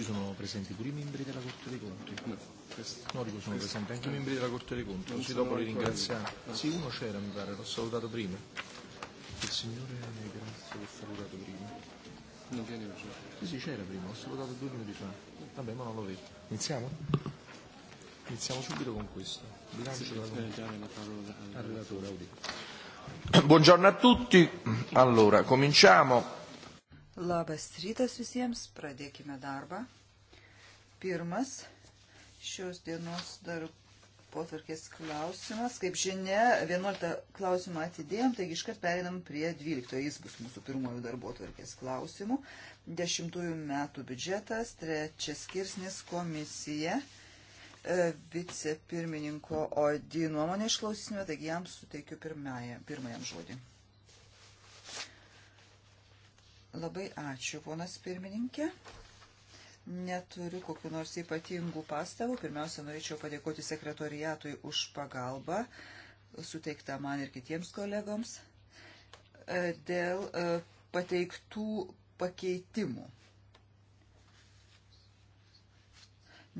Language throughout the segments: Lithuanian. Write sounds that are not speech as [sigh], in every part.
ci sono presenti pure i membri della Corte dei Conti? No, no dico sono presenti anche i membri della Corte dei Conti, così dopo li ringraziamo. Sì, uno c'era mi pare, l'ho salutato prima. Il signore Grazia l'ho salutato prima. Non viene più. Sì, sì, c'era prima, l'ho salutato due minuti fa. Vabbè, ma non lo vedo. Iniziamo? Iniziamo subito con questo. Bilancio sì, della Commissione. Al relatore Audi. Buongiorno a tutti. Allora, cominciamo Labas rytas visiems, pradėkime darbą. Pirmas šios dienos darbo tvarkės klausimas. Kaip žinia, 11 klausimą atidėjom, taigi iškart pereinam prie 12. Jis bus mūsų pirmojų darbo tvarkės klausimų. 10 metų biudžetas, trečias skirsnis komisija e, vicepirmininko Odi nuomonę išklausysime, taigi jam suteikiu pirmąją, pirmąjam žodį. Labai ačiū, ponas pirmininkė. Neturiu kokiu nors ypatingų pastabų. Pirmiausia, norėčiau padėkoti sekretoriatui už pagalbą, suteiktą man ir kitiems kolegoms, e, dėl e, pateiktų pakeitimų.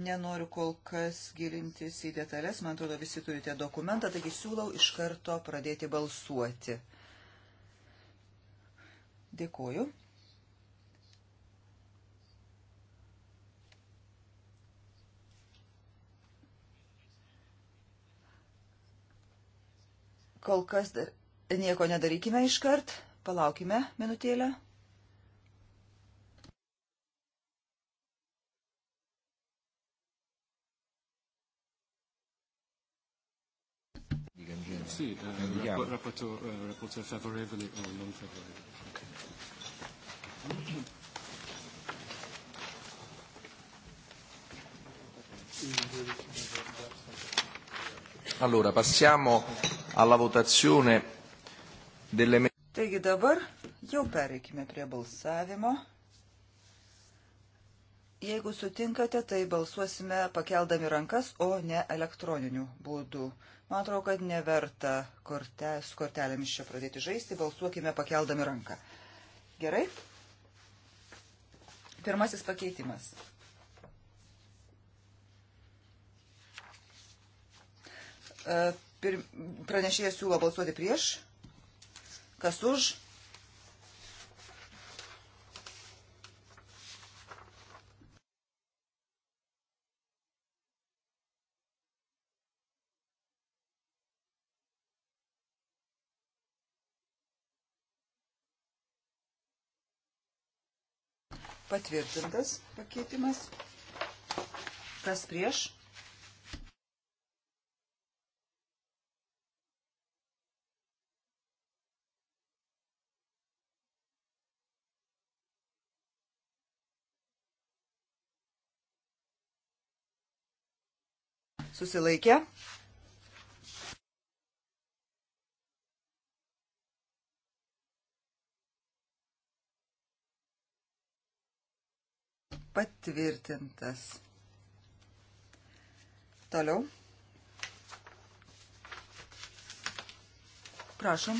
Nenoriu kol kas gilintis į detalės, man atrodo, visi turite dokumentą, taigi siūlau iš karto pradėti balsuoti. Dėkoju. Kol kas dar nieko nedarykime iškart, palaukime minutėlę. Sì, eh, rapporto, eh, rapporto favorevole o non favorevole. Okay. Allora, passiamo alla votazione delle... Taigi dabar jau pereikime prie balsavimo. Jeigu sutinkate, tai balsuosime pakeldami rankas, o ne elektroniniu būdu. Man atrodo, kad neverta korte, su kortelėmis čia pradėti žaisti, balsuokime pakeldami ranką. Gerai? Pirmasis pakeitimas. E, Pranešėjas siūlo balsuoti prieš. Kas už? Patvirtintas pakeitimas. Kas prieš? susilaikė. Patvirtintas. Toliau. Prašom,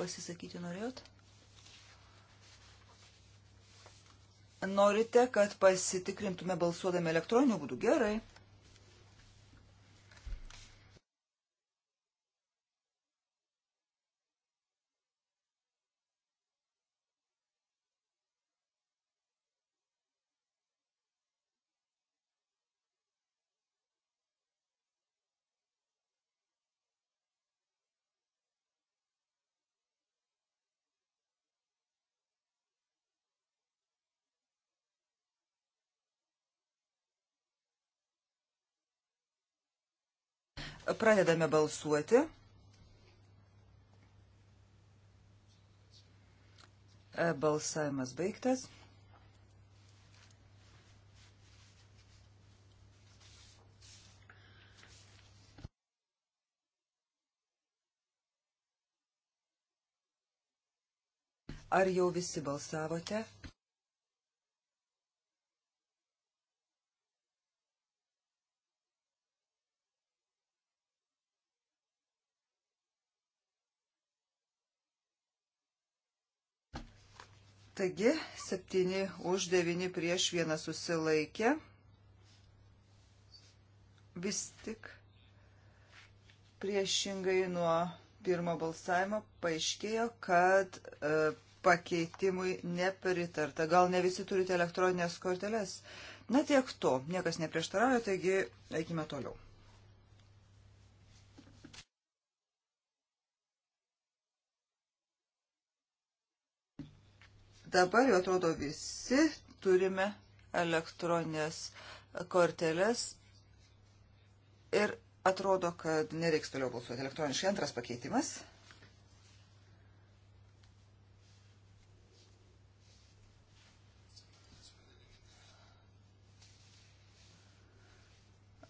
pasisakyti norėjot? Norite, kad pasitikrintume balsuodami elektroniniu būdu? Gerai. Pradedame balsuoti. E, balsavimas baigtas. Ar jau visi balsavote? Taigi, 7 už 9 prieš 1 susilaikė. Vis tik priešingai nuo pirmo balsavimo paaiškėjo, kad e, pakeitimui nepritarta. Gal ne visi turite elektroninės korteles? Na tiek to, niekas neprieštarauja, taigi eikime toliau. Dabar jau atrodo visi turime elektroninės korteles ir atrodo, kad nereiks toliau balsuoti elektroniškai. Antras pakeitimas.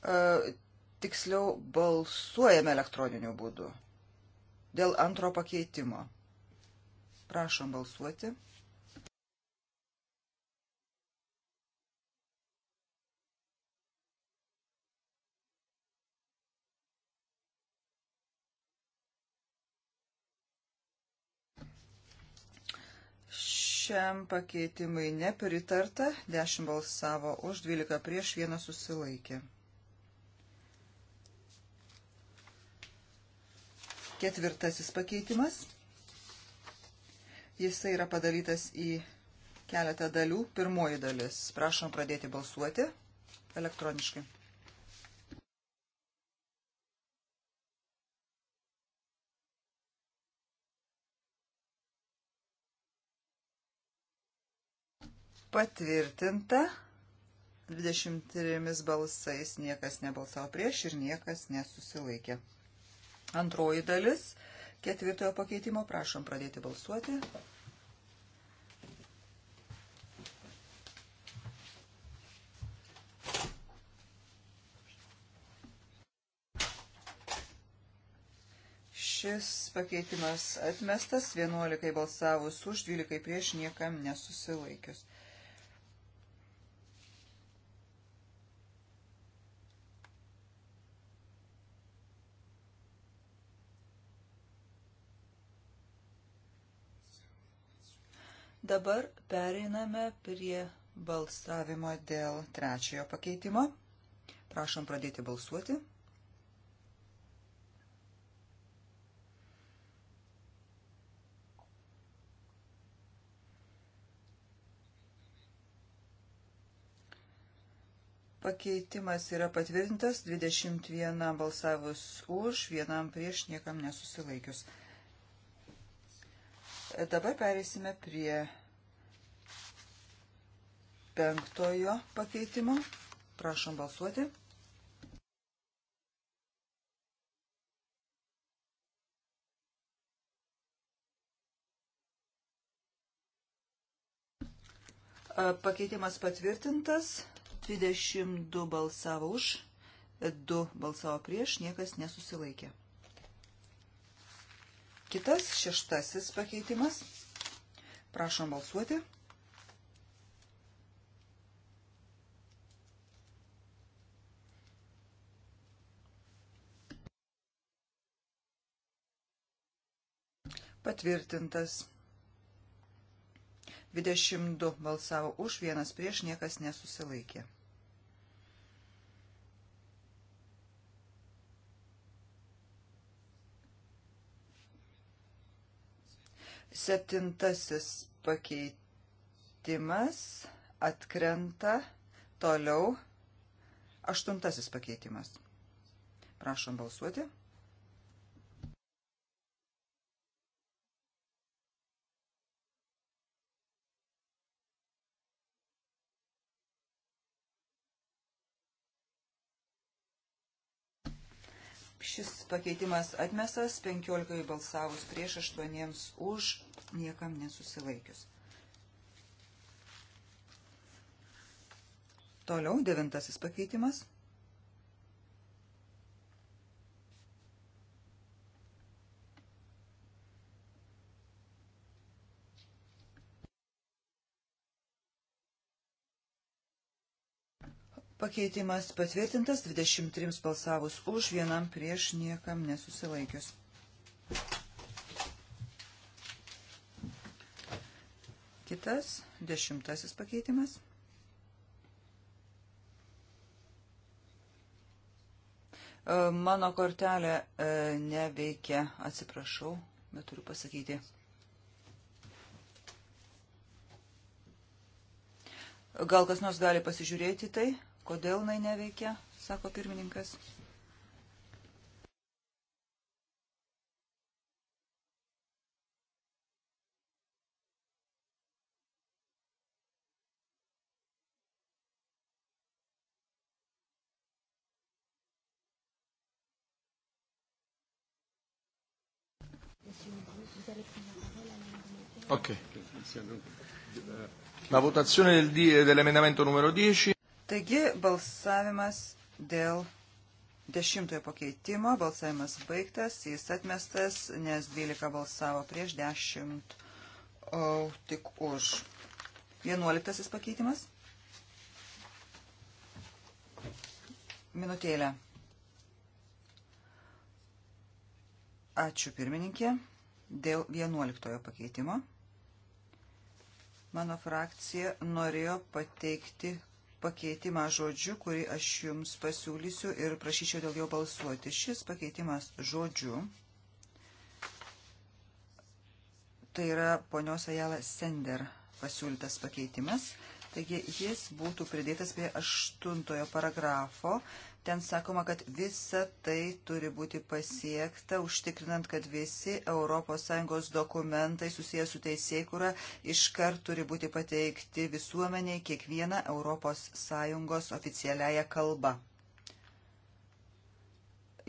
E, tiksliau balsuojame elektroniniu būdu dėl antro pakeitimo. Prašom balsuoti. Trečiam pakeitimai nepritarta, 10 balsavo už, 12 prieš, 1 susilaikė. Ketvirtasis pakeitimas. Jisai yra padarytas į keletą dalių. Pirmoji dalis. Prašom pradėti balsuoti elektroniškai. Patvirtinta 23 balsais niekas nebalsavo prieš ir niekas nesusilaikė. Antroji dalis ketvirtojo pakeitimo. Prašom pradėti balsuoti. šis pakeitimas atmestas, 11 balsavus už, 12 prieš niekam nesusilaikius. Dabar pereiname prie balsavimo dėl trečiojo pakeitimo. Prašom pradėti balsuoti. Pakeitimas yra patvirtintas 21 balsavus už, vienam prieš, niekam nesusilaikius. Dabar perėsime prie penktojo pakeitimo. Prašom balsuoti. Pakeitimas patvirtintas, 22 balsavo už, 2 balsavo prieš, niekas nesusilaikė. Kitas šeštasis pakeitimas. Prašom balsuoti. Patvirtintas. 22 balsavo už, vienas prieš, niekas nesusilaikė. Septintasis pakeitimas atkrenta toliau. Aštuntasis pakeitimas. Prašom balsuoti. Šis pakeitimas atmestas, 15 balsavus prieš, 8 už, niekam nesusilaikius. Toliau devintasis pakeitimas. Pakeitimas patvirtintas 23 balsavus už, vienam prieš niekam nesusilaikius. Kitas, dešimtasis pakeitimas. E, mano kortelė e, neveikia, atsiprašau, bet turiu pasakyti. Gal kas nors gali pasižiūrėti tai? Kodėl jinai neveikia, sako pirmininkas. Ok. La votazione del, dell'emendamento numero 10. Taigi balsavimas dėl dešimtojo pakeitimo, balsavimas baigtas, jis atmestas, nes 12 balsavo prieš 10, o tik už. Vienuoliktasis pakeitimas. Minutėlę. Ačiū pirmininkė dėl 11 pakeitimo. Mano frakcija norėjo pateikti pakeitimą žodžiu, kurį aš jums pasiūlysiu ir prašyčiau dėl jo balsuoti. Šis pakeitimas žodžiu, tai yra ponios Ajala Sender pasiūlytas pakeitimas, taigi jis būtų pridėtas prie aštuntojo paragrafo, Ten sakoma, kad visa tai turi būti pasiekta, užtikrinant, kad visi ES dokumentai susijęs su teisėkura iškart turi būti pateikti visuomeniai kiekvieną ES oficialiają kalbą.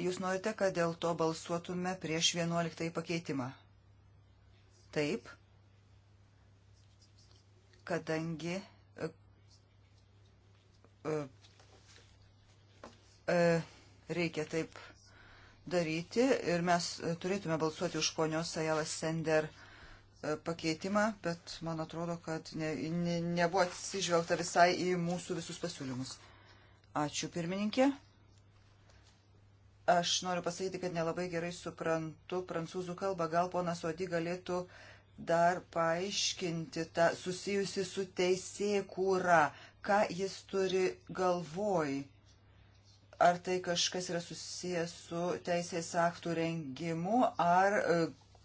Jūs norite, kad dėl to balsuotume prieš 11 pakeitimą? Taip, kadangi e, e, E, reikia taip daryti ir mes e, turėtume balsuoti už ponios Ajelas Sender e, pakeitimą, bet man atrodo, kad ne, ne, nebuvo atsižvelgta visai į mūsų visus pasiūlymus. Ačiū pirmininkė. Aš noriu pasakyti, kad nelabai gerai suprantu prancūzų kalbą. Gal ponas Odi galėtų dar paaiškinti tą susijusi su teisėkūra, ką jis turi galvoj ar tai kažkas yra susijęs su teisės aktų rengimu, ar e,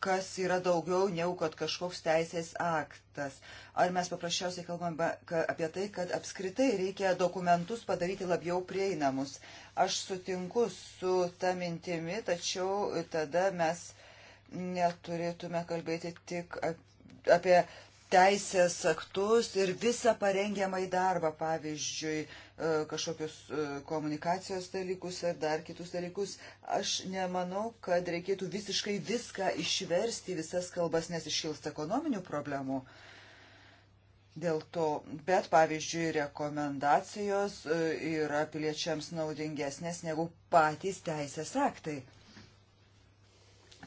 kas yra daugiau negu kad kažkoks teisės aktas. Ar mes paprasčiausiai kalbame apie tai, kad apskritai reikia dokumentus padaryti labiau prieinamus. Aš sutinku su ta mintimi, tačiau tada mes neturėtume kalbėti tik apie teisės aktus ir visą parengiamą į darbą, pavyzdžiui, e, kažkokius e, komunikacijos dalykus ar dar kitus dalykus. Aš nemanau, kad reikėtų visiškai viską išversti visas kalbas, nes iškils ekonominių problemų. Dėl to, bet pavyzdžiui, rekomendacijos e, yra piliečiams naudingesnės negu patys teisės aktai.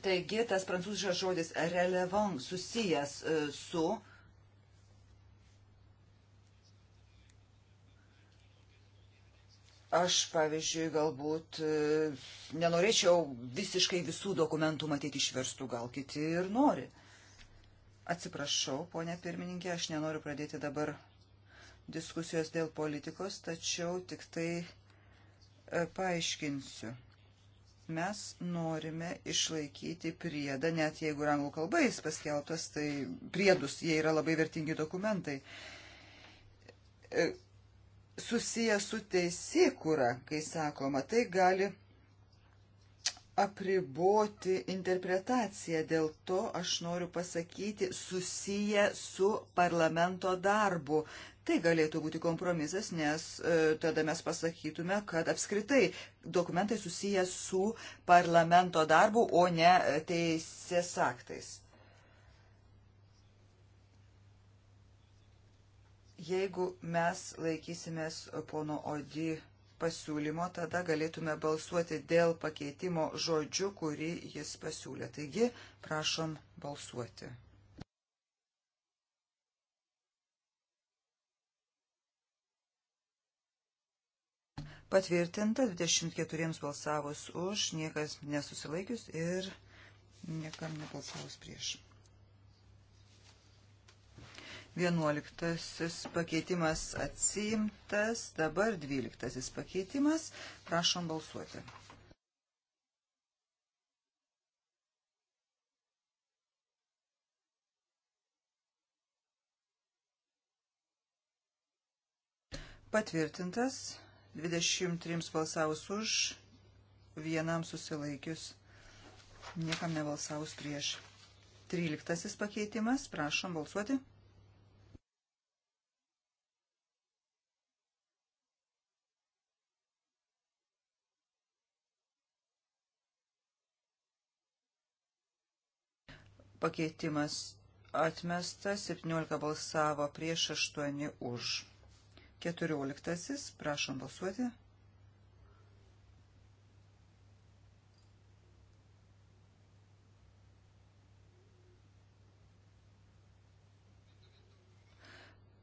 Taigi tas prancūziškas žodis relevant susijęs su Aš, pavyzdžiui, galbūt e, nenorėčiau visiškai visų dokumentų matyti išverstų, gal kiti ir nori. Atsiprašau, ponė pirmininkė, aš nenoriu pradėti dabar diskusijos dėl politikos, tačiau tik tai e, paaiškinsiu. Mes norime išlaikyti priedą, net jeigu ir anglų kalba jis paskeltas, tai priedus, jie yra labai vertingi dokumentai e, susiję su teisėkūra, kai sakoma, tai gali apriboti interpretaciją. Dėl to aš noriu pasakyti susiję su parlamento darbu. Tai galėtų būti kompromisas, nes e, tada mes pasakytume, kad apskritai dokumentai susiję su parlamento darbu, o ne teisės aktais. Jeigu mes laikysimės pono Odi pasiūlymo, tada galėtume balsuoti dėl pakeitimo žodžių, kurį jis pasiūlė. Taigi, prašom balsuoti. Patvirtinta 24 balsavus už, niekas nesusilaikius ir niekam nebalsavus prieš. Vienuoliktasis pakeitimas atsiimtas, dabar dvyliktasis pakeitimas. Prašom balsuoti. Patvirtintas 23 balsavus už, vienam susilaikius, niekam nebalsavus prieš. Tryliktasis pakeitimas, prašom balsuoti. Pakeitimas atmesta, 17 balsavo prieš 8 už. 14. Prašom balsuoti.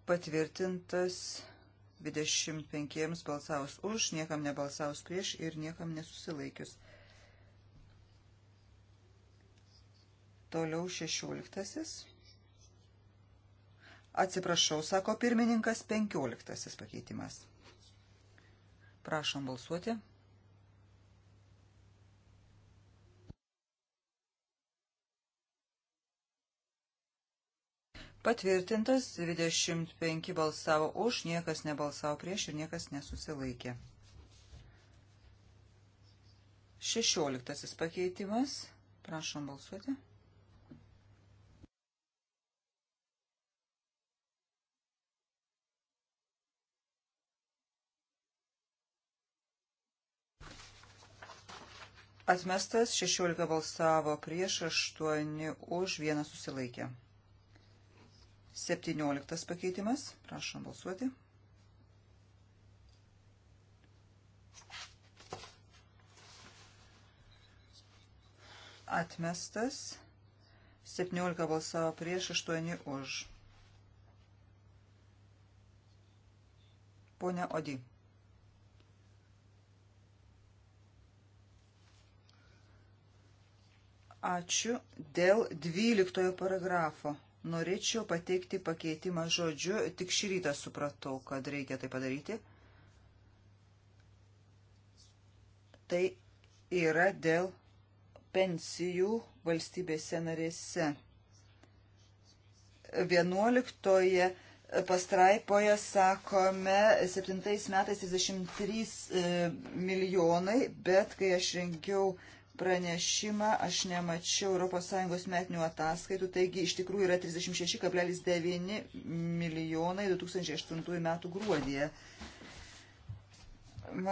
Patvirtintas 25 balsaus už, niekam nebalsaus prieš ir niekam nesusilaikius. Toliau šešioliktasis. Atsiprašau, sako pirmininkas, penkioliktasis pakeitimas. Prašom balsuoti. Patvirtintas 25 balsavo už, niekas nebalsavo prieš ir niekas nesusilaikė. 16 pakeitimas. Prašom balsuoti. Atmestas 16 balsavo prieš 8 už vieną susilaikę. 17 pakeitimas. Prašom balsuoti. Atmestas 17 balsavo prieš 8 už. Pone Odi. Ačiū. Dėl 12 paragrafo norėčiau pateikti pakeitimą žodžiu, tik šį rytą supratau, kad reikia tai padaryti. Tai yra dėl pensijų valstybėse narėse. 11 pastraipoje sakome 7 metais 33 e, milijonai, bet kai aš rengiau pranešimą, aš nemačiau ES metinių ataskaitų, taigi iš tikrųjų yra 36,9 milijonai 2008 metų gruodėje.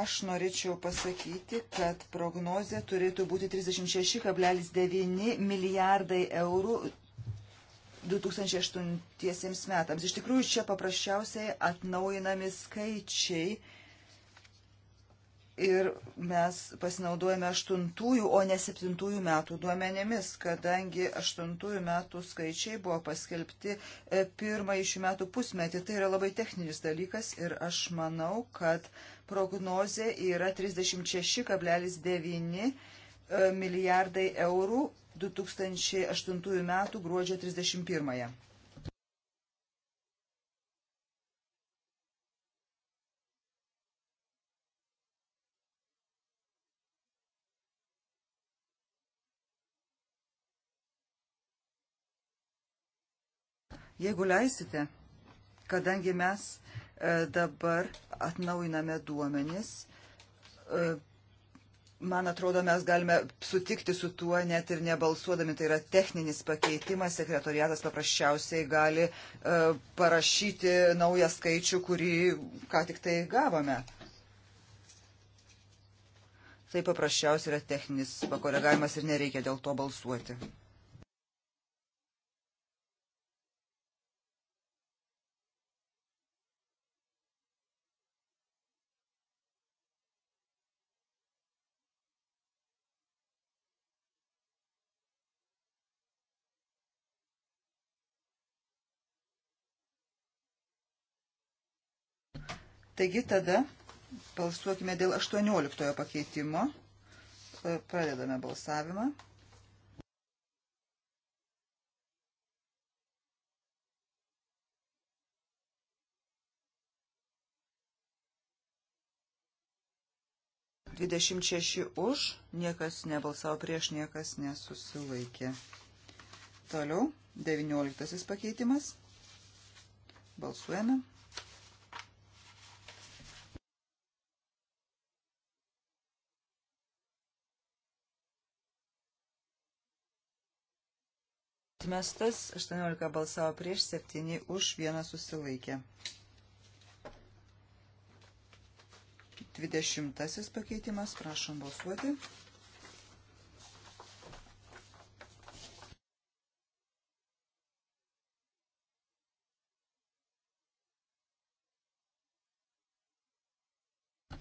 Aš norėčiau pasakyti, kad prognozė turėtų būti 36,9 milijardai eurų 2008 metams. Iš tikrųjų, čia paprasčiausiai atnaujinami skaičiai ir mes pasinaudojame aštuntųjų, o ne septintųjų metų duomenėmis, kadangi aštuntųjų metų skaičiai buvo paskelbti e, pirmąjį šių metų pusmetį. Tai yra labai techninis dalykas ir aš manau, kad prognozė yra 36,9 e, milijardai eurų 2008 metų gruodžio 31. -ąją. Jeigu leisite, kadangi mes e, dabar atnaujiname duomenis, e, man atrodo, mes galime sutikti su tuo net ir nebalsuodami, tai yra techninis pakeitimas, sekretoriatas paprasčiausiai gali e, parašyti naują skaičių, kurį ką tik tai gavome. Tai paprasčiausiai yra techninis pakoregavimas ir nereikia dėl to balsuoti. Taigi tada balsuokime dėl 18 pakeitimo. E, pradedame balsavimą. Dvidešimt šeši už, niekas nebalsavo prieš, niekas nesusilaikė. Toliau, devynioliktasis pakeitimas. Balsuojame. atmestas, 18 balsavo prieš, 7 už, 1 susilaikė. 20 pakeitimas, prašom balsuoti.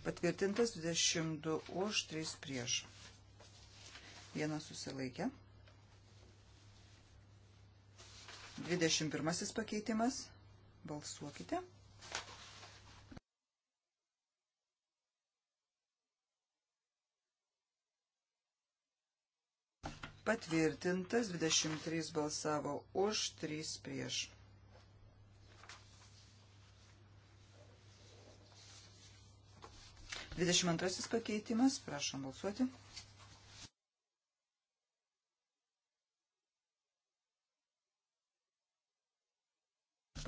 Patvirtintas 22 už, 3 prieš. Vienas susilaikė. 21 pakeitimas. Balsuokite. Patvirtintas 23 balsavo už, 3 prieš. Dvidešimt antrasis pakeitimas, prašom balsuoti.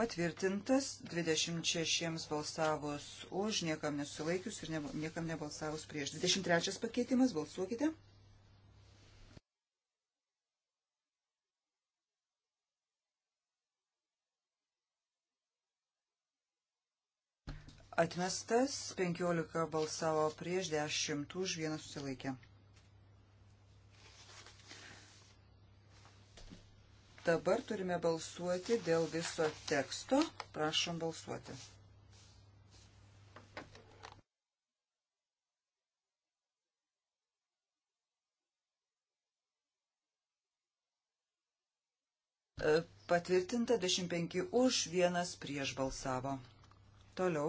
patvirtintas, 26 balsavus už, niekam nesulaikius ir ne, niekam nebalsavus prieš. 23 pakeitimas, balsuokite. Atmestas, 15 balsavo prieš, 10 už, vienas susilaikė. Dabar turime balsuoti dėl viso teksto. Prašom balsuoti. E, patvirtinta 25 už, vienas prieš balsavo. Toliau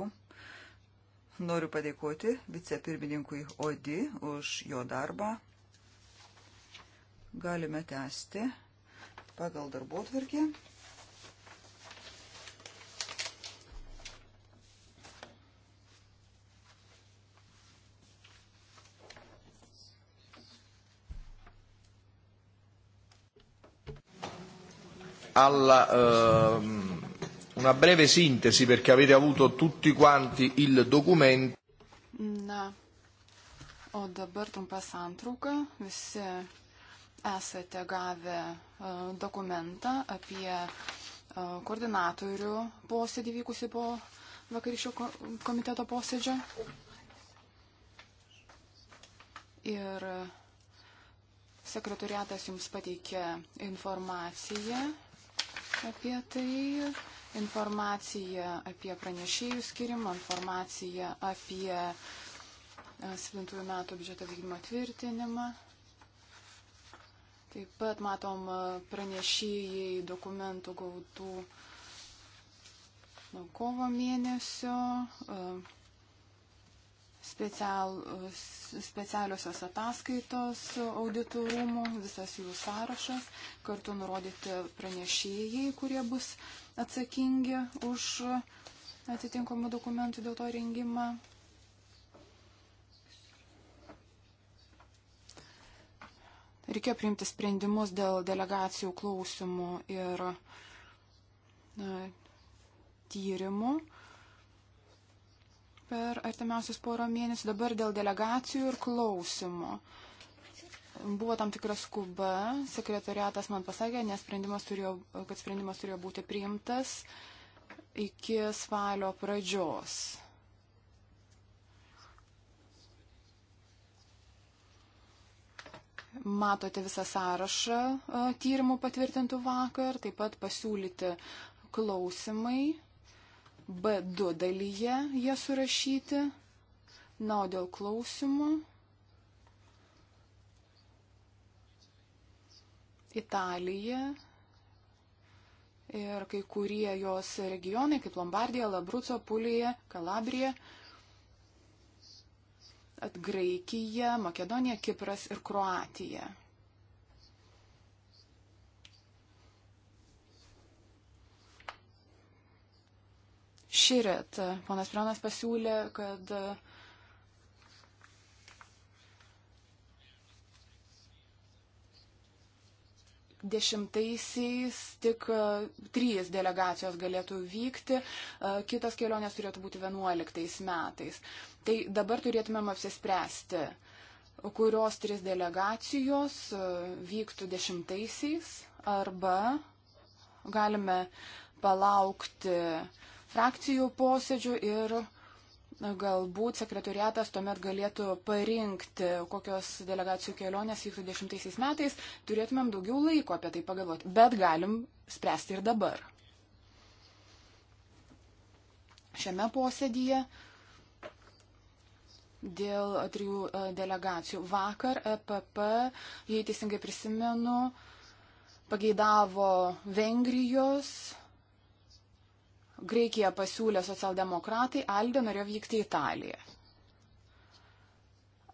noriu padėkoti vicepirmininkui Odi už jo darbą. Galime tęsti pagal darbo tvarkę. alla, eh, una breve sintesi perché avete avuto tutti quanti il documento. Na, o dabar trumpa santrauka, visi esate gavę e, dokumentą apie e, koordinatorių posėdį vykusi po vakarykščio komiteto posėdžio. Ir sekretoriatas jums pateikė informaciją apie tai, informaciją apie pranešėjų skirimą, informaciją apie 7 e, metų biudžeto vykdymo tvirtinimą. Taip pat matom e, pranešėjai dokumentų gautų nuo kovo mėnesio, e, special, e, specialiosios ataskaitos auditorumų, visas jų sąrašas, kartu nurodyti pranešėjai, kurie bus atsakingi už atitinkamų dokumentų dėl to rengimą. reikėjo priimti sprendimus dėl delegacijų klausimų ir na, tyrimų per artimiausius porą mėnesių. Dabar dėl delegacijų ir klausimų. Buvo tam tikra skuba, sekretariatas man pasakė, nes sprendimas turėjo, kad sprendimas turėjo būti priimtas iki svalio pradžios. Matote visą sąrašą e, tyrimų patvirtintų vakar, taip pat pasiūlyti klausimai. B2 dalyje jie surašyti. Na, o dėl klausimų. Italija ir kai kurie jos regionai, kaip Lombardija, Labruco, Pulija, Kalabrija, Graikija, Makedonija, Kipras ir Kroatija. Širit ponas Prionas pasiūlė, kad dešimtaisiais tik e, trys delegacijos galėtų vykti, e, kitas kelionės turėtų būti vienuoliktais metais. Tai dabar turėtumėm apsispręsti, kurios trys delegacijos e, vyktų dešimtaisiais arba galime palaukti frakcijų posėdžių ir galbūt sekretoriatas tuomet galėtų parinkti, kokios delegacijų kelionės vyktų dešimtaisiais metais, turėtumėm daugiau laiko apie tai pagalvoti, bet galim spręsti ir dabar. Šiame posėdyje dėl trijų e, delegacijų. Vakar EPP, jei teisingai prisimenu, pageidavo Vengrijos, Graikiją pasiūlė socialdemokratai, Aldė norėjo vykti į Italiją.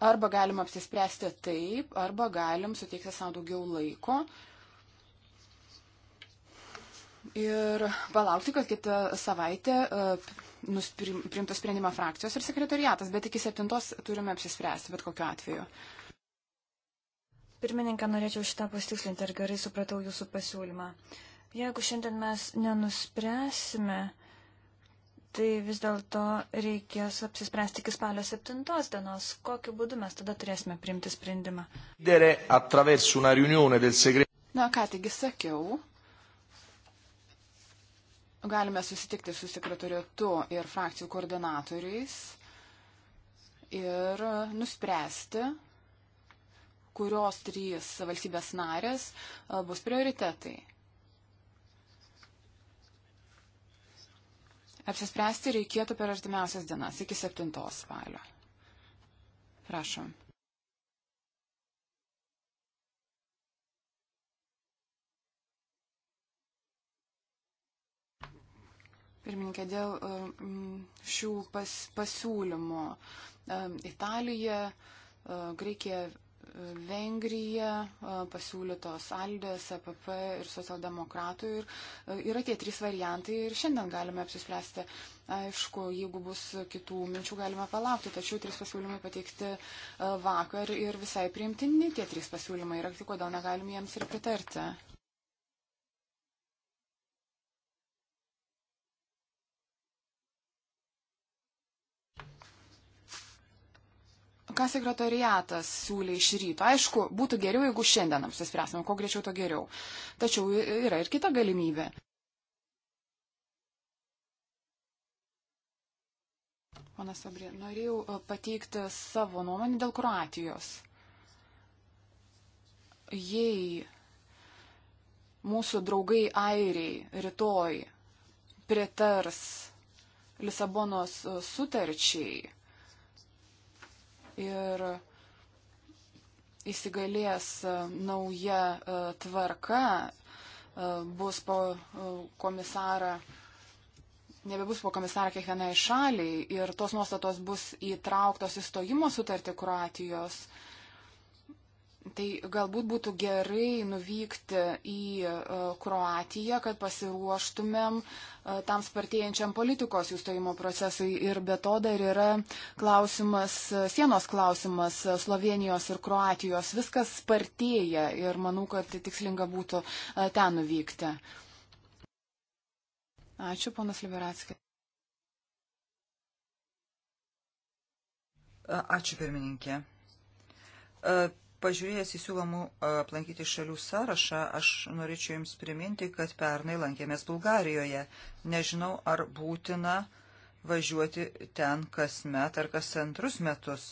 Arba galim apsispręsti taip, arba galim suteikti savo daugiau laiko ir palaukti, kad kitą savaitę e, primtų sprendimą frakcijos ir sekretariatas, bet iki septintos turime apsispręsti bet kokiu atveju. Pirmininką norėčiau šitą pastikslinti, ar gerai supratau jūsų pasiūlymą. Jeigu šiandien mes nenuspręsime, tai vis dėlto reikės apsispręsti iki spalio 7 dienos. Kokiu būdu mes tada turėsime priimti sprendimą? Na ką taigi sakiau, galime susitikti su sekretoriatu ir frakcijų koordinatoriais ir nuspręsti, kurios trys valstybės narės e, bus prioritetai. Apsispręsti reikėtų per artimiausias dienas iki 7 spalio. Prašom. Pirmininkė, dėl um, šių pas, pasiūlymų um, Italija, uh, Graikija Vengrija, pasiūlytos Aldės, APP ir socialdemokratų. Ir yra tie trys variantai ir šiandien galime apsispręsti. Aišku, jeigu bus kitų minčių, galime palaukti, tačiau trys pasiūlymai pateikti vakar ir visai priimtini tie trys pasiūlymai yra, tai kodėl negalim jiems ir pritarti. ką sekretariatas siūlė iš ryto. Aišku, būtų geriau, jeigu šiandien apsispręsime, kuo greičiau to geriau. Tačiau yra ir kita galimybė. Pana Sabrė, norėjau e, pateikti savo nuomonį dėl Kroatijos. Jei mūsų draugai airiai rytoj pritars Lisabonos e, sutarčiai, ir įsigalės e, nauja e, tvarka, e, bus po komisarą nebebus po komisarą kiekvienai šaliai ir tos nuostatos bus įtrauktos į stojimo sutartį Kroatijos. Uh, Tai galbūt būtų gerai nuvykti į e, Kroatiją, kad pasiruoštumėm e, tam spartėjančiam politikos jų stojimo procesui. Ir be to dar yra klausimas, e, sienos klausimas Slovenijos ir Kroatijos. Viskas spartėja ir manau, kad tikslinga būtų ten nuvykti. Ačiū, ponas Liberatskis. Ačiū, pirmininkė. Pažiūrėjęs į siūlomų aplankyti šalių sąrašą, aš norėčiau Jums priminti, kad pernai lankėmės Bulgarijoje. Nežinau, ar būtina važiuoti ten kas met ar kas antrus metus.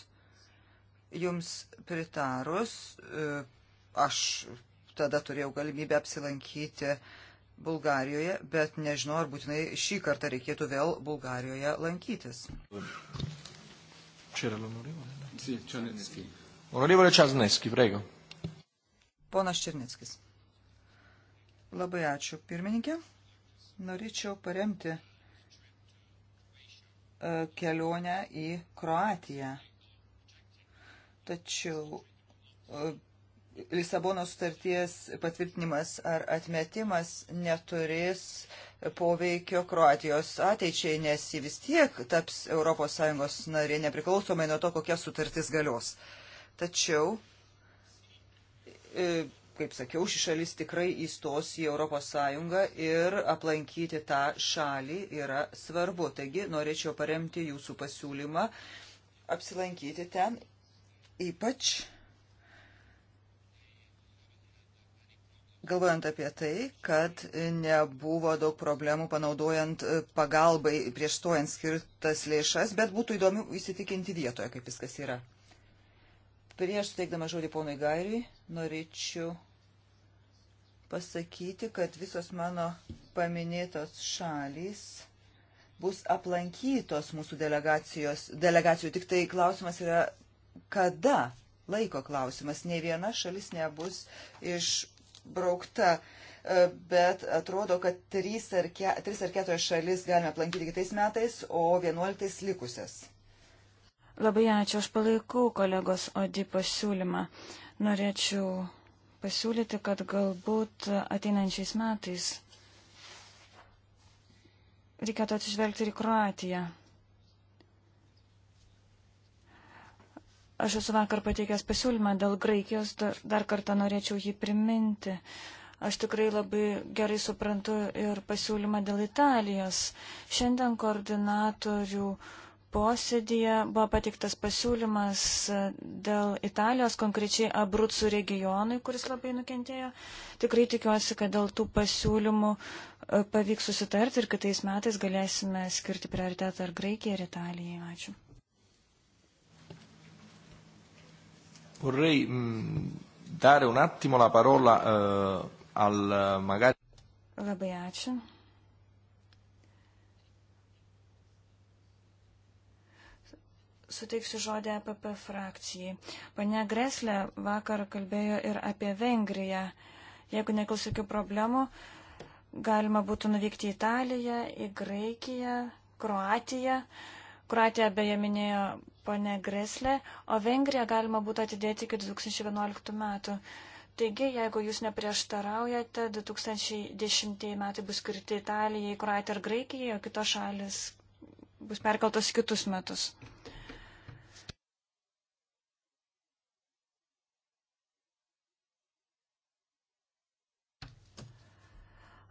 Jums pritarus, e, aš tada turėjau galimybę apsilankyti Bulgarijoje, bet nežinau, ar būtinai šį kartą reikėtų vėl Bulgarijoje lankytis. Čia yra Sì, c'è nel sì. Onorevole Čazneski, prego. Ponas Černeckis. Labai ačiū, pirmininkė. Norėčiau paremti e, kelionę į Kroatiją. Tačiau e, Lisabono sutarties patvirtinimas ar atmetimas neturės poveikio Kroatijos ateičiai, nes ji vis tiek taps ES narė nepriklausomai nuo to, kokia sutartis galios. Uh, Tačiau, e, kaip sakiau, ši šalis tikrai įstos į Europos Sąjungą ir aplankyti tą šalį yra svarbu. Taigi norėčiau paremti jūsų pasiūlymą apsilankyti ten, ypač galvojant apie tai, kad nebuvo daug problemų panaudojant e, pagalbai prieš stojant skirtas lėšas, bet būtų įdomu įsitikinti vietoje, kaip viskas yra. Prieš suteikdama žodį ponui Gairiui, norėčiau pasakyti, kad visos mano paminėtos šalys bus aplankytos mūsų delegacijos, delegacijų. Tik tai klausimas yra, kada laiko klausimas. Ne viena šalis nebus išbraukta, e, bet atrodo, kad trys ar, ke, trys ar keturias šalis galime aplankyti kitais metais, o vienuoliktais likusias. Labai ačiū, aš palaikau kolegos Odi pasiūlymą. Norėčiau pasiūlyti, kad galbūt ateinančiais metais reikėtų atsižvelgti ir į Kroatiją. Aš esu vakar pateikęs pasiūlymą dėl Graikijos, dar, dar kartą norėčiau jį priminti. Aš tikrai labai gerai suprantu ir pasiūlymą dėl Italijos. Šiandien koordinatorių uh, posėdėje buvo patiktas pasiūlymas e, dėl Italijos, konkrečiai Abrucų regionui, kuris labai nukentėjo. Tikrai tikiuosi, kad dėl tų pasiūlymų e, pavyks susitarti ir kitais metais galėsime skirti prioritetą ar Graikijai, ir Italijai. Ačiū. Vorrei mm, dare un attimo la parola uh, al magari. Labai ačiū. suteiksiu žodį APP frakcijai. Pane Greslė vakar kalbėjo ir apie Vengriją. Jeigu nekils jokių problemų, galima būtų nuvykti į Italiją, į Graikiją, Kroatiją. Kroatiją beje minėjo pane Greslė, o Vengriją galima būtų atidėti iki 2011 metų. Taigi, jeigu jūs neprieštaraujate, 2010 metai bus skirti Italijai, Kroatijai ar Graikijai, o kitos šalis bus perkeltos kitus metus.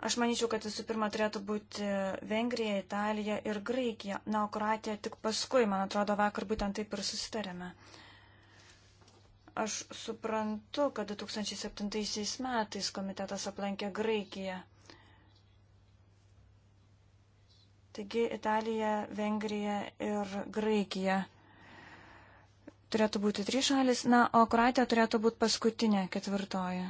Aš manyčiau, kad visų pirma turėtų būti Vengrija, Italija ir Graikija, na, o Kroatija tik paskui, man atrodo, vakar būtent taip ir susitarėme. Aš suprantu, kad 2007 metais komitetas aplankė Graikiją. Taigi Italija, Vengrija ir Graikija turėtų būti trys šalis, na, o Kroatija turėtų būti paskutinė, ketvirtoji.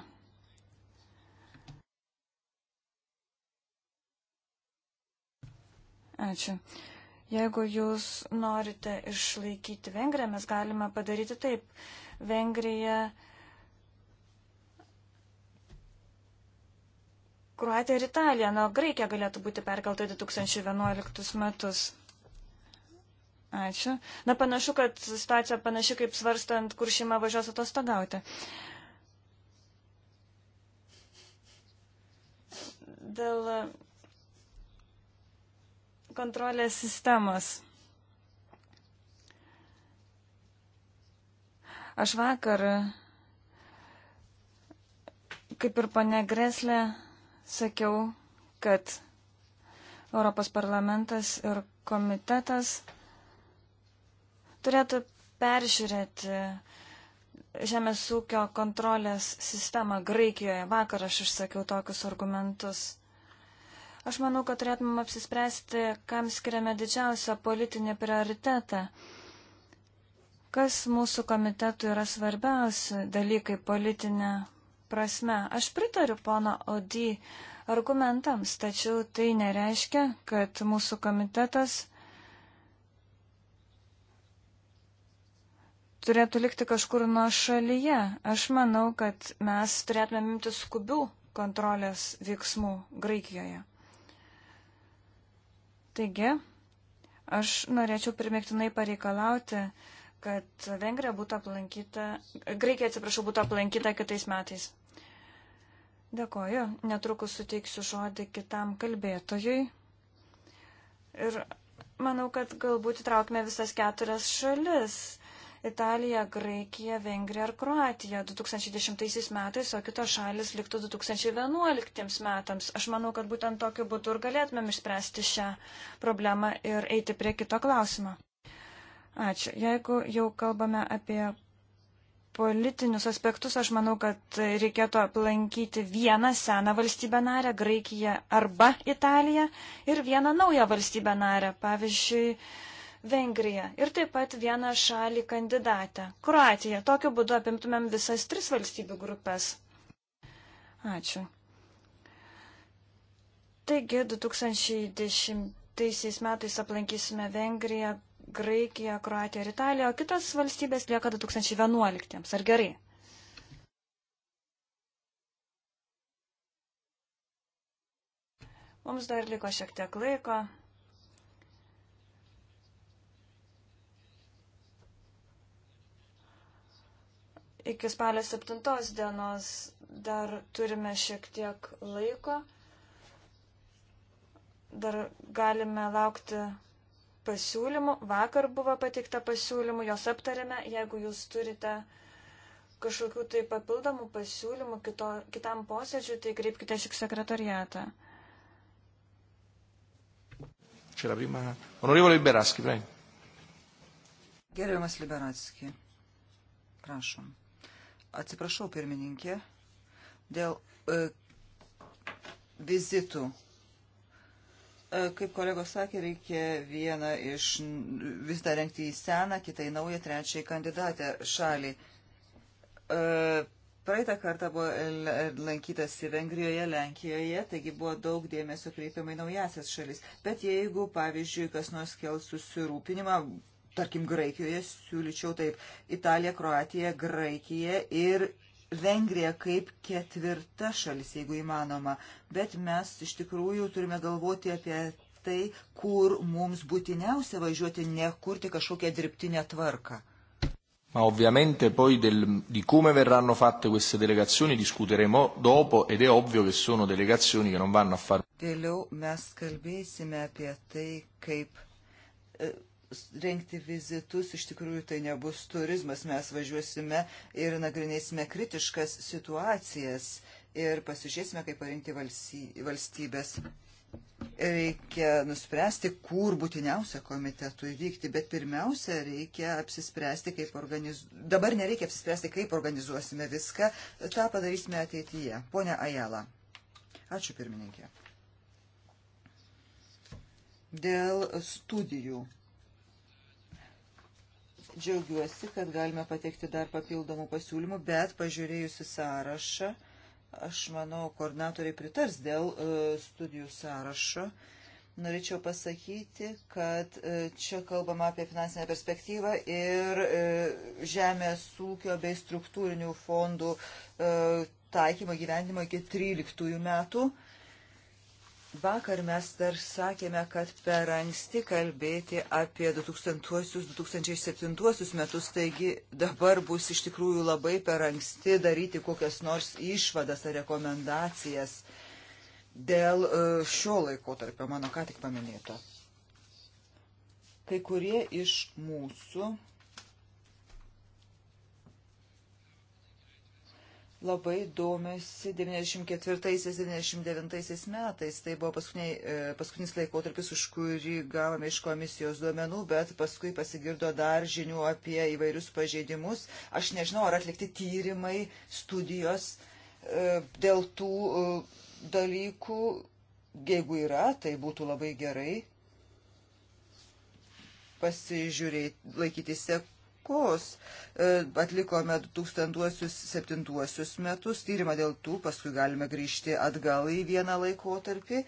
Ačiū. Jeigu jūs norite išlaikyti Vengriją, mes galime padaryti taip. Vengrija, Kruatija ir Italija, nuo Graikija galėtų būti perkelta 2011 metus. Ačiū. Na, panašu, kad situacija panaši kaip svarstant, kur šeima važiuos atostogauti. Dėl kontrolės sistemos. Aš vakar, kaip ir pane Greslė, sakiau, kad Europos parlamentas ir komitetas turėtų peržiūrėti žemės ūkio kontrolės sistemą Graikijoje. Vakar aš išsakiau tokius argumentus. Aš manau, kad turėtumėm apsispręsti, kam skiriame didžiausią politinį prioritetą. Kas mūsų komitetų yra svarbiausi dalykai politinė prasme. Aš pritariu pono Odį argumentams, tačiau tai nereiškia, kad mūsų komitetas turėtų likti kažkur nuo šalyje. Aš manau, kad mes turėtume imti skubių kontrolės veiksmų Graikijoje. Taigi, aš norėčiau primiktinai pareikalauti, kad Vengrija būtų aplankyta, Graikija, atsiprašau, būtų aplankyta kitais metais. Dėkoju, netrukus suteiksiu žodį kitam kalbėtojui. Ir manau, kad galbūt įtraukime visas keturias šalis Italija, Graikija, Vengrija ar Kroatija 2010 metais, o kitos šalis liktų 2011 metams. Aš manau, kad būtent tokiu būdu ir galėtumėm išspręsti šią problemą ir eiti prie kito klausimo. Ačiū. Jeigu jau kalbame apie politinius aspektus, aš manau, kad reikėtų aplankyti vieną seną valstybę narę, Graikiją arba Italiją, ir vieną naują valstybę narę, pavyzdžiui, Vengrija ir taip pat vieną šalį kandidatę - Kroatiją. Tokiu būdu apimtumėm visas tris valstybių grupės. Ačiū. Taigi 2010 metais aplankysime Vengriją, Graikiją, Kroatiją ir Italiją, o kitas valstybės lieka 2011. Ar gerai? Mums dar liko šiek tiek laiko. iki spalio 7 dienos dar turime šiek tiek laiko. Dar galime laukti pasiūlymų. Vakar buvo pateikta pasiūlymų, jos aptarėme. Jeigu jūs turite kažkokių tai papildomų pasiūlymų kito, kitam posėdžiui, tai kreipkite šį sekretariatą. Čia yra prima. Honorevole Liberatski, praeim. Gerbiamas Liberatski, prašom. Atsiprašau, pirmininkė, dėl e, vizitų. E, kaip kolegos sakė, reikia vieną iš visą renkti į seną, kitą į naują, trečią į kandidatę šalį. E, Praeitą kartą buvo lankytasi Vengrijoje, Lenkijoje, taigi buvo daug dėmesio kreipiamai naujasias šalis. Bet jeigu, pavyzdžiui, kas nors kels susirūpinimą, tarkim, Graikijoje siūlyčiau taip Italija, Kroatija, Graikija ir Vengrija kaip ketvirta šalis, jeigu įmanoma. Bet mes iš tikrųjų turime galvoti apie tai, kur mums būtiniausia važiuoti, ne kurti kažkokią dirbtinę tvarką. Ma ovviamente poi del, di come verranno fatte queste delegazioni discuteremo dopo ed è ovvio che sono delegazioni che non vanno a fare. Vėliau mes kalbėsime apie tai, kaip eh, rengti vizitus, iš tikrųjų tai nebus turizmas, mes važiuosime ir nagrinėsime kritiškas situacijas ir pasižiūrėsime, kaip parinkti valstybės. Reikia nuspręsti, kur būtiniausia komitetui vykti, bet pirmiausia reikia apsispręsti, kaip organizuosime. Dabar nereikia apsispręsti, kaip organizuosime viską, tą padarysime ateityje. Pone Ajala. Ačiū pirmininkė. Dėl studijų Džiaugiuosi, kad galime pateikti dar papildomų pasiūlymų, bet pažiūrėjusi sąrašą, aš manau, koordinatoriai pritars dėl e, studijų sąrašo. Norėčiau pasakyti, kad e, čia kalbama apie finansinę perspektyvą ir e, žemės ūkio bei struktūrinių fondų taikymo gyvendimo iki 13 metų. Vakar mes dar sakėme, kad per anksti kalbėti apie 2000-2007 metus, taigi dabar bus iš tikrųjų labai per anksti daryti kokias nors išvadas ar rekomendacijas dėl e, šio laiko tarpio mano ką tik paminėto. Kai kurie iš mūsų labai domisi 94-99 metais. Tai buvo e, paskutinis laikotarpis, už kurį gavome iš komisijos duomenų, bet paskui pasigirdo dar žinių apie įvairius pažeidimus. Aš nežinau, ar atlikti tyrimai, studijos e, dėl tų e, dalykų. Jeigu yra, tai būtų labai gerai pasižiūrėti, laikyti sek tvarkos. E, atlikome 2007 metus tyrimą dėl tų, paskui galime grįžti atgal į vieną laikotarpį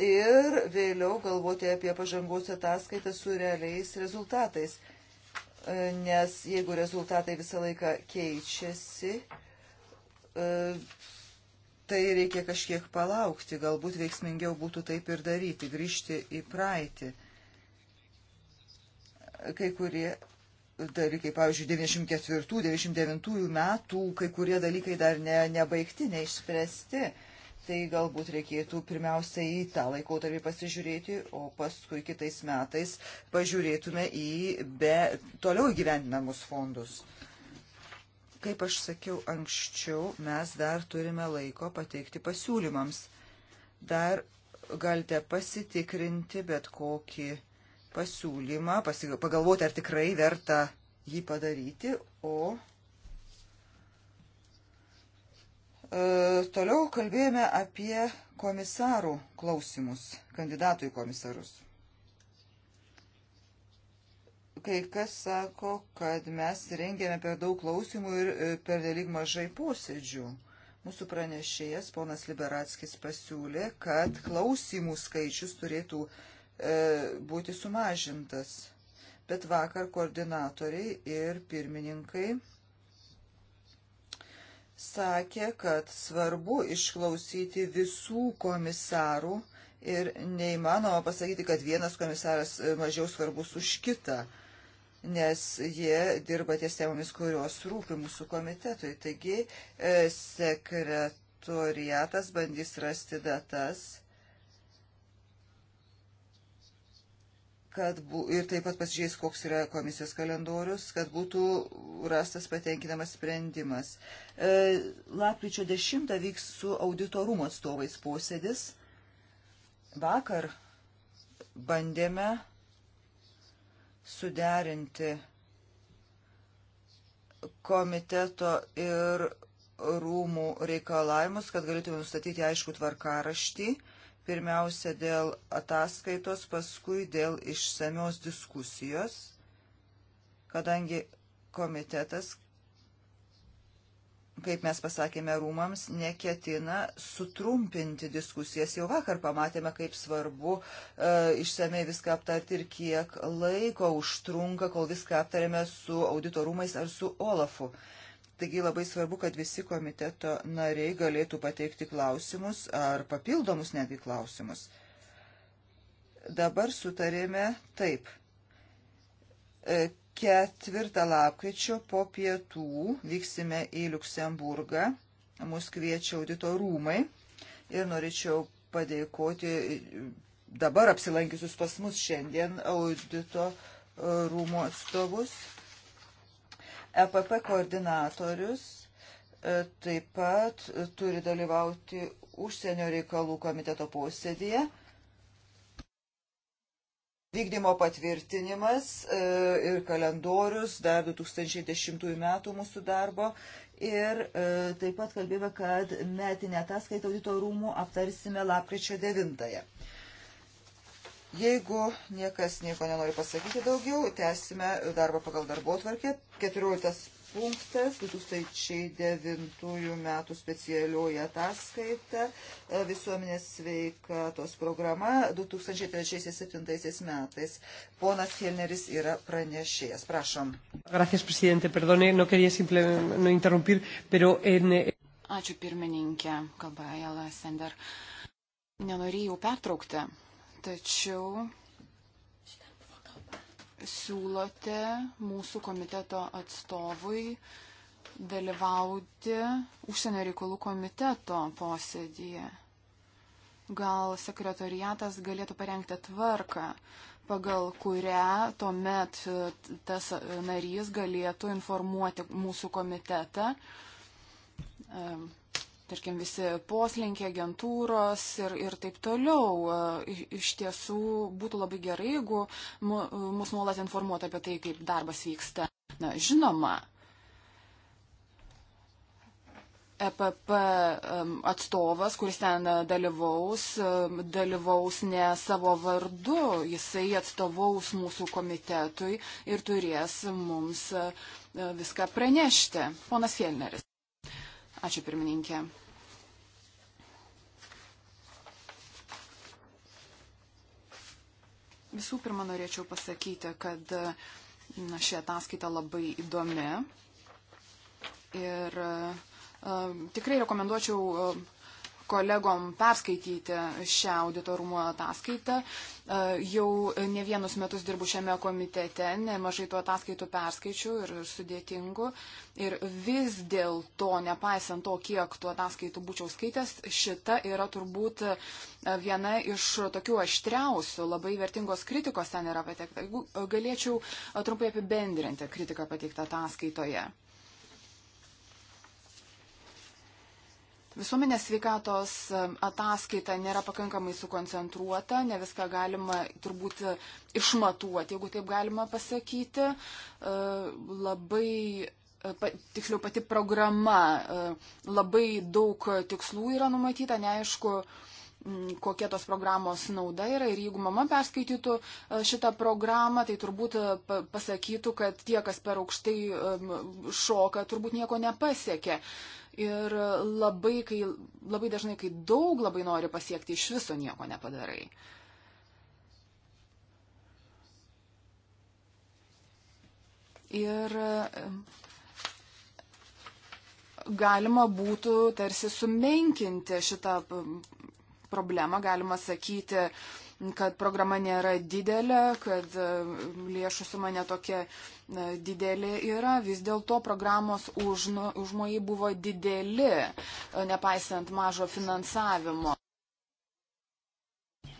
ir vėliau galvoti apie pažangos ataskaitą su realiais rezultatais. E, nes jeigu rezultatai visą laiką keičiasi, e, tai reikia kažkiek palaukti, galbūt veiksmingiau būtų taip ir daryti, grįžti į praeitį. Kai kurie dalykai, tai pavyzdžiui, 94-99 metų, kai kurie dalykai dar ne, nebaigti, neišspręsti, tai galbūt reikėtų pirmiausia į tą laikotarpį pasižiūrėti, o paskui kitais metais pažiūrėtume į be toliau gyvendinamus fondus. Kaip aš sakiau anksčiau, mes dar turime laiko pateikti pasiūlymams. Dar galite pasitikrinti bet kokį pasiūlymą, pagalvoti, ar tikrai verta jį padaryti, o e, toliau kalbėjome apie komisarų klausimus, kandidatų į komisarus. Kai kas sako, kad mes rengėme per daug klausimų ir e, per nelik mažai posėdžių. Mūsų pranešėjas, ponas Liberatskis, pasiūlė, kad klausimų skaičius turėtų uh, E, būti sumažintas. Bet vakar koordinatoriai ir pirmininkai sakė, kad svarbu išklausyti visų komisarų ir neįmanoma pasakyti, kad vienas komisaras mažiau svarbus už kitą, nes jie dirba ties temomis, kurios rūpi mūsų komitetui. Taigi e, sekretoriatas bandys rasti datas kad bu, ir taip pat pasižiūrės, koks yra komisijos kalendorius, kad būtų rastas patenkinamas sprendimas. E, Lapkričio 10 vyks su auditorumo atstovais posėdis. Vakar bandėme suderinti komiteto ir rūmų reikalavimus, kad galėtume nustatyti aišku tvarkaraštį. E, Pirmiausia dėl ataskaitos, paskui dėl išsamios diskusijos, kadangi komitetas, kaip mes pasakėme rūmams, neketina sutrumpinti diskusijas. Jau vakar pamatėme, kaip svarbu e, išsamei viską aptarti ir kiek laiko užtrunka, kol viską aptarėme su auditorumais ar su Olafu. E, Taigi labai svarbu, kad visi komiteto nariai galėtų pateikti klausimus ar papildomus netgi klausimus. Dabar sutarėme taip. E, ketvirtą lapkričio po pietų vyksime į Luksemburgą. Mus kviečia audito rūmai ir norėčiau padėkoti dabar apsilankiusius pas mus šiandien audito rūmų atstovus EPP koordinatorius e, taip pat e, turi dalyvauti užsienio reikalų komiteto posėdėje. Vykdymo patvirtinimas e, ir kalendorius dar 2010 metų mūsų darbo. Ir taip pat kalbėjome, kad metinę ataskaitą audito rūmų aptarsime lapkričio 9. -ąją. Jeigu niekas nieko nenori pasakyti daugiau, tęsime darbą pagal darbo tvarkę. 14 punktas 2009 metų specialioji ataskaita e, visuomenės sveikatos programa 2003-2007 metais. Ponas Helneris yra pranešėjas. Prašom. Gracias, presidente. Perdone, no quería simplemente no interrumpir, pero en... Eh, Ačiū pirmininkė, kalba Jela Sender. Nenorėjau pertraukti tačiau siūlote mūsų komiteto atstovui dalyvauti užsienio reikalų komiteto posėdėje. Gal sekretariatas galėtų parengti tvarką, pagal kurią tuomet tas narys galėtų informuoti mūsų komitetą tarkim, visi poslinkiai, agentūros ir, ir taip toliau. Iš tiesų būtų labai gerai, jeigu mus nuolat informuotų apie tai, kaip darbas vyksta. Na, žinoma, EPP atstovas, kuris ten e, dalyvaus, e, dalyvaus ne savo vardu, jisai atstovaus mūsų komitetui ir turės mums e, viską pranešti. Ponas Fielneris. Ačiū pirmininkė. Visų pirma, norėčiau pasakyti, kad na, ši ataskaita labai įdomi ir uh, tikrai rekomenduočiau uh, kolegom perskaityti šią auditorumo ataskaitą. E, jau ne vienus metus dirbu šiame komitete, nemažai tų ataskaitų perskaičių ir sudėtingų. Ir vis dėlto, nepaisant to, kiek tų ataskaitų būčiau skaitęs, šita yra turbūt viena iš tokių aštriausių, labai vertingos kritikos ten yra patekta. Jeigu e, galėčiau e, trumpai apibendrinti kritiką pateiktą ataskaitoje. Visuomenės sveikatos ataskaita nėra pakankamai sukoncentruota, ne viską galima turbūt e, išmatuoti, jeigu taip galima pasakyti. E, labai, e, tiksliau pati programa, labai daug tikslų yra numatyta, neaišku, Mm, kokia tos programos nauda yra. Ir jeigu mama perskaitytų e, šitą programą, tai turbūt e, pasakytų, kad tie, kas per aukštai e, šoka, turbūt nieko nepasiekė. Ir labai, kai, labai dažnai, kai daug labai nori pasiekti, iš viso nieko nepadarai. Ir galima būtų tarsi sumenkinti šitą problemą, galima sakyti, kad programa nėra didelė, kad e, lėšų suma netokia e, didelė yra. Vis dėlto programos užmojai už buvo dideli, e, nepaisant mažo finansavimo.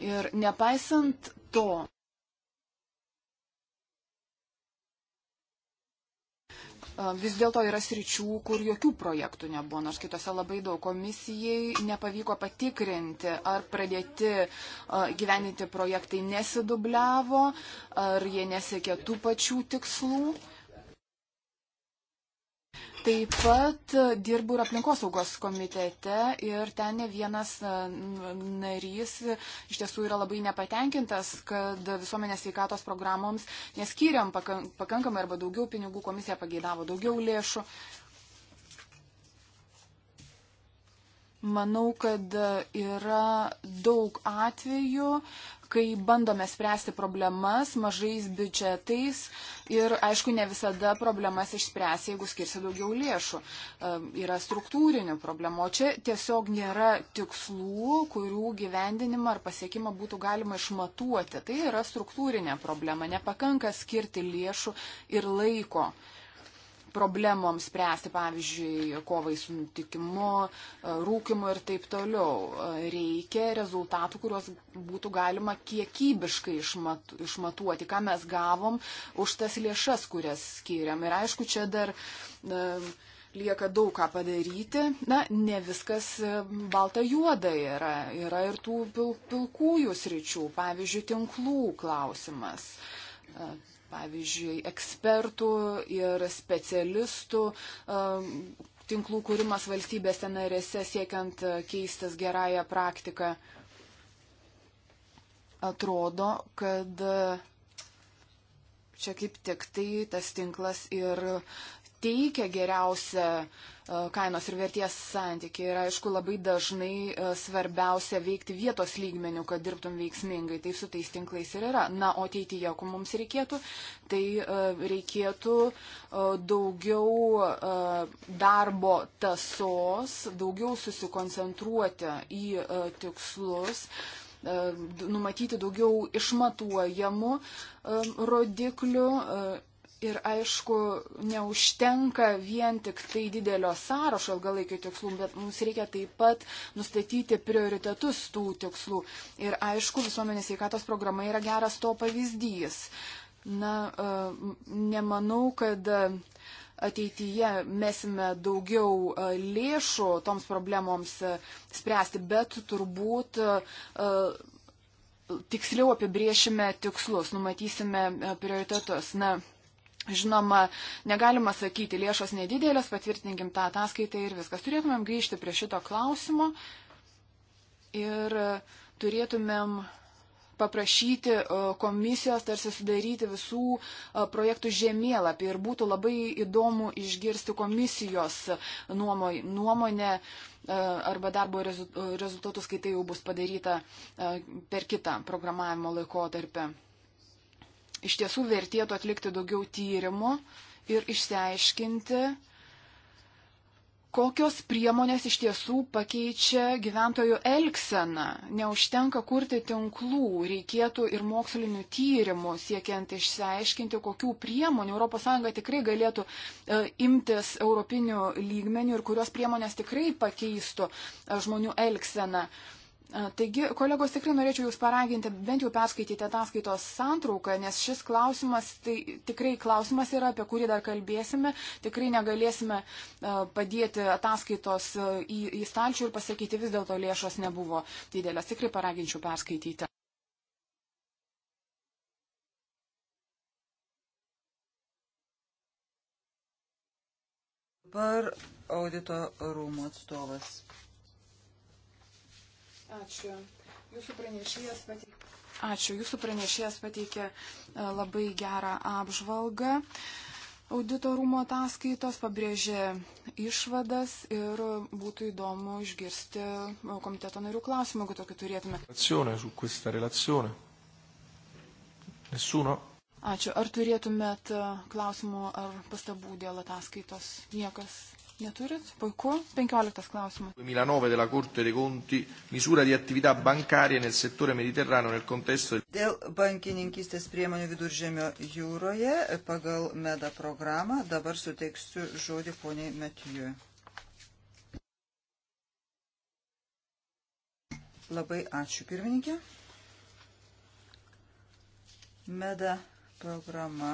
Ir nepaisant to, vis dėlto yra sričių, kur jokių projektų nebuvo, nors kitose labai daug. Komisijai nepavyko patikrinti, ar pradėti gyveninti projektai nesidubliavo, ar jie nesiekė tų pačių tikslų. Taip pat e, dirbu ir aplinkosaugos komitete ir ten ne vienas e, narys e, iš tiesų yra labai nepatenkintas, kad visuomenės veikatos programoms neskyriam pakankamai arba daugiau pinigų, komisija pageidavo daugiau lėšų. Manau, kad yra daug atvejų, kai bandome spręsti problemas mažais biudžetais ir, aišku, ne visada problemas išspręs, jeigu skirsi daugiau lėšų. Yra struktūrinių problemų, o čia tiesiog nėra tikslų, kurių gyvendinimą ar pasiekimą būtų galima išmatuoti. Tai yra struktūrinė problema, nepakanka skirti lėšų ir laiko. Uh, problemoms spręsti, pavyzdžiui, kovai su nutikimu, e, rūkimu ir taip toliau. E, reikia rezultatų, kuriuos būtų galima kiekybiškai išmatu, išmatuoti, ką mes gavom už tas lėšas, kurias skiriam. Ir aišku, čia dar. Uh, lieka daug ką padaryti. Na, ne viskas balta juoda yra. Yra ir tų pil pilkųjų sričių, pavyzdžiui, tinklų klausimas pavyzdžiui, ekspertų ir specialistų um, tinklų kūrimas valstybėse narėse siekiant uh, keistis gerąją praktiką. Atrodo, kad uh, čia kaip tik tai tas tinklas ir teikia geriausią e, kainos ir verties santykį. Ir aišku, labai dažnai e, svarbiausia veikti vietos lygmenių, kad dirbtum veiksmingai. Tai su tais tinklais ir yra. Na, o ateityje, ko mums reikėtų, tai e, reikėtų daugiau darbo tasos, daugiau susikoncentruoti į tikslus numatyti daugiau išmatuojamų rodiklių Ir aišku, neužtenka vien tik tai didelio sąrašo ilgalaikių tikslų, bet mums reikia taip pat nustatyti prioritetus tų tikslų. Ir aišku, visuomenės veikatos programa yra geras to pavyzdys. Na, e, nemanau, kad e, ateityje mesime daugiau e, lėšų toms problemoms spręsti, bet turbūt tiksliau apibriešime tikslus, numatysime prioritetus. Na, Žinoma, negalima sakyti, lėšos nedidelės, patvirtinkim tą ataskaitą ir viskas. Turėtumėm grįžti prie šito klausimo ir turėtumėm paprašyti komisijos tarsi sudaryti visų projektų žemėlapį ir būtų labai įdomu išgirsti komisijos nuomonę arba darbo rezultatus, kai tai jau bus padaryta per kitą programavimo laikotarpį iš tiesų vertėtų atlikti daugiau tyrimų ir išsiaiškinti, kokios priemonės iš tiesų pakeičia gyventojų elgseną. Neužtenka kurti tinklų, reikėtų ir mokslinių tyrimų, siekiant išsiaiškinti, kokių priemonių ES tikrai galėtų e, imtis europinių lygmenių ir kurios priemonės tikrai pakeistų e, žmonių elgseną. E, Taigi, kolegos, tikrai norėčiau Jūs paraginti bent jau perskaityti ataskaitos santrauką, nes šis klausimas, tai tikrai klausimas yra, apie kurį dar kalbėsime, tikrai negalėsime padėti ataskaitos į, į stalčių ir pasakyti vis dėlto lėšos nebuvo didelės. Tikrai paraginčiau perskaityti. Dabar audito rūmų atstovas. Ačiū. Jūsų pranešėjas pateikė. Ačiū. Jūsų pranešėjas pateikė labai gerą apžvalgą. Auditorumo ataskaitos pabrėžė išvadas ir būtų įdomu išgirsti e, komiteto narių klausimą, jeigu tokį turėtume. Nessuno? Ačiū. Ar turėtumėt e, klausimų ar pastabų dėl ataskaitos? Niekas Neturit? Puiku. 15 klausimas. 2009 della Corte dei Conti, misura di attività bancarie nel settore mediterraneo nel contesto... Dėl bankininkystės priemonių viduržėmio jūroje pagal MEDA programą dabar suteiksiu žodį poniai Metijui. Labai ačiū, pirmininkė. MEDA programa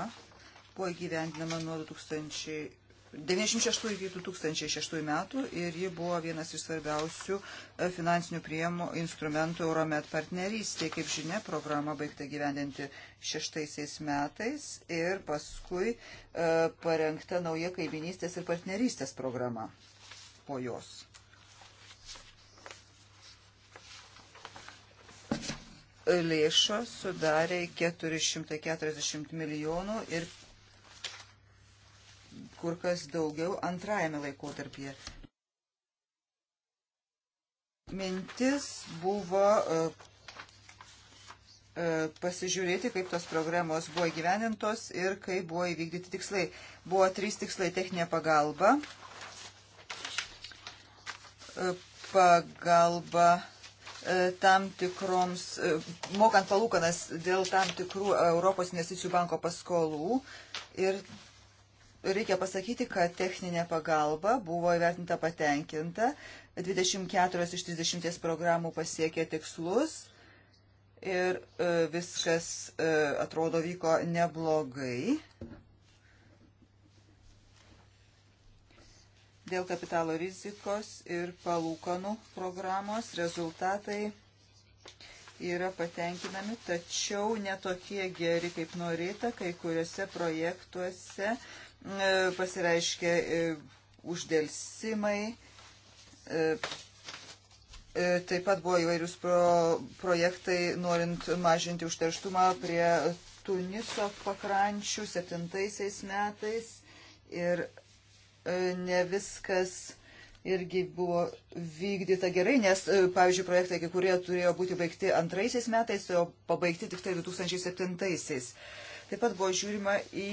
buvo įgyvendinama nuo 2000 96 iki 2006 metų ir ji buvo vienas iš svarbiausių e, finansinių priemų instrumentų Euromet partnerystėje. Kaip žinia, programa baigta gyvendinti šeštaisiais metais ir paskui e, parengta nauja kaiminystės ir partnerystės programa po jos. Lėšos sudarė 440 milijonų ir kur kas daugiau antrajame laikotarpyje. Mintis buvo e, e, pasižiūrėti, kaip tos programos buvo gyvenintos ir kaip buvo įvykdyti tikslai. Buvo trys tikslai - techninė pagalba, e, pagalba tam tikroms, mokant palūkanas dėl tam tikrų Europos investicijų banko paskolų ir reikia pasakyti, kad techninė pagalba buvo įvertinta patenkinta, 24 iš 30 programų pasiekė tikslus ir e, viskas, e, atrodo, vyko neblogai. Dėl kapitalo rizikos ir palūkanų programos rezultatai yra patenkinami, tačiau netokie geri, kaip norėta, kai kuriuose projektuose uh, E, pasireiškia e, uždėlsimai. E, taip pat buvo įvairius pro, projektai, norint mažinti užterštumą prie Tuniso pakrančių septintaisiais metais. Ir ne viskas irgi buvo vykdyta gerai, nes, pavyzdžiui, projektai, kai kurie turėjo būti baigti antraisiais metais, o pabaigti tik tai 2007-aisiais. Taip pat buvo žiūrima į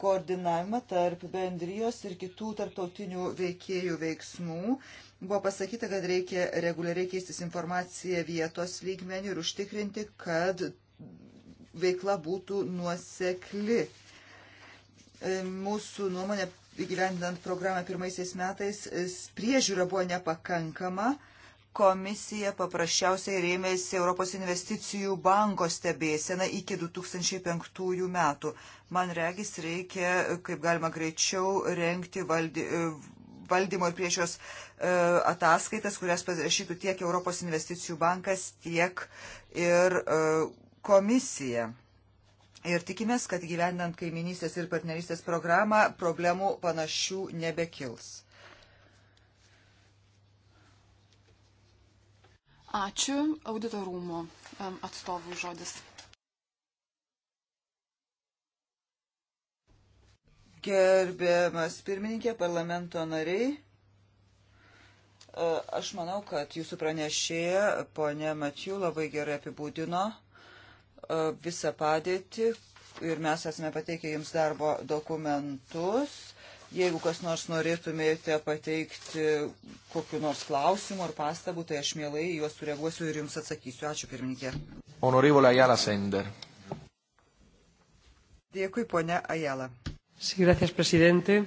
koordinavimą tarp bendrijos ir kitų tarptautinių veikėjų veiksmų. Buvo pasakyta, kad reikia reguliariai keistis informaciją vietos lygmenį ir užtikrinti, kad veikla būtų nuosekli. E, mūsų nuomonė, įgyvendinant programą pirmaisiais metais, priežiūra buvo nepakankama komisija paprasčiausiai rėmėsi Europos investicijų banko stebėsena iki 2005 metų. Man regis reikia, kaip galima greičiau, renkti valdy, valdymo ir priešios e, ataskaitas, kurias pasirašytų tiek Europos investicijų bankas, tiek ir e, komisija. Ir tikimės, kad gyvenant kaiminystės ir partnerystės programą problemų panašių nebekils. Ačiū auditorumo atstovų žodis. Gerbiamas pirmininkė, parlamento nariai, e, aš manau, kad jūsų pranešėja, ponė Matiu, labai gerai apibūdino e, visą padėtį ir mes esame pateikę jums darbo dokumentus Jeigu kas nors norėtumėte pateikti kokiu nors klausimu ar pastabu, tai aš mielai juos sureaguosiu ir jums atsakysiu. Ačiū pirmininkė. Honorivole Ajala Sender. Dėkui, ponia Ajala. Sí, gracias, presidente.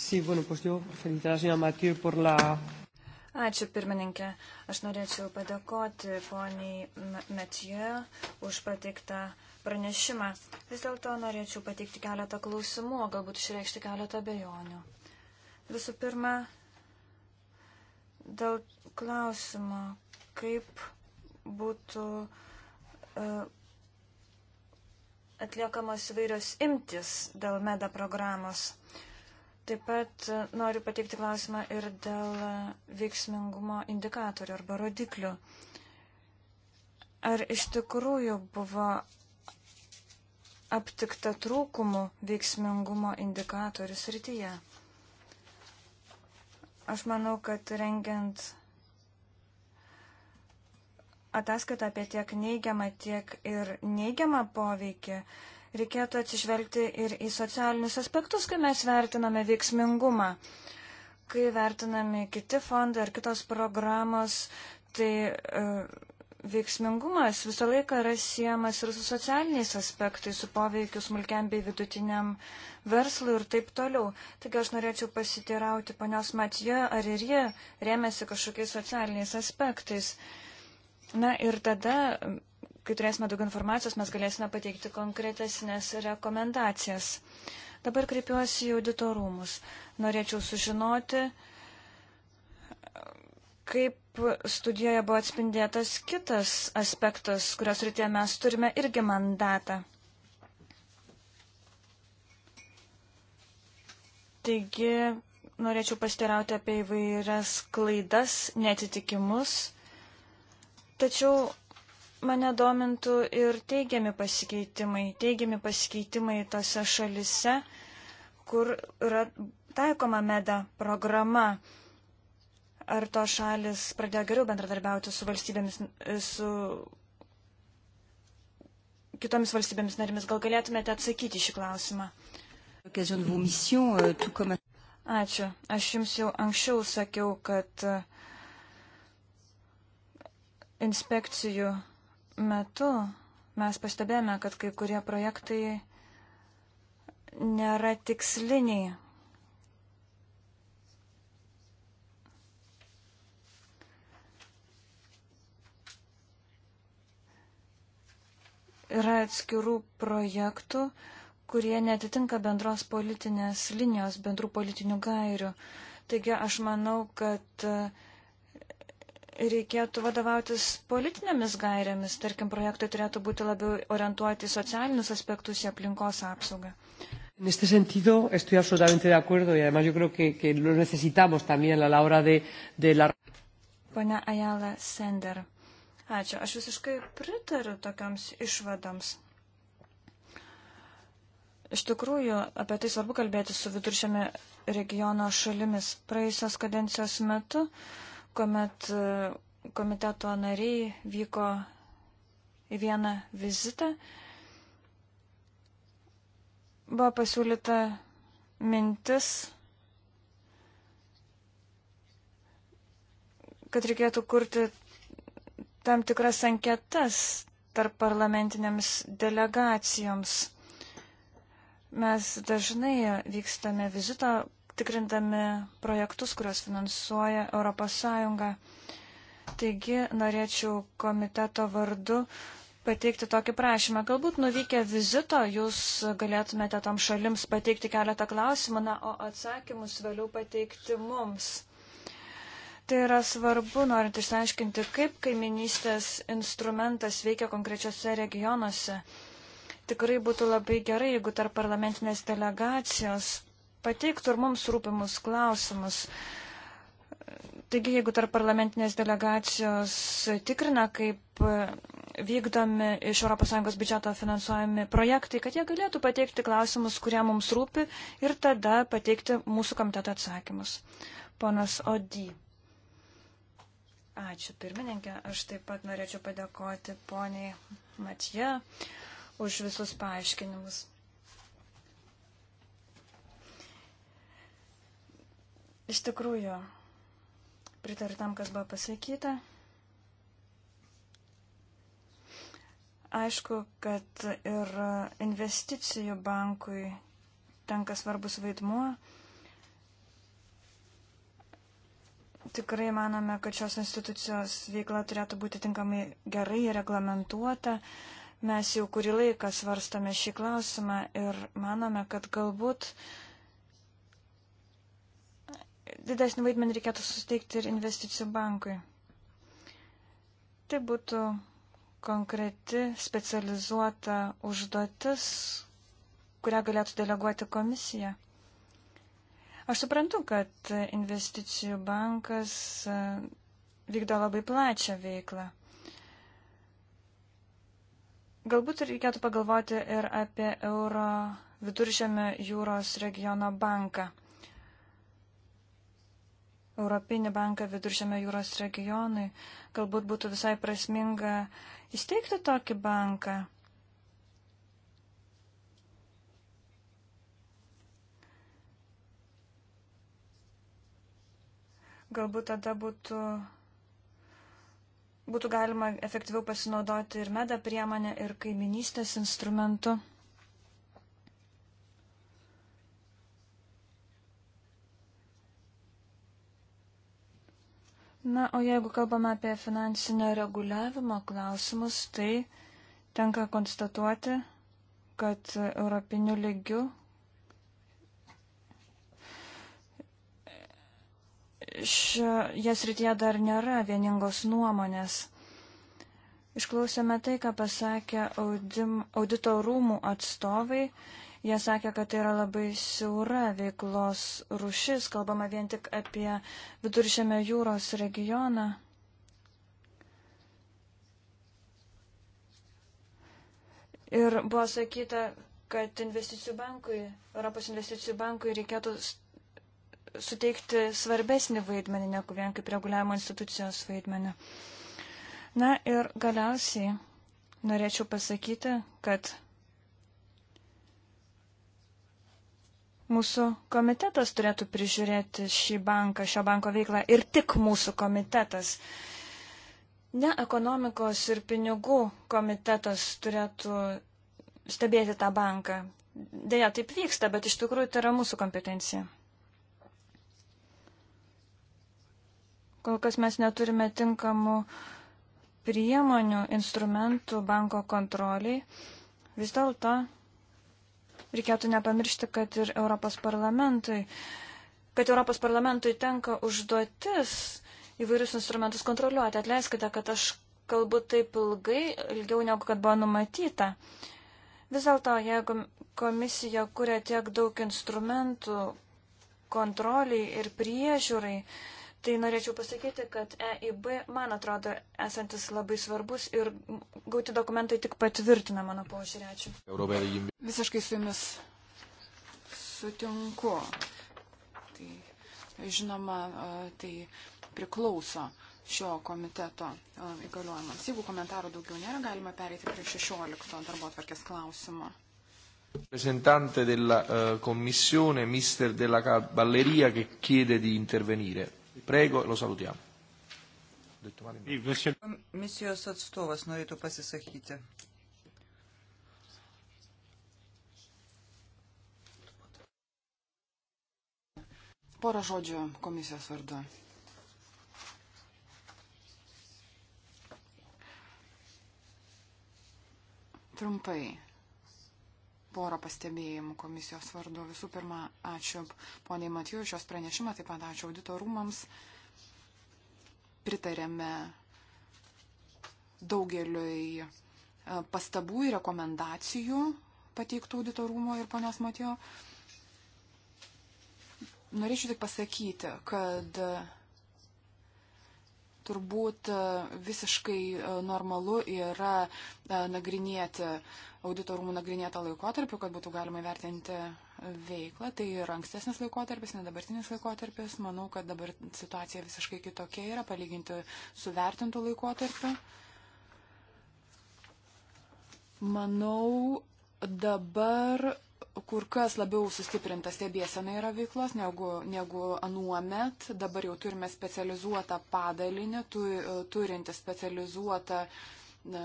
Sí, bueno, pues yo felicitar a la señora Matir por la Ačiū pirmininkė. Aš norėčiau padėkoti poniai Metijo už pateiktą pranešimą. Vis dėlto norėčiau pateikti keletą klausimų, o galbūt išreikšti keletą bejonių. Visų pirma, dėl klausimo, kaip būtų uh, atliekamos įvairios imtis dėl MEDA programos. Taip pat uh, noriu pateikti klausimą ir dėl uh, veiksmingumo indikatorių arba rodiklių. Ar iš tikrųjų buvo aptikta trūkumų veiksmingumo indikatorių srityje. Aš manau, kad rengiant ataskaitą apie tiek neigiamą, tiek ir neigiamą poveikį, reikėtų atsižvelgti ir į socialinius aspektus, kai mes vertiname veiksmingumą. Kai vertinami kiti fondai ar kitos programos, tai uh, veiksmingumas visą laiką yra siejamas ir su socialiniais aspektais, su poveikiu smulkiam bei vidutiniam verslui ir taip toliau. Taigi aš norėčiau pasiteirauti panios Matijo, ar ir jie rėmėsi kažkokiais socialiniais aspektais. Na ir tada, kai turėsime daug informacijos, mes galėsime pateikti konkretesnės rekomendacijas. Dabar kreipiuosi į auditorumus. Norėčiau sužinoti, kaip kaip studijoje buvo atspindėtas kitas aspektas, kurios rytėje mes turime irgi mandatą. Taigi, norėčiau pastirauti apie įvairias klaidas, netitikimus, tačiau mane domintų ir teigiami pasikeitimai, teigiami pasikeitimai tose šalise, kur yra taikoma meda programa ar to šalis pradėjo geriau bendradarbiauti su valstybėmis, su kitomis valstybėmis narimis. Gal galėtumėte atsakyti šį klausimą? Euh, Ačiū. Aš jums jau anksčiau sakiau, kad uh, inspekcijų metu mes pastebėjome, kad kai kurie projektai nėra tiksliniai Yra atskirų projektų, kurie netitinka bendros politinės linijos, bendrų politinių gairių. Taigi aš manau, kad e, reikėtų vadovautis politinėmis gairėmis. Tarkim, projektai turėtų būti labiau orientuoti į socialinius aspektus, į aplinkos apsaugą. En este sentido, estoy absolutamente de acuerdo y además yo creo que, que lo necesitamos también a la hora de, de la. Buena Ayala Sender. Ačiū. Aš visiškai pritariu tokiams išvadams. Iš tikrųjų, apie tai svarbu kalbėti su viduršiame regiono šalimis. Praėjusios kadencijos metu, kuomet e, komiteto nariai vyko į vieną vizitą, buvo pasiūlyta mintis, kad reikėtų kurti tam tikras anketas tarp parlamentinėms delegacijoms. Mes dažnai vykstame vizito, tikrindami projektus, kuriuos finansuoja ES. Taigi norėčiau komiteto vardu pateikti tokį prašymą. Galbūt nuvykę vizito jūs galėtumėte tom šalims pateikti keletą klausimų, na, o atsakymus vėliau pateikti mums. Tai yra svarbu, norint išsiaiškinti, kaip kaiminystės instrumentas veikia konkrečiose regionuose. Tikrai būtų labai gerai, jeigu tarp parlamentinės delegacijos pateiktų ir mums rūpimus klausimus. Taigi, jeigu tarp parlamentinės delegacijos tikrina, kaip vykdomi iš ES biudžeto finansuojami projektai, kad jie galėtų pateikti klausimus, kurie mums rūpi ir tada pateikti mūsų komiteto atsakymus. Ponas Odį. Ačiū pirmininkė. Aš taip pat norėčiau padėkoti poniai Matija už visus paaiškinimus. Iš tikrųjų, pritariu tam, kas buvo pasakyta. Aišku, kad ir investicijų bankui tenka svarbus vaidmuo. Tikrai manome, kad šios institucijos veikla turėtų būti tinkamai gerai reglamentuota. Mes jau kurį laiką svarstame šį klausimą ir manome, kad galbūt didesnį vaidmenį reikėtų susteikti ir investicijų bankui. Tai būtų konkreti specializuota užduotis, kurią galėtų deleguoti komisija. Aš suprantu, kad investicijų bankas e, vykdo labai plačią veiklą. Galbūt reikėtų pagalvoti ir apie Euro viduržėme jūros regiono banką. Europinį banką viduržėme jūros regionui. Galbūt būtų visai prasminga įsteigti tokį banką. Galbūt tada būtų, būtų galima efektyviau pasinaudoti ir meda priemonę, ir kaiminystės instrumentu. Na, o jeigu kalbame apie finansinio reguliavimo klausimus, tai tenka konstatuoti, kad europiniu lygiu šioje srityje dar nėra vieningos nuomonės. Išklausėme tai, ką pasakė audim, audito rūmų atstovai. Jie sakė, kad tai yra labai siaura veiklos rušis, kalbama vien tik apie viduršėme jūros regioną. Ir buvo sakyta, kad investicijų bankui, Europos investicijų bankui reikėtų suteikti svarbesnį vaidmenį, negu vien kaip reguliavimo institucijos vaidmenį. Na ir galiausiai norėčiau pasakyti, kad mūsų komitetas turėtų prižiūrėti šį banką, šio banko veiklą ir tik mūsų komitetas. Ne ekonomikos ir pinigų komitetas turėtų stebėti tą banką. Deja, taip vyksta, bet iš tikrųjų tai yra mūsų kompetencija. Kol kas mes neturime tinkamų priemonių, instrumentų banko kontroliai. Vis dėlto reikėtų nepamiršti, kad ir Europos parlamentui, kad Europos parlamentui tenka užduotis įvairius instrumentus kontroliuoti. Atleiskite, kad aš kalbu taip ilgai, ilgiau negu kad buvo numatyta. Vis dėlto, jeigu komisija kuria tiek daug instrumentų kontroliai ir priežiūrai, Tai norėčiau pasakyti, kad EIB, man atrodo, esantis labai svarbus ir gauti dokumentai tik patvirtina mano požiūrį. Ačiū. Visiškai su jumis sutinku. Tai, žinoma, tai priklauso šio komiteto e, įgaliojimams. Jeigu komentarų daugiau nėra, galima pereiti prie 16 darbo atvarkės klausimo. Representante della uh, Commissione, mister della Cavalleria, che chiede di intervenire. Prego, lo salutiamo. Misijos atstovas norėtų pasisakyti. Porą žodžių komisijos vardu. Trumpai porą pastebėjimų komisijos vardu. Visų pirma, ačiū poniai Matijų šios pranešimą, taip pat ačiū auditorumams. Pritarėme daugeliui e, pastabų ir rekomendacijų pateiktų auditorumo ir ponios Matijo. Norėčiau tik pasakyti, kad turbūt e, visiškai e, normalu yra e, nagrinėti auditorumų nagrinėtą laikotarpį, kad būtų galima vertinti veiklą. Tai ir ankstesnis laikotarpis, ne dabartinis laikotarpis. Manau, kad dabar situacija visiškai kitokia yra palyginti su vertintų laikotarpiu. Manau, dabar kur kas labiau sustiprinta stebėsena yra veiklos negu, negu anuomet. Dabar jau turime specializuotą padalinį, tu, turinti specializuotą na,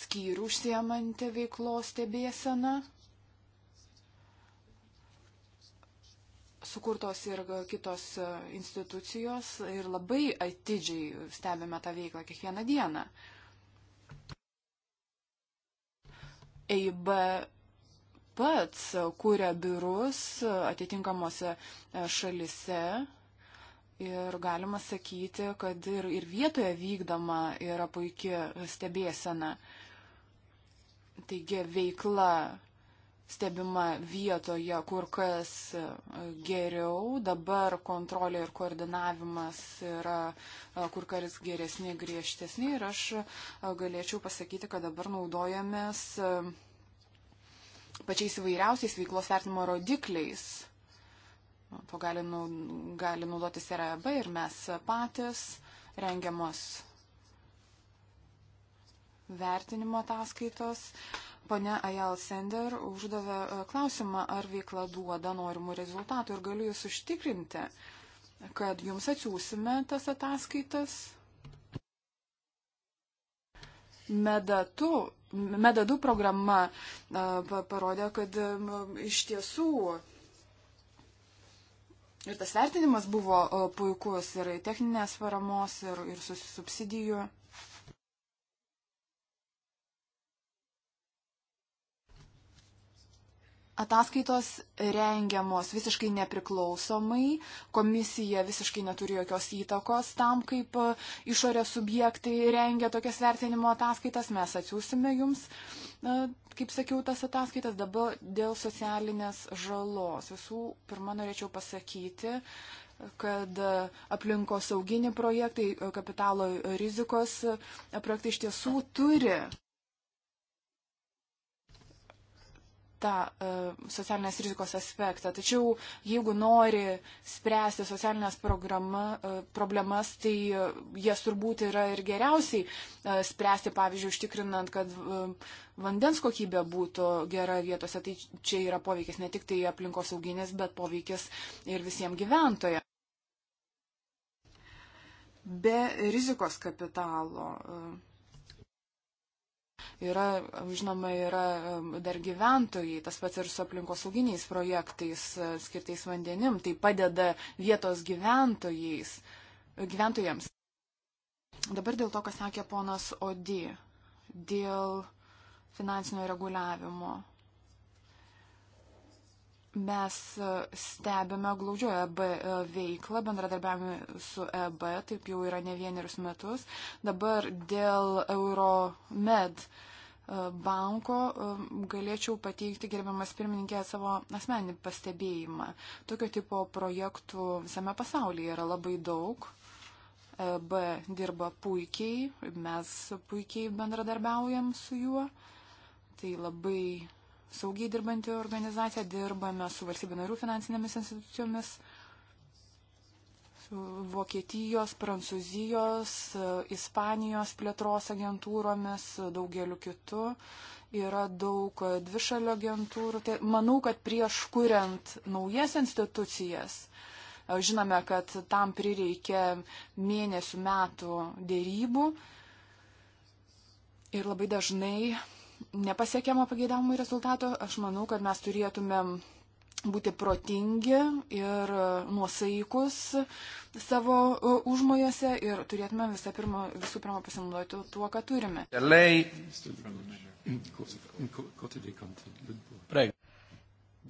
skyrių užsiemantį veiklos stebėseną. Sukurtos ir kitos institucijos ir labai atidžiai stebime tą veiklą kiekvieną dieną. EIB pats kūrė biurus atitinkamuose e, šalise. Ir galima sakyti, kad ir, ir vietoje vykdoma yra puikia stebėsena. Taigi veikla stebima vietoje kur kas e, geriau, dabar kontrolė ir koordinavimas yra e, kur kas geresni, griežtesni ir aš galėčiau pasakyti, kad dabar naudojamės pačiais įvairiausiais veiklos vertinimo rodikliais. Nu, to gali, nu, gali naudotis ir AEB, ir mes patys rengiamos vertinimo ataskaitos. Pane Ajal Sender uždavė e, klausimą, ar veikla duoda norimų rezultatų ir galiu jūs užtikrinti, kad jums atsiūsime tas ataskaitas. Medatu Meda2 programa parodė, kad iš tiesų ir tas vertinimas buvo puikus ir techninės paramos, ir, ir subsidijų. Ataskaitos rengiamos visiškai nepriklausomai, komisija visiškai neturi jokios įtakos tam, kaip e, išorės subjektai rengia tokias vertinimo ataskaitas. Mes atsiūsime jums, e, kaip sakiau, tas ataskaitas dabar dėl socialinės žalos. Visų pirma, norėčiau pasakyti, kad aplinkos saugini projektai, e, kapitalo rizikos projektai iš tiesų turi tą e, socialinės rizikos aspektą. Tačiau jeigu nori spręsti socialinės programa, e, problemas, tai e, jas turbūt yra ir geriausiai spręsti, pavyzdžiui, užtikrinant, kad vandens kokybė būtų gera vietose. Tai čia yra poveikis ne tik tai aplinkos auginės, bet poveikis ir visiems gyventojams. Be rizikos kapitalo. Uh Yra, žinoma, yra dar gyventojai, tas pats ir su aplinkosauginiais projektais e, skirtais vandenim, tai padeda vietos e, gyventojams. Dabar dėl to, ką sakė ponas Odi, dėl finansinio reguliavimo. Mes e, stebime glaudžioje EB e, veiklą, bendradarbiavime su EB, taip jau yra ne vienerius metus. Dabar dėl Euromed e, banko galėčiau pateikti gerbiamas pirmininkė savo asmeninį pastebėjimą. Tokio tipo projektų visame pasaulyje yra labai daug. B dirba puikiai, mes puikiai bendradarbiaujam su juo. Tai labai saugiai dirbanti organizacija, dirbame su valstybių narių finansinėmis institucijomis, su Vokietijos, Prancūzijos, Ispanijos plėtros agentūromis, daugeliu kitų. Yra daug dvišalio agentūrų. Tai manau, kad prieš kuriant naujas institucijas, žinome, kad tam prireikia mėnesių metų dėrybų. Ir labai dažnai nepasiekiamo pageidavimo rezultato, aš manau, kad mes turėtumėm būti protingi ir e, nuosaikus savo e, užmojose ir turėtume visą pirma, visų pirma pasinaudoti tuo, ką turime.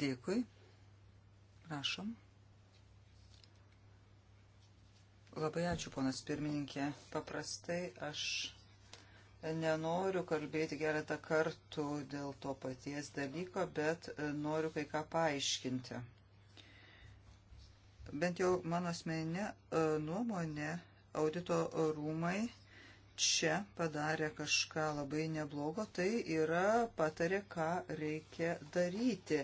Dėkui. Prašom. Labai ačiū, ponas pirmininkė. Paprastai aš nenoriu kalbėti keletą kartų dėl to paties dalyko, bet e, noriu kai ką paaiškinti. Bent jau mano asmeninė e, nuomonė, audito rūmai čia padarė kažką labai neblogo, tai yra patarė, ką reikia daryti.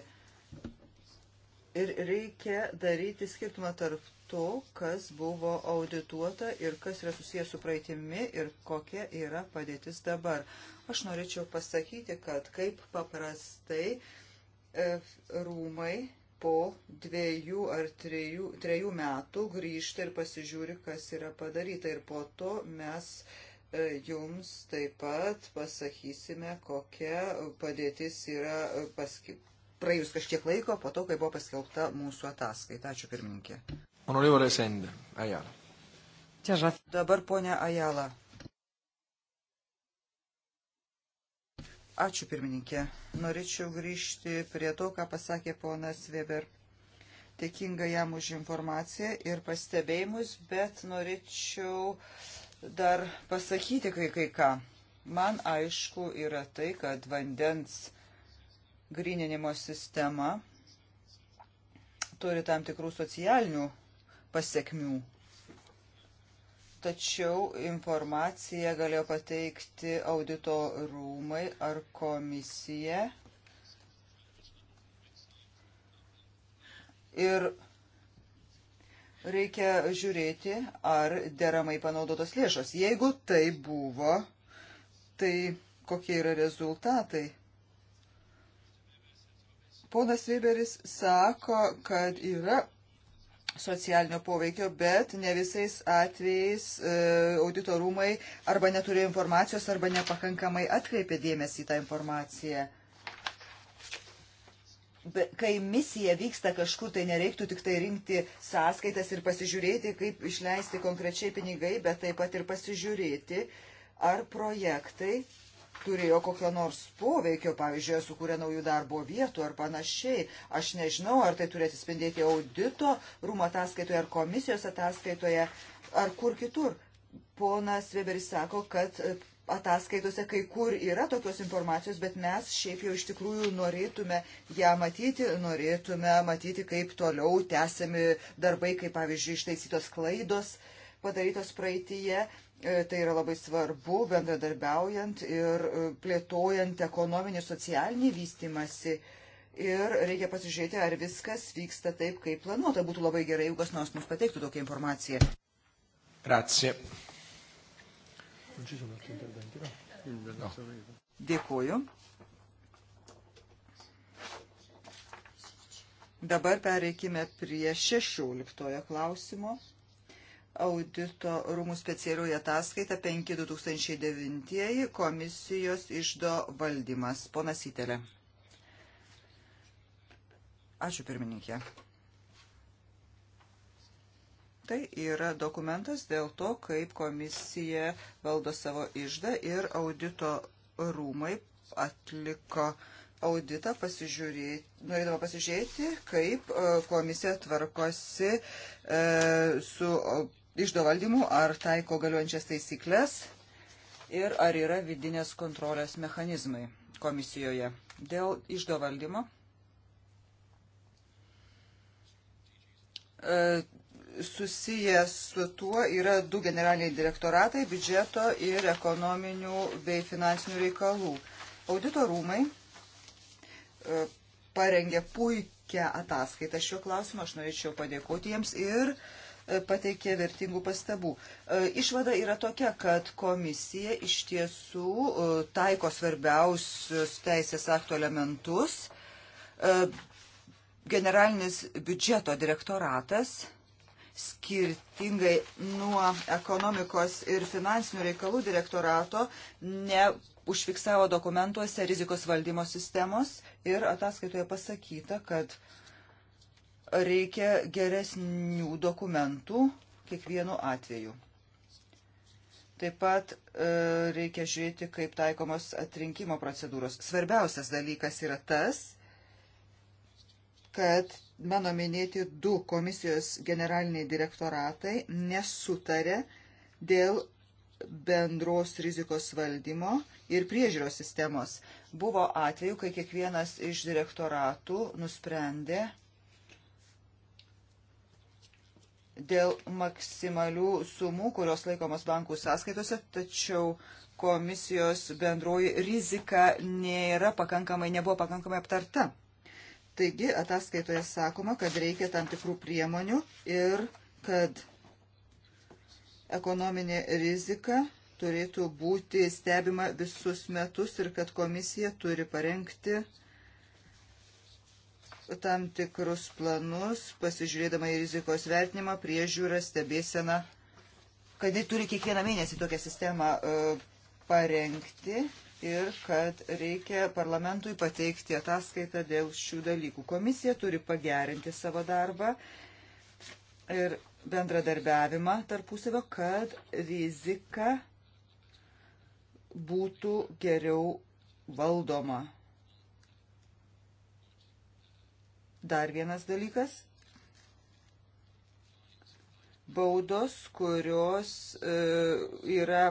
Ir reikia daryti skirtumą tarp to, kas buvo audituota ir kas yra susijęs su praeitimi ir kokia yra padėtis dabar. Aš norėčiau pasakyti, kad kaip paprastai e, rūmai po dviejų ar trejų, trejų metų grįžta ir pasižiūri, kas yra padaryta. Ir po to mes e, jums taip pat pasakysime, kokia padėtis yra e, paskip praėjus kažkiek laiko po to, kai buvo paskelbta mūsų ataskaita. Ačiū pirmininkė. Honorevole Sende, Ajala. Dabar ponia Ajala. Ačiū pirmininkė. Norėčiau grįžti prie to, ką pasakė ponas Weber. Tekinga jam už informaciją ir pastebėjimus, bet norėčiau dar pasakyti kai kai ką. Man aišku yra tai, kad vandens grininimo sistema turi tam tikrų socialinių pasiekmių. Tačiau informaciją galėjo pateikti audito rūmai ar komisija. Ir reikia žiūrėti, ar deramai panaudotos lėšos. Jeigu tai buvo, tai kokie yra rezultatai? Ponas Weberis sako, kad yra socialinio poveikio, bet ne visais atvejais e, audito rūmai arba neturėjo informacijos, arba nepakankamai atkreipė dėmesį tą informaciją. Be, kai misija vyksta kažkur, tai nereiktų tik tai rinkti sąskaitas ir pasižiūrėti, kaip išleisti konkrečiai pinigai, bet taip pat ir pasižiūrėti, ar projektai turėjo kokio nors poveikio, pavyzdžiui, sukūrė naujų darbo vietų ar panašiai. Aš nežinau, ar tai turėtų spindėti audito rūmo ataskaitoje ar komisijos ataskaitoje ar kur kitur. Ponas Weberis sako, kad e, ataskaitose kai kur yra tokios informacijos, bet mes šiaip jau iš tikrųjų norėtume ją matyti, norėtume matyti, kaip toliau tęsiami darbai, kaip pavyzdžiui ištaisytos klaidos padarytos praeitįje. E, tai yra labai svarbu bendradarbiaujant ir e, plėtojant ekonominį ir socialinį vystimasi. Ir reikia pasižiūrėti, ar viskas vyksta taip, kaip planuota. Būtų labai gerai, jeigu kas nors mums pateiktų tokią informaciją. Grazie. No. Dėkuoju. Dabar pereikime prie 16 klausimo audito rūmų specialioje ataskaita 5-2009 komisijos išdo valdymas. Ponas Itelė. Ačiū pirmininkė. Tai yra dokumentas dėl to, kaip komisija valdo savo išdą ir audito rūmai atliko auditą pasižiūrėti, norėdama pasižiūrėti, kaip e, komisija tvarkosi e, su išdo valdymų, ar taiko galiojančias taisyklės ir ar yra vidinės kontrolės mechanizmai komisijoje dėl išdo valdymo. E, Susijęs su tuo yra du generaliniai direktoratai - biudžeto ir ekonominių bei finansinių reikalų. Audito rūmai e, parengė puikią ataskaitą šiuo klausimu, aš norėčiau padėkoti jiems ir uh, pateikė vertingų pastabų. E, išvada yra tokia, kad komisija iš tiesų e, taiko svarbiausius teisės aktų elementus. E, generalinis biudžeto direktoratas skirtingai nuo ekonomikos ir finansinių reikalų direktorato neužfiksavo dokumentuose rizikos valdymo sistemos ir ataskaitoje pasakyta, kad uh, reikia geresnių dokumentų kiekvienu atveju. Taip pat e, reikia žiūrėti, kaip taikomos atrinkimo procedūros. Svarbiausias dalykas yra tas, kad mano minėti du komisijos generaliniai direktoratai nesutarė dėl bendros rizikos valdymo ir priežiūros sistemos. Buvo atveju, kai kiekvienas iš direktoratų nusprendė dėl maksimalių sumų, kurios laikomas bankų sąskaitose, tačiau komisijos bendroji rizika nėra pakankamai, nebuvo pakankamai aptarta. Taigi ataskaitoje sakoma, kad reikia tam tikrų priemonių ir kad ekonominė rizika turėtų būti stebima visus metus ir kad komisija turi parengti uh, tam tikrus planus, pasižiūrėdama į rizikos vertinimą, priežiūrą, stebėseną, kad jie turi kiekvieną mėnesį tokią sistemą e, parengti ir kad reikia parlamentui pateikti ataskaitą dėl šių dalykų. Komisija turi pagerinti savo darbą ir bendradarbiavimą tarpusavio, kad rizika būtų geriau valdoma. Dar vienas dalykas. Baudos, kurios e, yra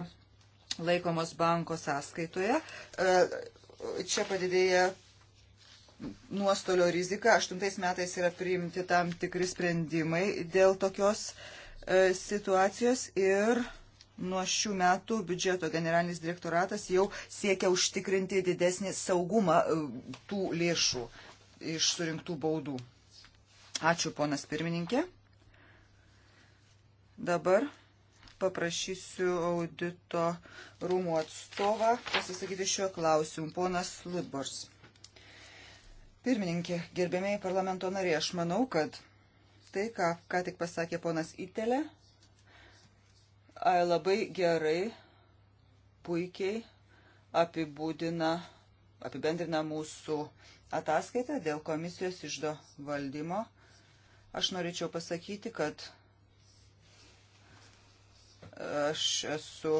laikomos banko sąskaitoje. E, čia padidėja nuostolio rizika. Aštuntais metais yra priimti tam tikri sprendimai dėl tokios e, situacijos ir nuo šių metų biudžeto generalinis direktoratas jau siekia užtikrinti didesnį saugumą e, tų lėšų iš surinktų baudų. Ačiū, ponas pirmininkė. Dabar paprašysiu audito rūmų atstovą pasisakyti šiuo klausimu, ponas Ludbors. Pirmininkė, gerbėmiai parlamento nariai, aš manau, kad tai, ką, ką tik pasakė ponas Itelė, labai gerai, puikiai apibūdina, apibendrina mūsų ataskaitą dėl komisijos išdo valdymo, aš norėčiau pasakyti, kad aš esu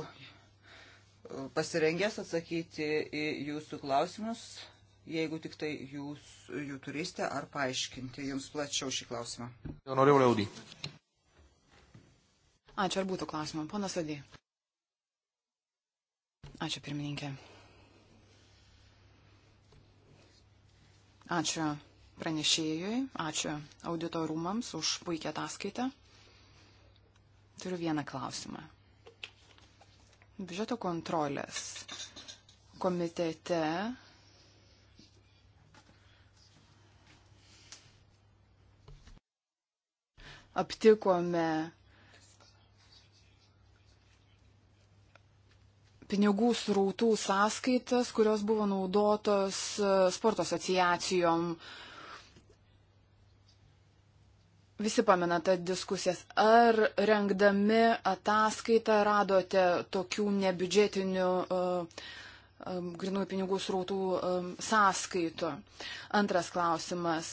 pasirengęs atsakyti į jūsų klausimus, jeigu tik tai jūs jų turėsite, ar paaiškinti jums plačiau šį klausimą. Ačiū, ar būtų klausimų. Ponas Sadė. Ačiū, pirmininkė. Ačiū pranešėjui, ačiū auditorumams už puikią ataskaitą. Turiu vieną klausimą. Biudžeto kontrolės komitete aptikome pinigų srautų sąskaitas, kurios buvo naudotos e, sporto asociacijom. Visi pamena tą diskusijas. Ar rengdami ataskaitą radote tokių nebiudžetinių uh, um, grinųjų pinigų srautų um, sąskaitų? Antras klausimas.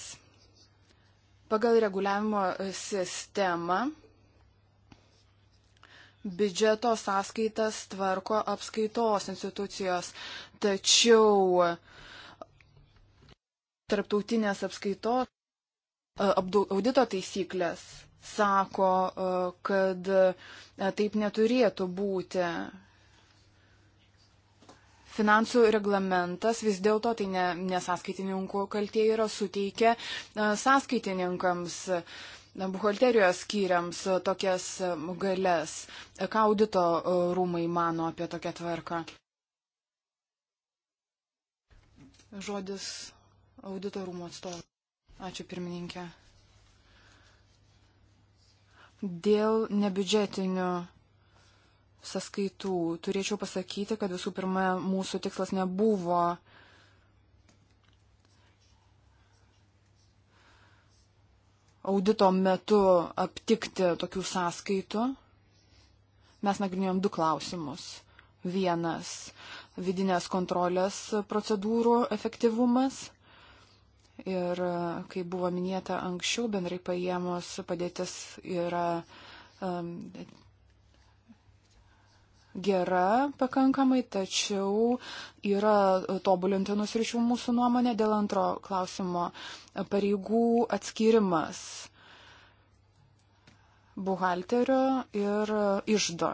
Pagal reguliavimo sistemą biudžeto sąskaitas tvarko apskaitos institucijos. Tačiau tarptautinės apskaitos audito taisyklės sako, kad taip neturėtų būti. Finansų reglamentas vis dėlto tai ne, nesaskaitininkų kaltė yra suteikę sąskaitininkams. Uh, buhalterijos skyriams tokias galės. Ką audito rūmai mano apie tokią tvarką? Žodis audito rūmų atstovų. Ačiū pirmininkė. Dėl nebiudžetinių sąskaitų turėčiau pasakyti, kad visų pirma mūsų tikslas nebuvo uh, audito metu aptikti tokių sąskaitų, mes nagrinėjom du klausimus. Vienas - vidinės kontrolės procedūrų efektyvumas. Ir, kaip buvo minėta anksčiau, bendrai paėmus padėtis yra um, gera pakankamai, tačiau yra tobulintinų sričių mūsų nuomonė dėl antro klausimo - pareigų atskirimas buhalterio ir išdo,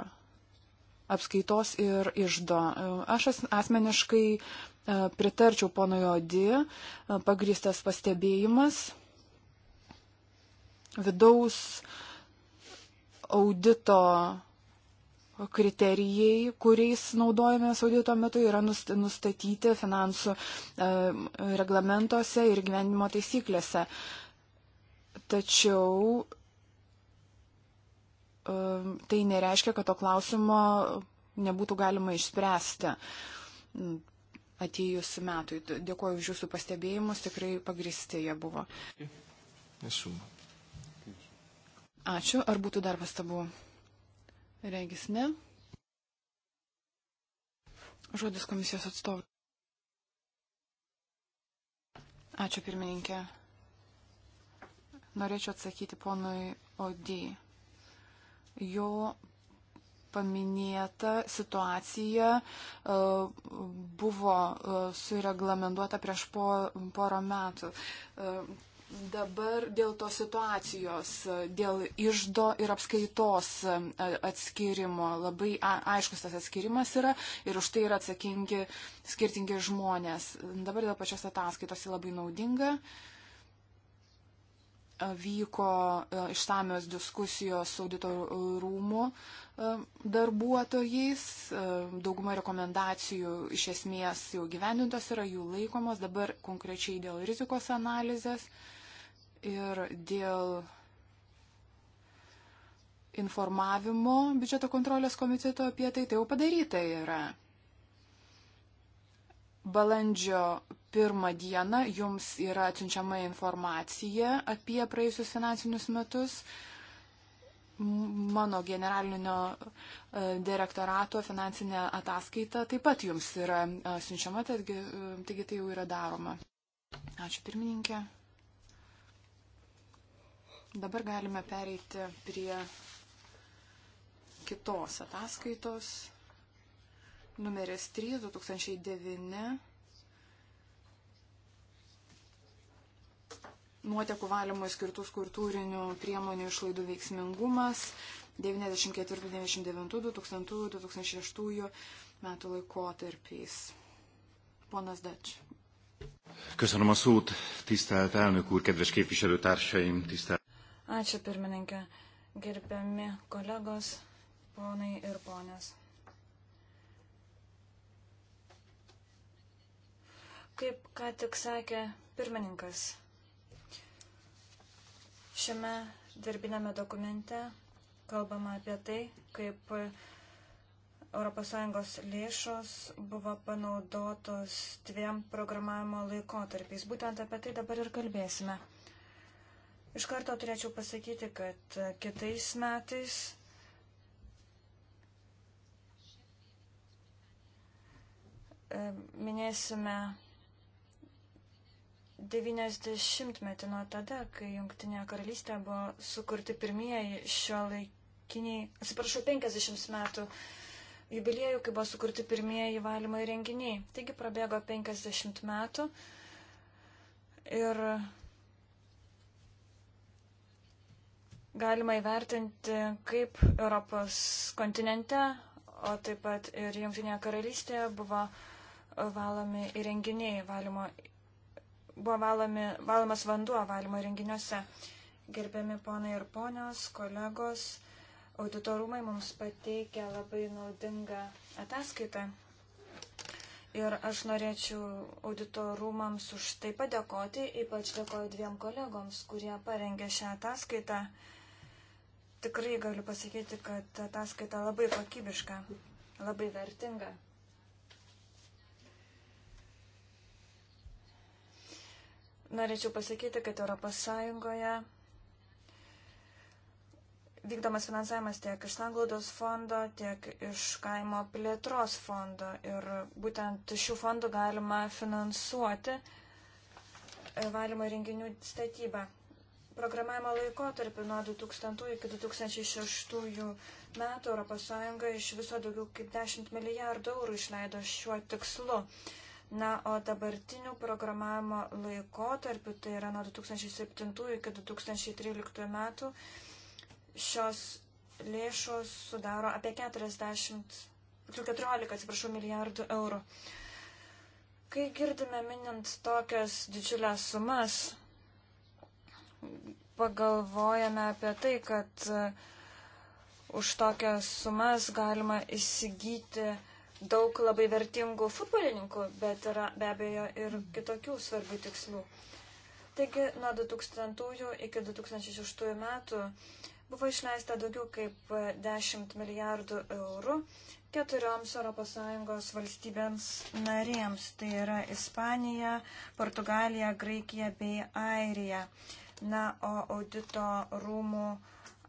apskaitos ir išdo. Aš asmeniškai e, pritarčiau pono Jodi, e, pagristas pastebėjimas vidaus audito kriterijai, kuriais naudojamės audito metu, yra nustatyti finansų e, reglamentuose ir gyvenimo taisyklėse. Tačiau e, tai nereiškia, kad to klausimo nebūtų galima išspręsti atėjus metui. Dėkuoju už jūsų pastebėjimus, tikrai pagristi jie buvo. Esu. Ačiū. Ar būtų dar pastabų? Regis ne. Žodis komisijos atstovų. Ačiū pirmininkė. Norėčiau atsakyti ponui Odį. Jo paminėta situacija e, buvo e, sureglamentuota prieš porą metų. E, Dabar dėl tos situacijos, dėl išdo ir apskaitos e, atskirimo, labai aiškus tas atskirimas yra ir už tai yra atsakingi skirtingi žmonės. Dabar dėl pačios ataskaitos ji labai naudinga. E, vyko e, išsamios diskusijos su audito rūmų darbuotojais. Dauguma rekomendacijų iš esmės jau gyvendintos yra, jų laikomos dabar konkrečiai dėl rizikos analizės. Uh, ir dėl informavimo biudžeto kontrolės komiteto apie tai, tai jau padaryta yra. Balandžio pirmą dieną jums yra atsiunčiama informacija apie praėjusius finansinius metus. Mano generalinio e, direktorato finansinė ataskaita taip pat jums yra e, siunčiama, taigi, e, taigi tai jau yra daroma. Ačiū pirmininkė. Dabar galime pereiti prie kitos ataskaitos. Numeris 3 2009. Nuotekų valymui skirtų skultūrinių priemonių išlaidų veiksmingumas 94-99-2000-2006 metų laikotarpiais. Ponas Dač. Köszönöm a szót, tisztelt elnök úr, kedves képviselőtársaim, tisztelt. Ačiū pirmininkė, gerbiami kolegos, ponai ir ponės. Kaip ką tik sakė pirmininkas, šiame darbinėme dokumente kalbama apie tai, kaip ES lėšos buvo panaudotos dviem programavimo laikotarpiais. Būtent apie tai dabar ir kalbėsime. Iš karto turėčiau pasakyti, kad e, kitais metais e, minėsime 90-metį nuo tada, kai Junktinėje karalystėje buvo sukurti pirmieji šio laikiniai, atsiprašau, 50 metų jubiliejų, kai buvo sukurti pirmieji valymo įrenginiai. Taigi prabėgo 50 metų ir galima įvertinti, kaip Europos kontinente, o taip pat ir Junktinėje karalystėje buvo valomi įrenginiai, valymo, buvo valomi, valomas vanduo valymo įrenginiuose. Gerbiami ponai ir ponios, kolegos, auditorumai mums pateikė labai naudingą ataskaitą. Ir aš norėčiau auditorumams už tai padėkoti, ypač dėkoju dviem kolegoms, kurie parengė šią ataskaitą. Uh, tikrai galiu pasakyti, kad ataskaita labai kokybiška, labai vertinga. Norėčiau pasakyti, kad ES vykdomas finansavimas tiek iš sanglaudos fondo, tiek iš kaimo plėtros fondo. Ir būtent šių fondų galima finansuoti valymo renginių statybą programavimo laikotarpį nuo 2000 iki 2006 metų ES iš viso daugiau kaip 10 milijardų eurų išleido šiuo tikslu. Na, o dabartinių programavimo laikotarpių, tai yra nuo 2007 iki 2013 metų, šios lėšos sudaro apie 40, 14 atsiprašau, milijardų eurų. Kai girdime minint tokias didžiulės sumas, pagalvojame apie tai, kad e, už tokias sumas galima įsigyti daug labai vertingų futbolininkų, bet yra be abejo ir kitokių svarbių tikslų. Taigi nuo 2000 iki 2006 metų buvo išleista daugiau kaip 10 milijardų eurų keturioms ES valstybėms narėms. Tai yra Ispanija, Portugalija, Graikija bei Airija. Na, o audito rūmų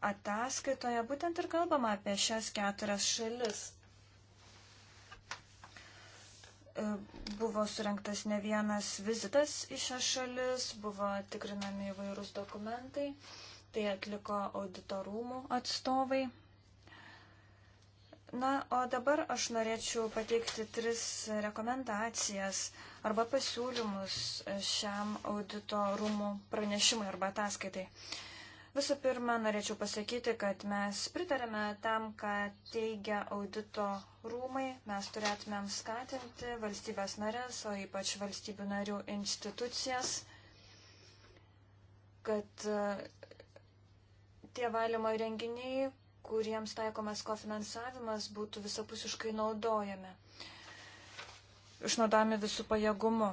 ataskaitoje būtent ir kalbama apie šias keturias šalis. E, buvo surinktas ne vienas vizitas į šią šalis, buvo tikrinami įvairūs dokumentai, tai atliko auditorumų atstovai. Na, o dabar aš norėčiau pateikti tris rekomendacijas arba pasiūlymus šiam audito rūmų pranešimui arba ataskaitai. Visų pirma, norėčiau pasakyti, kad mes pritarėme tam, ką teigia audito rūmai. Mes turėtumėm skatinti valstybės narės, o ypač valstybių narių institucijas, kad e, tie valymo renginiai kuriems taikomas kofinansavimas, būtų visapusiškai naudojami. Išnaudojami visų pajėgumu.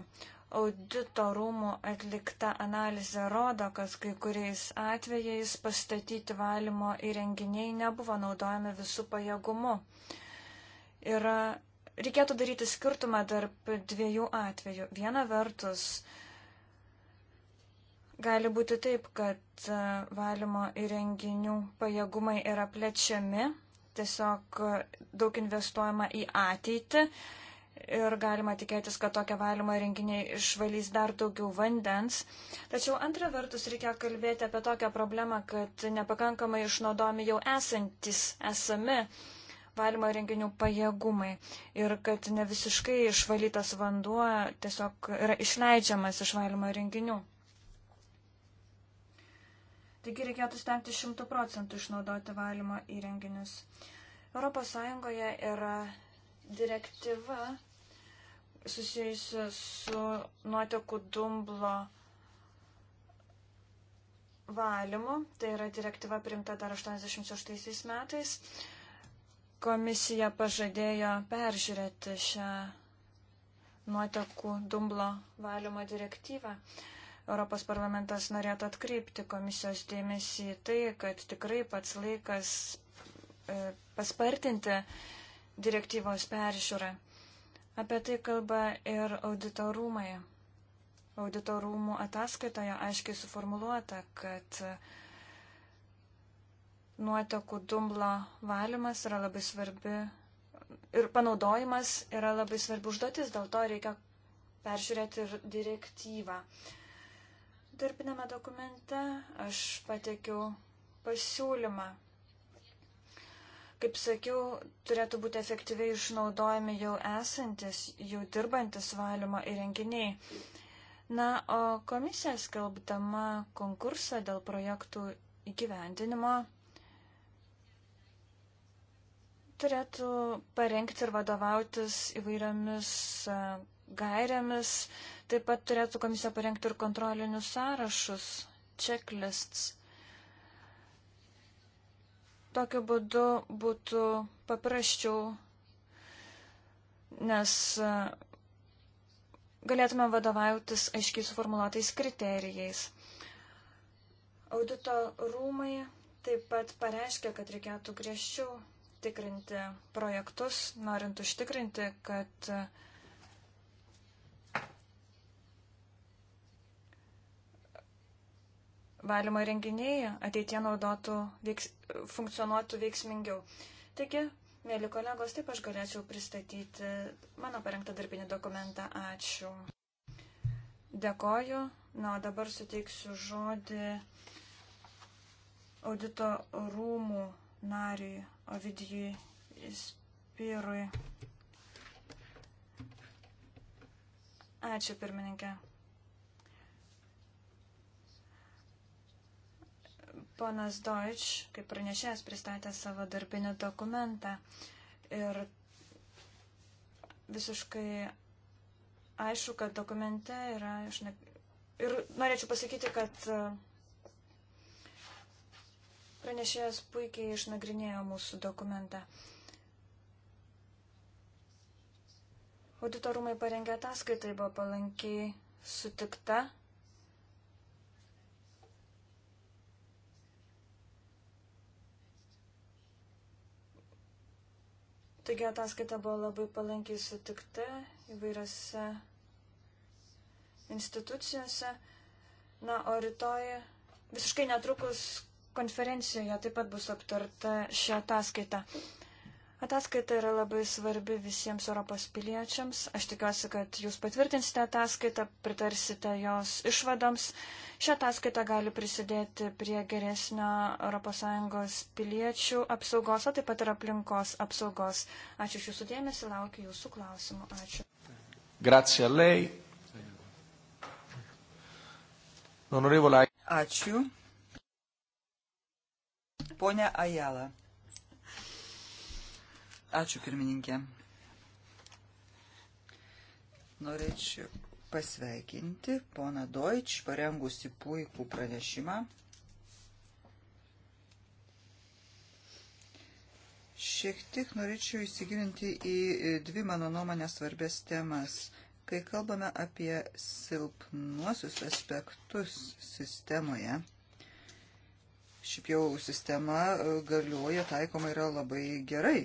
Audito rūmų atlikta analizė rodo, kad kai kuriais atvejais pastatyti valymo įrenginiai nebuvo naudojami visų pajėgumu. Yra, reikėtų daryti skirtumą tarp dviejų atvejų. Viena vertus, uh, Gali būti taip, kad e, valymo įrenginių pajėgumai yra plečiami, tiesiog e, daug investuojama į ateitį ir galima tikėtis, kad tokie valymo įrenginiai išvalys dar daugiau vandens. Tačiau antra vertus reikia kalbėti apie tokią problemą, kad nepakankamai išnaudomi jau esantis esami valymo įrenginių pajėgumai ir kad ne visiškai išvalytas vanduo tiesiog yra išleidžiamas iš valymo įrenginių. Taigi reikėtų stengti šimtų procentų išnaudoti valymo įrenginius. ES yra direktyva susijusi su nuotekų dumblo valymu. Tai yra direktyva primta dar 86 metais. Komisija pažadėjo peržiūrėti šią nuotekų dumblo valymo direktyvą. Europos parlamentas norėtų atkreipti komisijos dėmesį į tai, kad tikrai pats laikas e, paspartinti direktyvos peržiūrą. Apie tai kalba ir auditorumai. Auditorumų ataskaitoje aiškiai suformuluota, kad nuotekų dumblo valymas yra labai svarbi ir panaudojimas yra labai svarbi užduotis, dėl to reikia peržiūrėti ir direktyvą. Uh, darbinėme dokumente aš pateikiau pasiūlymą. Kaip sakiau, turėtų būti efektyviai išnaudojami jau esantis, jau dirbantis valymo įrenginiai. Na, o komisija skelbdama konkursą dėl projektų įgyvendinimo turėtų parengti ir vadovautis įvairiomis e, gairiamis, Taip pat turėtų komisija parengti ir kontrolinius sąrašus, checklists. Tokiu būdu būtų paprasčiau, nes e, galėtume vadovautis aiškiai suformuluotais kriterijais. Audito rūmai taip pat pareiškia, kad reikėtų griežčiau tikrinti projektus, norint užtikrinti, kad uh, valymo renginiai ateitie naudotų, veiks, funkcionuotų veiksmingiau. Taigi, mėly kolegos, taip aš galėčiau pristatyti mano parengtą darbinį dokumentą. Ačiū. Dėkoju. Na, o dabar suteiksiu žodį audito rūmų nariui Ovidijui Spirui. Ačiū, pirmininkė. Ponas Deutsch, kaip pranešėjas, pristatė savo darbinį dokumentą ir visiškai aišku, kad dokumente yra išne... ir norėčiau pasakyti, kad e, pranešėjas puikiai išnagrinėjo mūsų dokumentą. Auditorumai parengė ataskaitai buvo palankiai sutikta Taigi ataskaita buvo labai palankiai sutikta įvairiose institucijose. Na, o rytoj visiškai netrukus konferencijoje taip pat bus aptarta ši ataskaita. Ataskaita yra labai svarbi visiems Europos piliečiams. Aš tikiuosi, kad jūs patvirtinsite ataskaitą, pritarsite jos išvadoms. Šią ataskaitą gali prisidėti prie geresnio ES piliečių apsaugos, o taip pat ir aplinkos apsaugos. Ačiū iš jūsų dėmesį, laukiu jūsų klausimų. Ačiū. Grazie a lei. Onorevole. Ačiū. Pone Ajala. Ačiū pirmininkė. Norėčiau pasveikinti poną Deutsch, parengusi puikų pranešimą. Šiek tiek norėčiau įsigilinti į dvi mano nuomonės svarbės temas. Kai kalbame apie silpnuosius aspektus sistemoje, šiaip jau sistema galioja, taikoma yra labai gerai.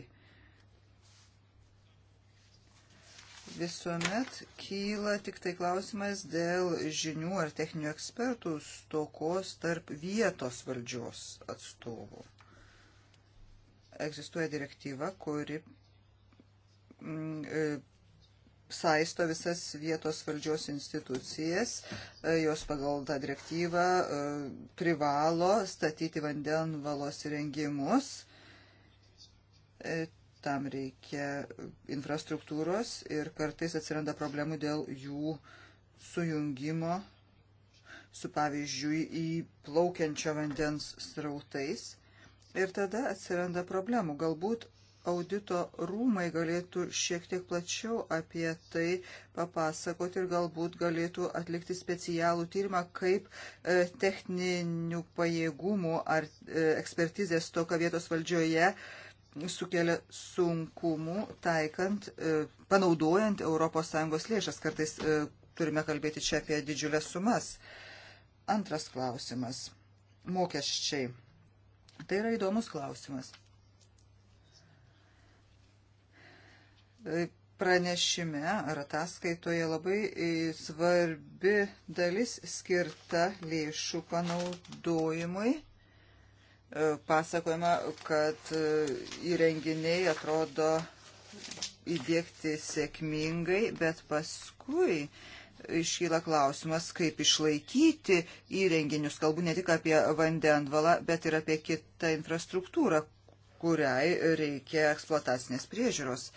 visuomet kyla tik tai klausimas dėl žinių ar techninių ekspertų stokos tarp vietos valdžios atstovų. Egzistuoja direktyva, kuri mm, e, saisto visas vietos valdžios institucijas, e, jos pagal tą direktyvą e, privalo statyti vandenvalos įrengimus tam reikia infrastruktūros ir kartais atsiranda problemų dėl jų sujungimo su pavyzdžiui įplaukiančio vandens srautais. Ir tada atsiranda problemų. Galbūt audito rūmai galėtų šiek tiek plačiau apie tai papasakoti ir galbūt galėtų atlikti specialų tyrimą, kaip e, techninių pajėgumų ar e, ekspertizės toka vietos valdžioje e, sukelia sunkumų taikant, e, panaudojant ES lėšas. Kartais e, turime kalbėti čia apie didžiulės sumas. Antras klausimas. Mokesčiai. Tai yra įdomus klausimas. E, pranešime ar ataskaitoje labai svarbi dalis skirta lėšų panaudojimui E, pasakojama, kad e, įrenginiai atrodo įdėkti sėkmingai, bet paskui iškyla klausimas, kaip išlaikyti įrenginius. Kalbu ne tik apie vandenvalą, bet ir apie kitą infrastruktūrą, kuriai reikia eksploatacinės priežiūros.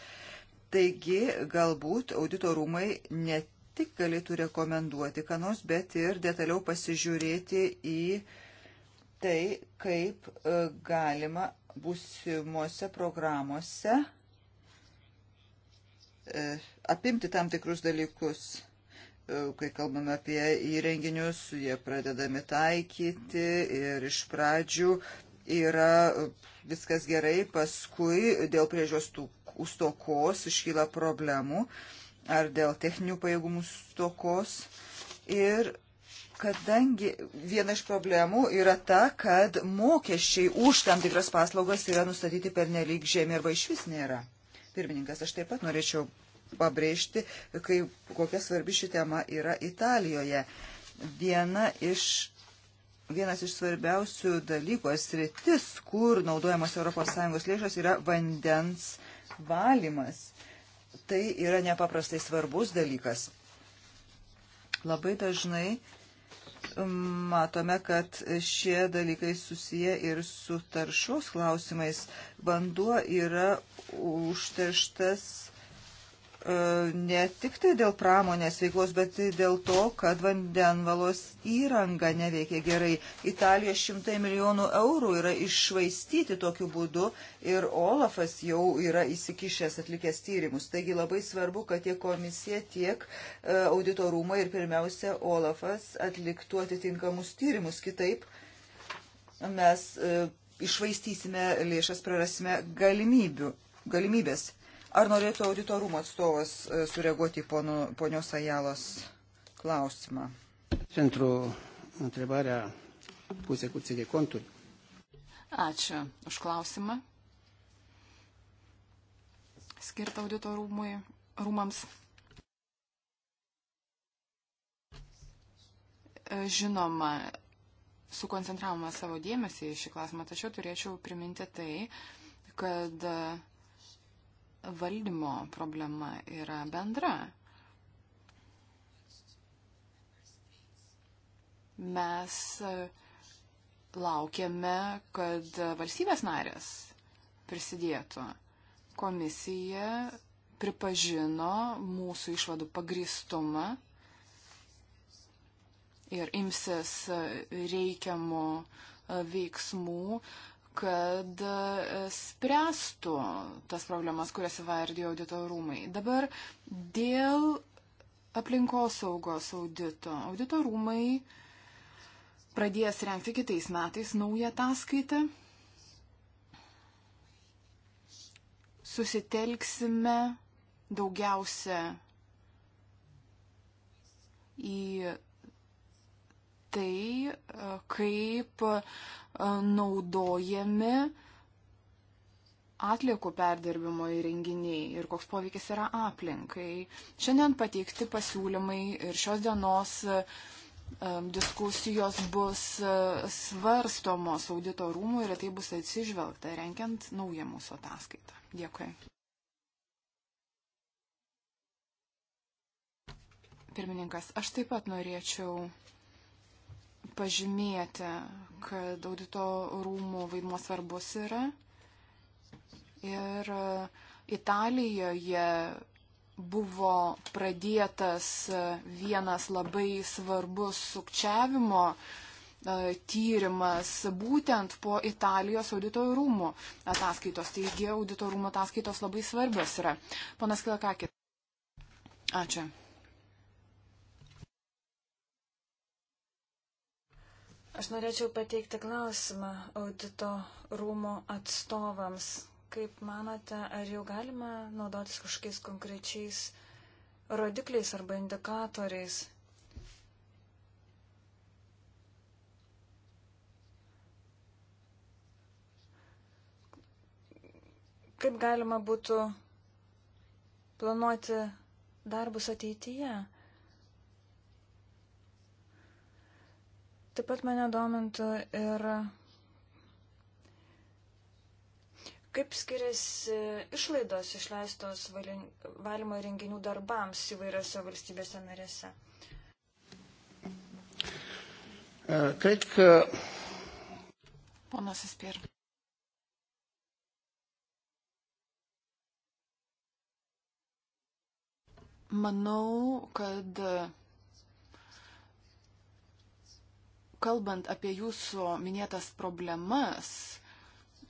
Taigi, galbūt auditorumai ne tik galėtų rekomenduoti kanos, bet ir detaliau pasižiūrėti į uh, tai, kaip e, galima būsimuose programuose e, apimti tam tikrus dalykus. E, kai kalbame apie įrenginius, jie pradedami taikyti ir iš pradžių yra viskas gerai, paskui dėl priežios stokos iškyla problemų ar dėl techninių pajėgumų stokos ir kadangi viena iš problemų yra ta, kad mokesčiai už tam tikras paslaugas yra nustatyti per nelik žemė arba iš vis nėra. Pirmininkas, aš taip pat norėčiau pabrėžti, kai, kokia svarbi ši tema yra Italijoje. Viena iš, vienas iš svarbiausių dalykų, sritis, kur naudojamas ES lėšas, yra vandens valymas. Tai yra nepaprastai svarbus dalykas. Labai dažnai uh, matome, kad šie dalykai susiję ir su taršos klausimais. Vanduo yra užterštas E, ne tik tai dėl pramonės veiklos, bet ir dėl to, kad vandenvalos įranga neveikia gerai. Italija šimtai milijonų eurų yra išvaistyti tokiu būdu ir Olafas jau yra įsikišęs atlikęs tyrimus. Taigi labai svarbu, kad tiek komisija, tiek e, auditorumai ir pirmiausia Olafas atliktų atitinkamus tyrimus. Kitaip mes e, išvaistysime lėšas, prarasime galimybių, galimybės. Ar norėtų auditorumo atstovas e, sureaguoti į ponios Ajalos klausimą? Centro întrebarea pusė kutsė de konturi. Ačiū už klausimą. Skirtą auditorumui rūmams. E, žinoma, sukoncentravome savo dėmesį į šį klausimą, tačiau turėčiau priminti tai, kad uh, valdymo problema yra bendra. Mes laukiame, kad valstybės narės prisidėtų. Komisija pripažino mūsų išvadų pagristumą ir imsis reikiamų veiksmų, kad e, spręstų tas problemas, kurias įvardijo audito rūmai. Dabar dėl aplinkosaugos audito. Audito rūmai pradės renkti kitais metais naują ataskaitą. Susitelksime daugiausia į tai, e, kaip e, naudojami atliekų perdirbimo įrenginiai ir koks poveikis yra aplinkai. Šiandien pateikti pasiūlymai ir šios dienos e, diskusijos bus svarstomos audito rūmų ir tai bus atsižvelgta, renkiant naują mūsų ataskaitą. Dėkui. Pirmininkas, aš taip pat norėčiau pažymėti, kad audito rūmų vaidmuo svarbus yra. Ir e, Italijoje buvo pradėtas e, vienas labai svarbus sukčiavimo e, tyrimas būtent po Italijos audito rūmų ataskaitos. Taigi audito rūmų ataskaitos labai svarbios yra. Panas Kilakakit. Ačiū. Aš norėčiau pateikti klausimą audito rūmo atstovams. Kaip manote, ar jau galima naudotis kažkokiais konkrečiais rodikliais arba indikatoriais? Kaip galima būtų planuoti darbus ateityje? Taip pat mane domintų ir kaip skiriasi išlaidos išleistos valymo renginių darbams įvairiose valstybėse narėse. Cred că... E, Ponas Ispir. Manau, kad kalbant apie jūsų minėtas problemas,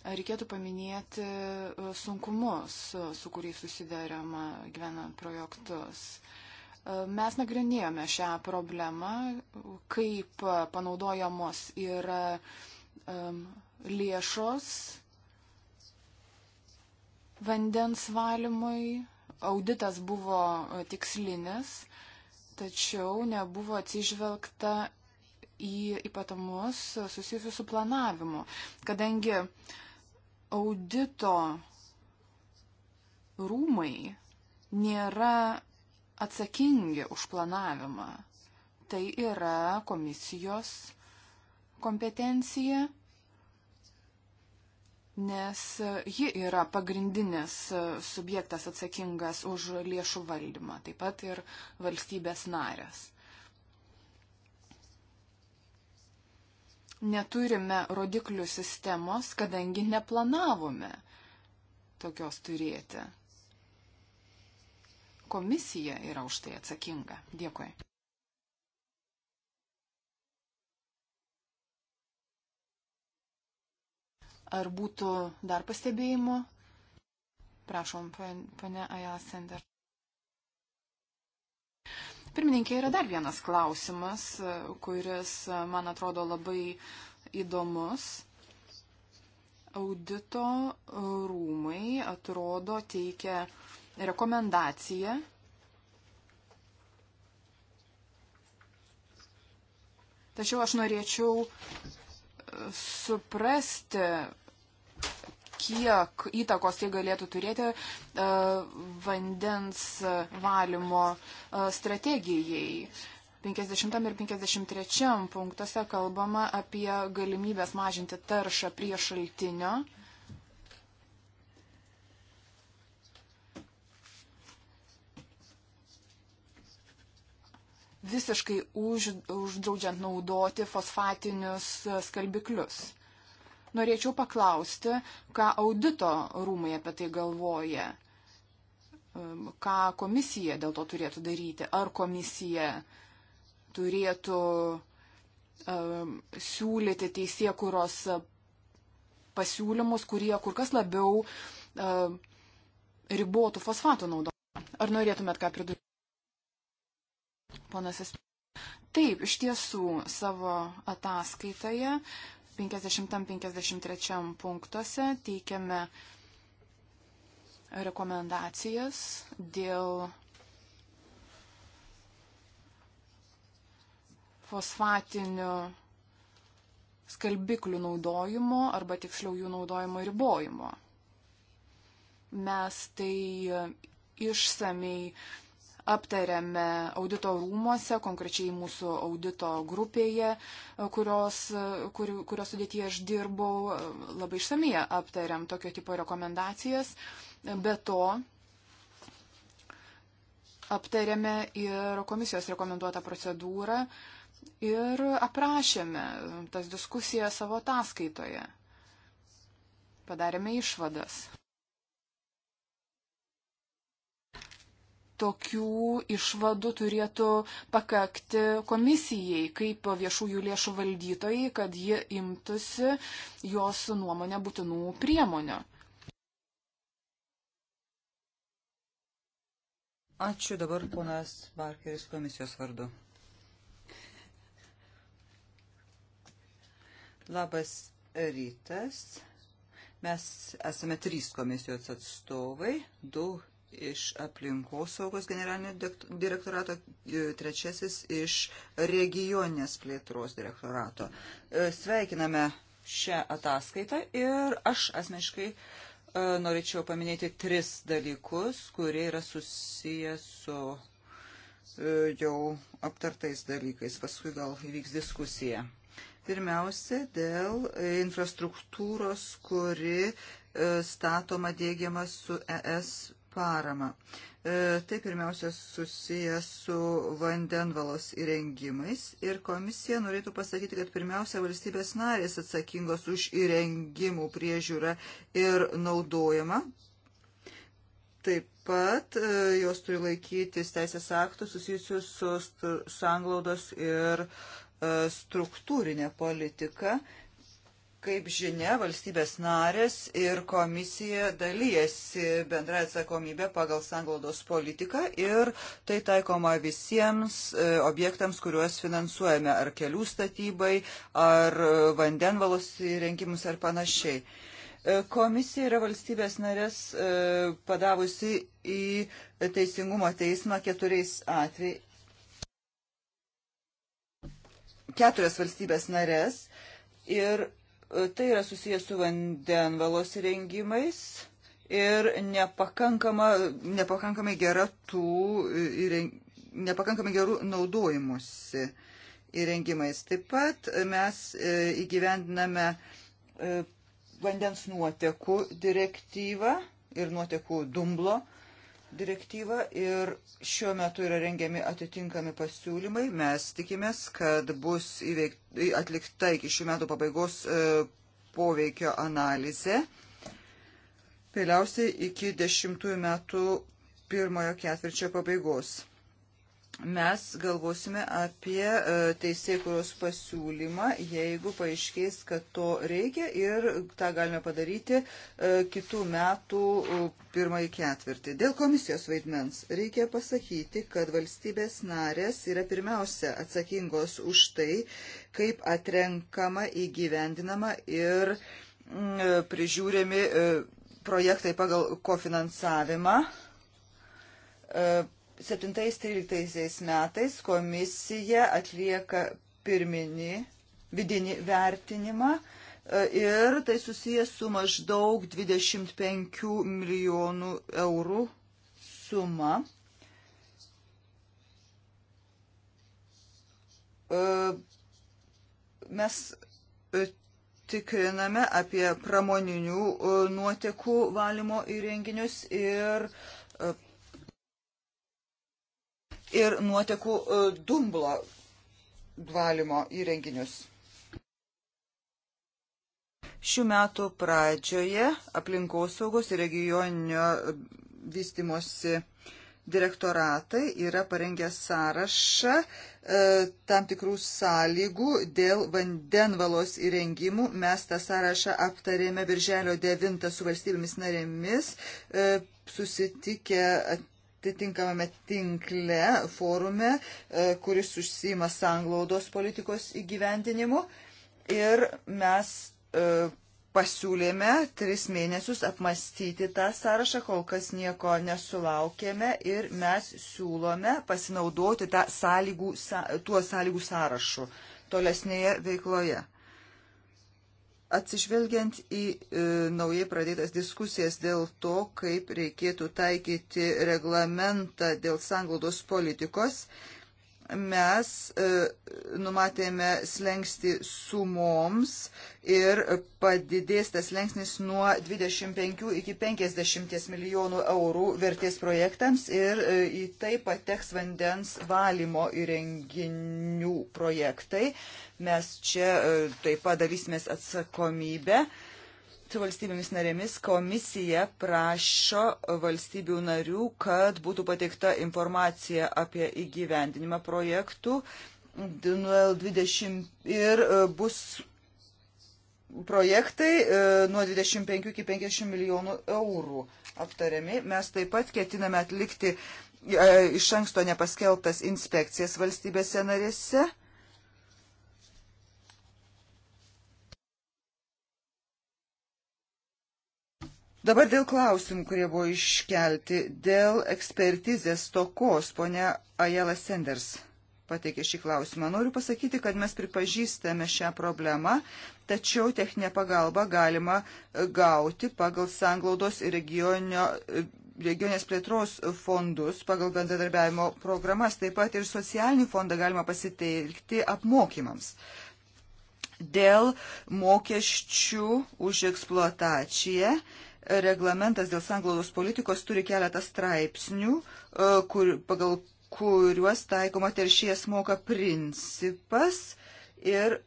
reikėtų paminėti e, sunkumus, e, su kuriais susidariama gyvenant projektus. E, mes nagrinėjome šią problemą, kaip panaudojamos yra lėšos vandens valymui. Auditas buvo tikslinis, tačiau nebuvo atsižvelgta į ypatumus susijusius su planavimu, kadangi audito rūmai nėra atsakingi už planavimą. Tai yra komisijos kompetencija, nes ji yra pagrindinis subjektas atsakingas už lėšų valdymą, taip pat ir valstybės narės. neturime rodiklių sistemos, kadangi neplanavome tokios turėti. Komisija yra už tai atsakinga. Dėkui. Ar būtų dar pastebėjimų? Prašom, pane Aja Sender. Pirmininkė, yra dar vienas klausimas, e, kuris, e, man atrodo, labai įdomus. Audito rūmai, atrodo, teikia rekomendaciją Tačiau aš norėčiau e, suprasti, kiek įtakos tai galėtų turėti e, vandens valymo e, strategijai. 50 ir 53 punktuose kalbama apie galimybės mažinti taršą prie šaltinio. Visiškai už, uždraudžiant naudoti fosfatinius skalbiklius norėčiau paklausti, ką audito rūmai apie tai galvoja, ehm, ką komisija dėl to turėtų daryti, ar komisija turėtų um, siūlyti teisėkuros pasiūlymus, kurie kur kas labiau um, ribotų fosfato naudojimą. Ar norėtumėt ką pridurti? Ponas Esmė. Taip, iš tiesų savo ataskaitoje 50-53 punktuose teikiame rekomendacijas dėl fosfatinių skalbiklių naudojimo arba tiksliau jų naudojimo ribojimo. Mes tai išsamei aptarėme audito rūmose, konkrečiai mūsų audito grupėje, kurios, kur, kurios sudėtyje aš dirbau, labai išsamie aptarėm tokio tipo rekomendacijas. Be to, aptarėme ir komisijos rekomenduotą procedūrą ir aprašėme tas diskusijas savo ataskaitoje. Padarėme išvadas. tokių išvadų turėtų pakakti komisijai, kaip viešųjų lėšų valdytojai, kad ji imtųsi jos nuomonę būtinų priemonių. Ačiū dabar ponas Barkeris komisijos vardu. Labas rytas. Mes esame trys komisijos atstovai, du iš aplinkosaugos generalinio direktorato, e, trečiasis iš regioninės plėtros direktorato. E, sveikiname šią ataskaitą ir aš asmeniškai e, norėčiau paminėti tris dalykus, kurie yra susiję su jau aptartais dalykais. Paskui gal įvyks diskusija. Pirmiausia, dėl infrastruktūros, kuri statoma dėgiama su ES paramą. E, tai pirmiausia susijęs su vandenvalos įrengimais ir komisija norėtų pasakyti, kad pirmiausia valstybės narės atsakingos už įrengimų priežiūrą ir naudojimą. Taip pat e, jos turi laikytis teisės aktų susijusius su sanglaudos ir e, struktūrinė politika. Uh, Kaip žinia, valstybės narės ir komisija dalyjasi bendra atsakomybė pagal sanglaudos politiką ir tai taikoma visiems e, objektams, kuriuos finansuojame, ar kelių statybai, ar e, vandenvalos įrengimus ar panašiai. E, komisija yra valstybės narės padavusi į teisingumo teismą keturiais atvejais. Keturias valstybės narės ir Tai yra susijęs su vandenvalos įrengimais ir nepakankama, nepakankamai gera tų e, įrengimų nepakankamai gerų naudojimuose įrengimais. Taip pat mes e, įgyvendiname e, vandens nuotekų direktyvą ir nuotekų dumblo direktyvą ir šiuo metu yra rengiami atitinkami pasiūlymai. Mes tikimės, kad bus įveik, atlikta iki šių metų pabaigos e, poveikio analizė. Vėliausiai iki dešimtųjų metų pirmojo ketvirčio pabaigos mes galvosime apie e, teisėkuros pasiūlymą, jeigu paaiškės, kad to reikia ir tą galime padaryti e, kitų metų e, pirmąjį ketvirtį. Dėl komisijos vaidmens reikia pasakyti, kad valstybės narės yra pirmiausia atsakingos už tai, kaip atrenkama, įgyvendinama ir mm, prižiūrėmi projektai pagal kofinansavimą 7-13 metais komisija atlieka pirminį vidinį vertinimą e, ir tai susijęs su maždaug 25 milijonų eurų suma. E, mes e, tikriname apie pramoninių nuotekų valymo įrenginius ir ir nuotekų e, dumblo valymo įrenginius. Šių metų pradžioje aplinkosaugos ir regioninio vystimosi direktoratai yra parengę sąrašą e, tam tikrų sąlygų dėl vandenvalos įrengimų. Mes tą sąrašą aptarėme Birželio 9 su valstybėmis narėmis, e, susitikę atitinkamame tinkle, forume, e, kuris užsima sanglaudos politikos įgyvendinimu. Ir mes e, pasiūlėme tris mėnesius apmastyti tą sąrašą, kol kas nieko nesulaukėme ir mes siūlome pasinaudoti tą sąlygų, tuo sąlygų sąrašu tolesnėje veikloje. Atsižvelgiant į e, naujai pradėtas diskusijas dėl to, kaip reikėtų taikyti reglamentą dėl sanglaudos politikos, e, mes e, numatėme slengsti sumoms ir padidės tas slengsnis nuo 25 iki 50 milijonų eurų vertės projektams ir e, į tai pateks vandens valymo įrenginių projektai. Mes čia e, taip pat dalysimės atsakomybę su valstybėmis narėmis komisija prašo valstybių narių, kad būtų pateikta informacija apie įgyvendinimą projektų nuo 20 ir e, bus projektai e, nuo 25 iki 50 milijonų eurų aptariami. Mes taip pat ketiname atlikti e, iš anksto nepaskelbtas inspekcijas valstybėse narėse. Dabar dėl klausimų, kurie buvo iškelti, dėl ekspertizės tokos, ponia Ajela Senders pateikė šį klausimą. Noriu pasakyti, kad mes pripažįstame šią problemą, tačiau techninę pagalbą galima e, gauti pagal sanglaudos ir regionio e, regionės plėtros fondus pagal bendradarbiavimo programas, taip pat ir socialinį fondą galima pasitelkti apmokymams. Dėl mokesčių už eksploataciją reglamentas dėl sanglaudos politikos turi keletą straipsnių, e, kur, pagal kuriuos taikoma teršėjas moka principas ir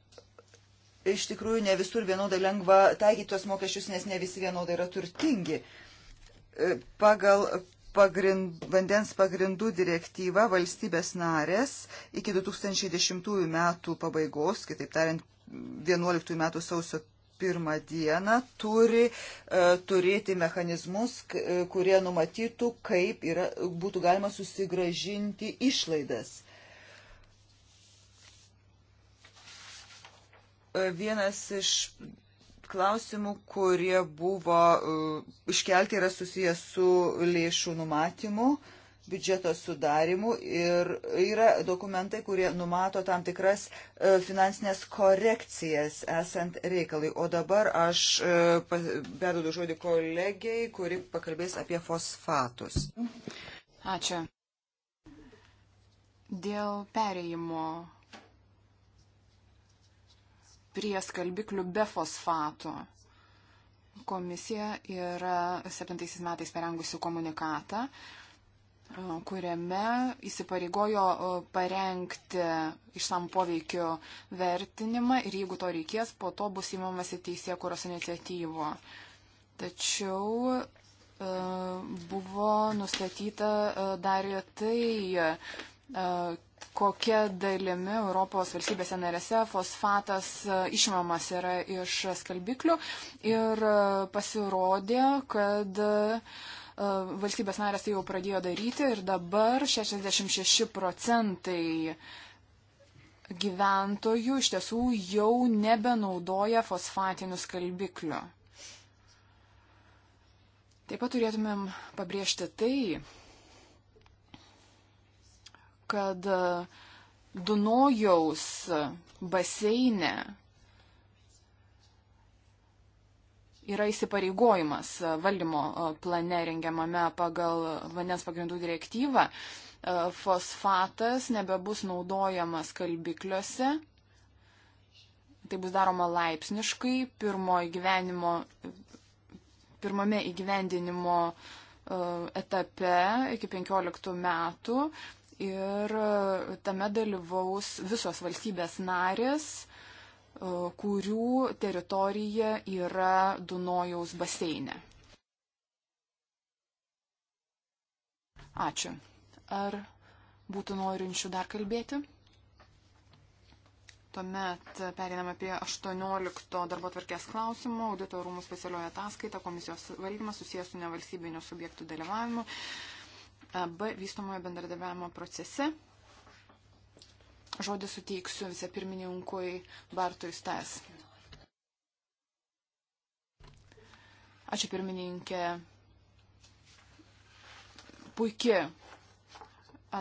iš tikrųjų ne visur vienodai lengva taikyti tuos mokesčius, nes ne visi vienodai yra turtingi. E, pagal pagrind, vandens pagrindų direktyvą valstybės narės iki 2010 metų pabaigos, kitaip tariant, 2011 metų sausio pirmą dieną turi e, turėti mechanizmus, e, kurie numatytų, kaip yra, būtų galima susigražinti išlaidas. E, vienas iš klausimų, kurie buvo e, iškelti, yra susijęs su lėšų numatymu. E, biudžeto sudarimu ir yra dokumentai, kurie numato tam tikras e, finansinės korekcijas esant reikalai. O dabar aš e, perduodu žodį kolegijai, kuri pakalbės apie fosfatus. Ačiū. Dėl pereimo prie skalbiklių be fosfato komisija yra 7 metais perengusi komunikatą, kuriame įsipareigojo parengti išsam poveikio vertinimą ir jeigu to reikės, po to bus įmamasi teisė kuros iniciatyvo. Tačiau buvo nustatyta dar ir tai, kokia dalimi Europos valstybėse narėse fosfatas išimamas yra iš skalbiklių ir pasirodė, kad valstybės narės tai jau pradėjo daryti ir dabar 66 procentai gyventojų iš tiesų jau nebenaudoja fosfatinių skalbiklių. Taip pat turėtumėm pabrėžti tai, kad Dunojaus baseine yra įsipareigojimas e, valdymo e, plane rengiamame pagal vandens pagrindų direktyvą. E, fosfatas nebebus naudojamas kalbikliuose. Tai bus daroma laipsniškai pirmo gyvenimo, pirmame įgyvendinimo etape iki 15 metų ir tame dalyvaus visos valstybės narės, E, kurių teritorija yra Dunojaus baseine. Ačiū. Ar būtų norinčių dar kalbėti? Tuomet periname apie 18 darbo tvarkės klausimų, audito rūmų specialioje ataskaita, komisijos valdymas susijęs su nevalstybinio subjektų dalyvavimu, e, B vystomojo bendradarbiavimo procese žodį suteiksiu vicepirmininkui Bartui Stas. Ačiū pirmininkė. Puiki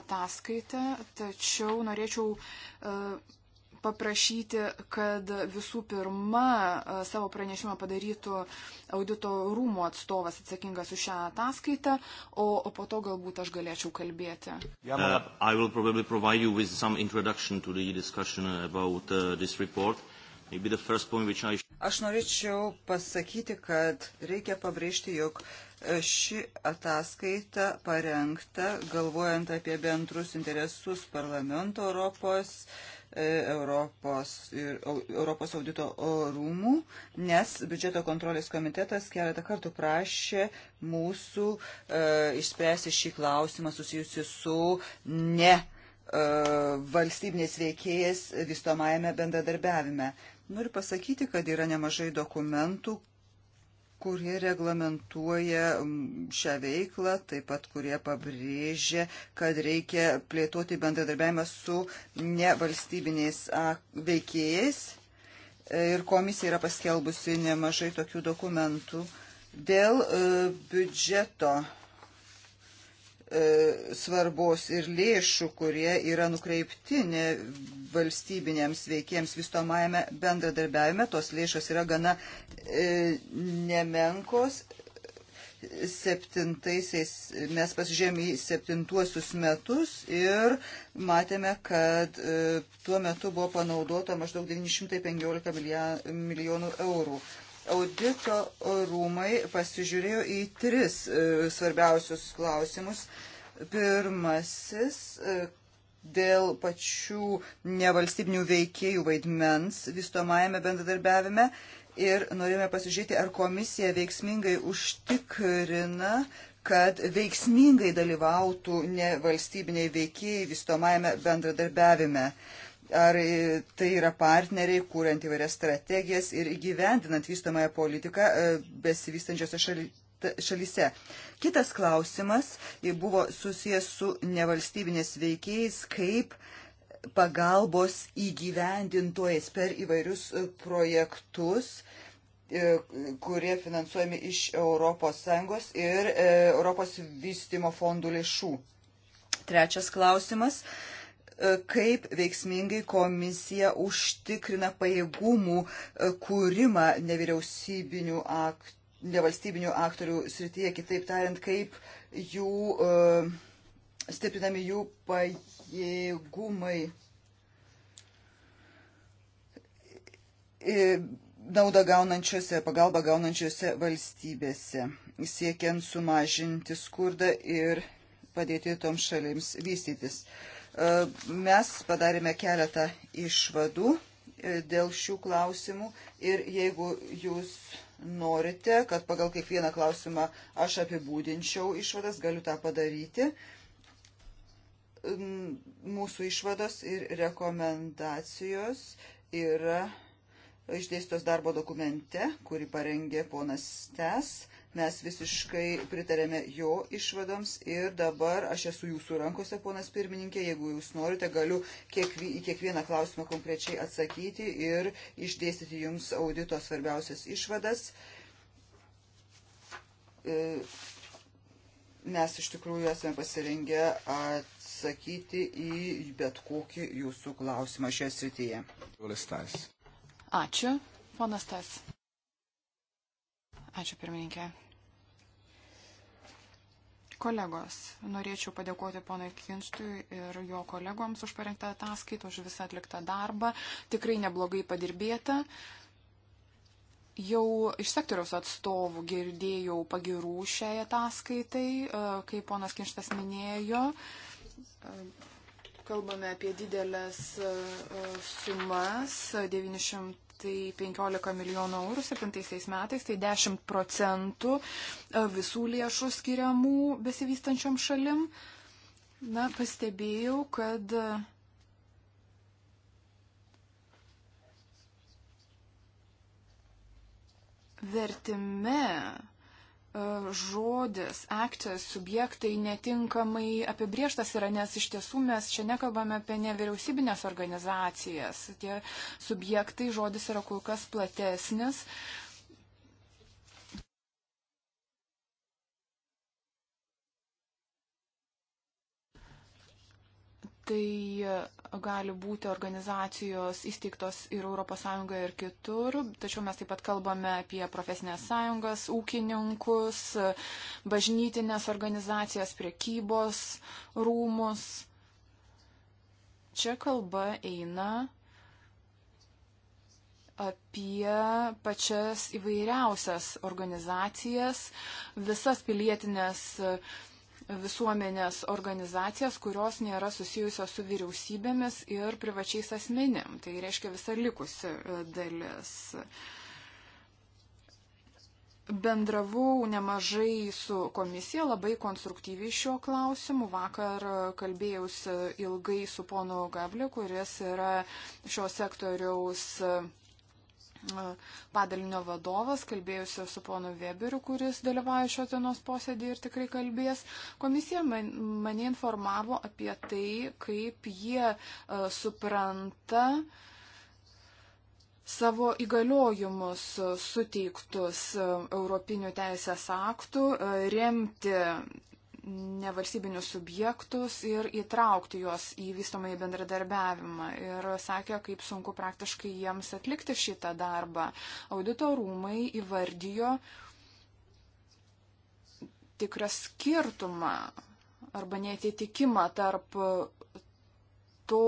ataskaita, tačiau norėčiau uh, paprašyti, kad visų pirma e, savo pranešimą padarytų audito rūmų atstovas atsakingas už šią ataskaitą, o, o po to galbūt aš galėčiau kalbėti. Uh, uh Aš norėčiau pasakyti, kad reikia pabrėžti, jog e, ši ataskaita parengta galvojant apie bendrus interesus parlamento Europos uh, E, Europos, ir, Europos audito rūmų, nes biudžeto kontrolės komitetas keletą kartų prašė mūsų e, išspręsti šį klausimą susijusi su ne e, valstybinės veikėjas vystomajame bendradarbiavime. Noriu pasakyti, kad yra nemažai dokumentų, kurie reglamentuoja šią veiklą, taip pat kurie pabrėžia, kad reikia plėtoti bendradarbiavimą su nevalstybiniais veikėjais. Ir komisija yra paskelbusi nemažai tokių dokumentų dėl e, biudžeto E, svarbos ir lėšų, kurie yra nukreipti ne valstybinėms veikiems vystomajame bendradarbiavime. Tos lėšos yra gana e, nemenkos. Septintaisiais mes pasižiūrėjome į septintuosius metus ir matėme, kad e, tuo metu buvo panaudota maždaug 915 milijonų eurų. Audito rūmai pasižiūrėjo į tris e, svarbiausius klausimus. Pirmasis e, dėl pačių nevalstybinių veikėjų vaidmens vystomajame bendradarbiavime ir norėjome pasižiūrėti, ar komisija veiksmingai užtikrina, kad veiksmingai dalyvautų nevalstybiniai veikėjai vystomajame bendradarbiavime. Uh, ar tai yra partneriai, kuriant įvairias strategijas ir įgyvendinant vystamąją politiką e, besivystančiose šaly, šalyse. Kitas klausimas buvo susijęs su nevalstybinės veikėjais, kaip pagalbos įgyvendintojais per įvairius e, projektus e, kurie finansuojami iš ES ir ES vystimo fondų lėšų. Trečias klausimas E, kaip veiksmingai komisija užtikrina pajėgumų e, kūrimą nevyriausybinių aktų nevalstybinių aktorių srityje, kitaip tariant, kaip jų e, stiprinami jų pajėgumai. Naudą gaunančiose, pagalbą gaunančiose valstybėse, siekiant sumažinti skurdą ir padėti toms šalims vystytis. Uh, E, mes padarėme keletą išvadų e, dėl šių klausimų ir jeigu jūs norite, kad pagal kiekvieną klausimą aš apibūdinčiau išvadas, galiu tą padaryti. Mūsų išvados ir rekomendacijos yra išdėstos darbo dokumente, kurį parengė ponas Tes Mes visiškai pritarėme jo išvadoms ir dabar aš esu jūsų rankose, ponas pirmininkė, jeigu jūs norite, galiu kiekvi, į kiekvieną klausimą konkrečiai atsakyti ir išdėstyti jums audito svarbiausias išvadas. E, mes iš tikrųjų esame pasirengę atsakyti į bet kokį jūsų klausimą šioje srityje. Ačiū, ponas Tas. Ačiū, pirmininkė. Kolegos, norėčiau padėkoti ponai Kinštui ir jo kolegoms už parengtą ataskaitą, už visą atliktą darbą. Tikrai neblogai padirbėta. Jau iš sektoriaus atstovų girdėjau pagirų šiai ataskaitai, e, kaip ponas Kinštas minėjo. E, kalbame apie didelės e, sumas - 900 tai 15 milijonų eurų 7 metais, tai 10 procentų e, visų lėšų skiriamų besivystančiom šalim. Na, pastebėjau, kad e, vertime E, žodis, aktas, subjektai netinkamai apibrieštas yra, nes iš tiesų mes čia nekalbame apie nevyriausybinės organizacijas. Tie subjektai žodis yra kur kas platesnis. Tai gali būti organizacijos įsteigtos ir ES ir kitur, tačiau mes taip pat kalbame apie profesinės sąjungas, ūkininkus, bažnytinės organizacijas, priekybos rūmus. Čia kalba eina apie pačias įvairiausias organizacijas, visas pilietinės organizacijas visuomenės organizacijas, kurios nėra susijusios su vyriausybėmis ir privačiais asmenim. Tai reiškia visa likusi e, dalis. Bendravau nemažai su komisija, labai konstruktyviai šiuo klausimu. Vakar e, kalbėjausi ilgai su ponu Gabliu, kuris yra šio sektoriaus e, padalinio vadovas, kalbėjusi su ponu Weberiu, kuris dalyvauja šio dienos posėdį ir tikrai kalbės. Komisija man, mane informavo apie tai, kaip jie supranta savo įgaliojimus suteiktus Europinių teisės aktų remti nevalstybinius subjektus ir įtraukti juos į vystomą į bendradarbiavimą. Ir sakė, kaip sunku praktiškai jiems atlikti šitą darbą. Audito rūmai įvardijo tikrą skirtumą arba netitikimą tarp to,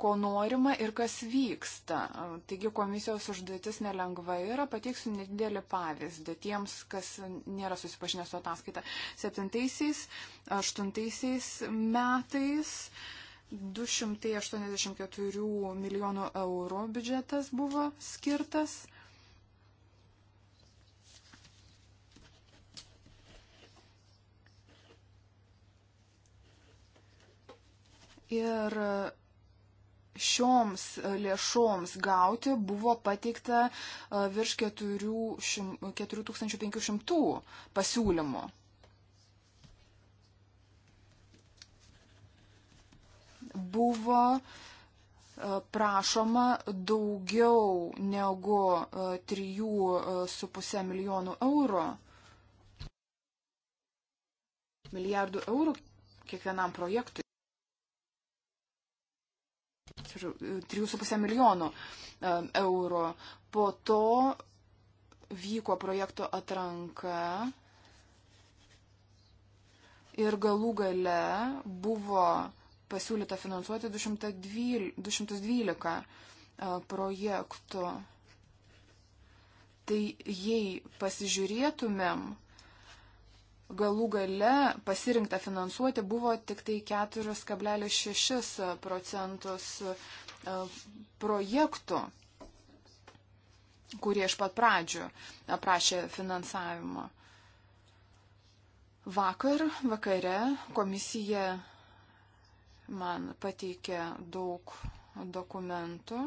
ko norima ir kas vyksta. Taigi komisijos užduotis nelengva yra, pateiksiu nedidelį pavyzdį tiems, kas nėra susipažinę su ataskaita. 7-8 metais 284 milijonų eurų biudžetas buvo skirtas. Ir šioms e, lėšoms gauti buvo pateikta e, virš 4500 pasiūlymų. Buvo e, prašoma daugiau negu 3,5 milijonų eurų, milijardų eurų kiekvienam projektui. 3,5 milijono eurų. Po to vyko projekto atranka ir galų gale buvo pasiūlyta finansuoti 212, 212 e, projektų. Tai jei pasižiūrėtumėm, galų gale pasirinkta finansuoti buvo tik tai 4,6 procentus e, projektų, kurie iš pat pradžių aprašė finansavimą. Vakar, vakare komisija man pateikė daug dokumentų,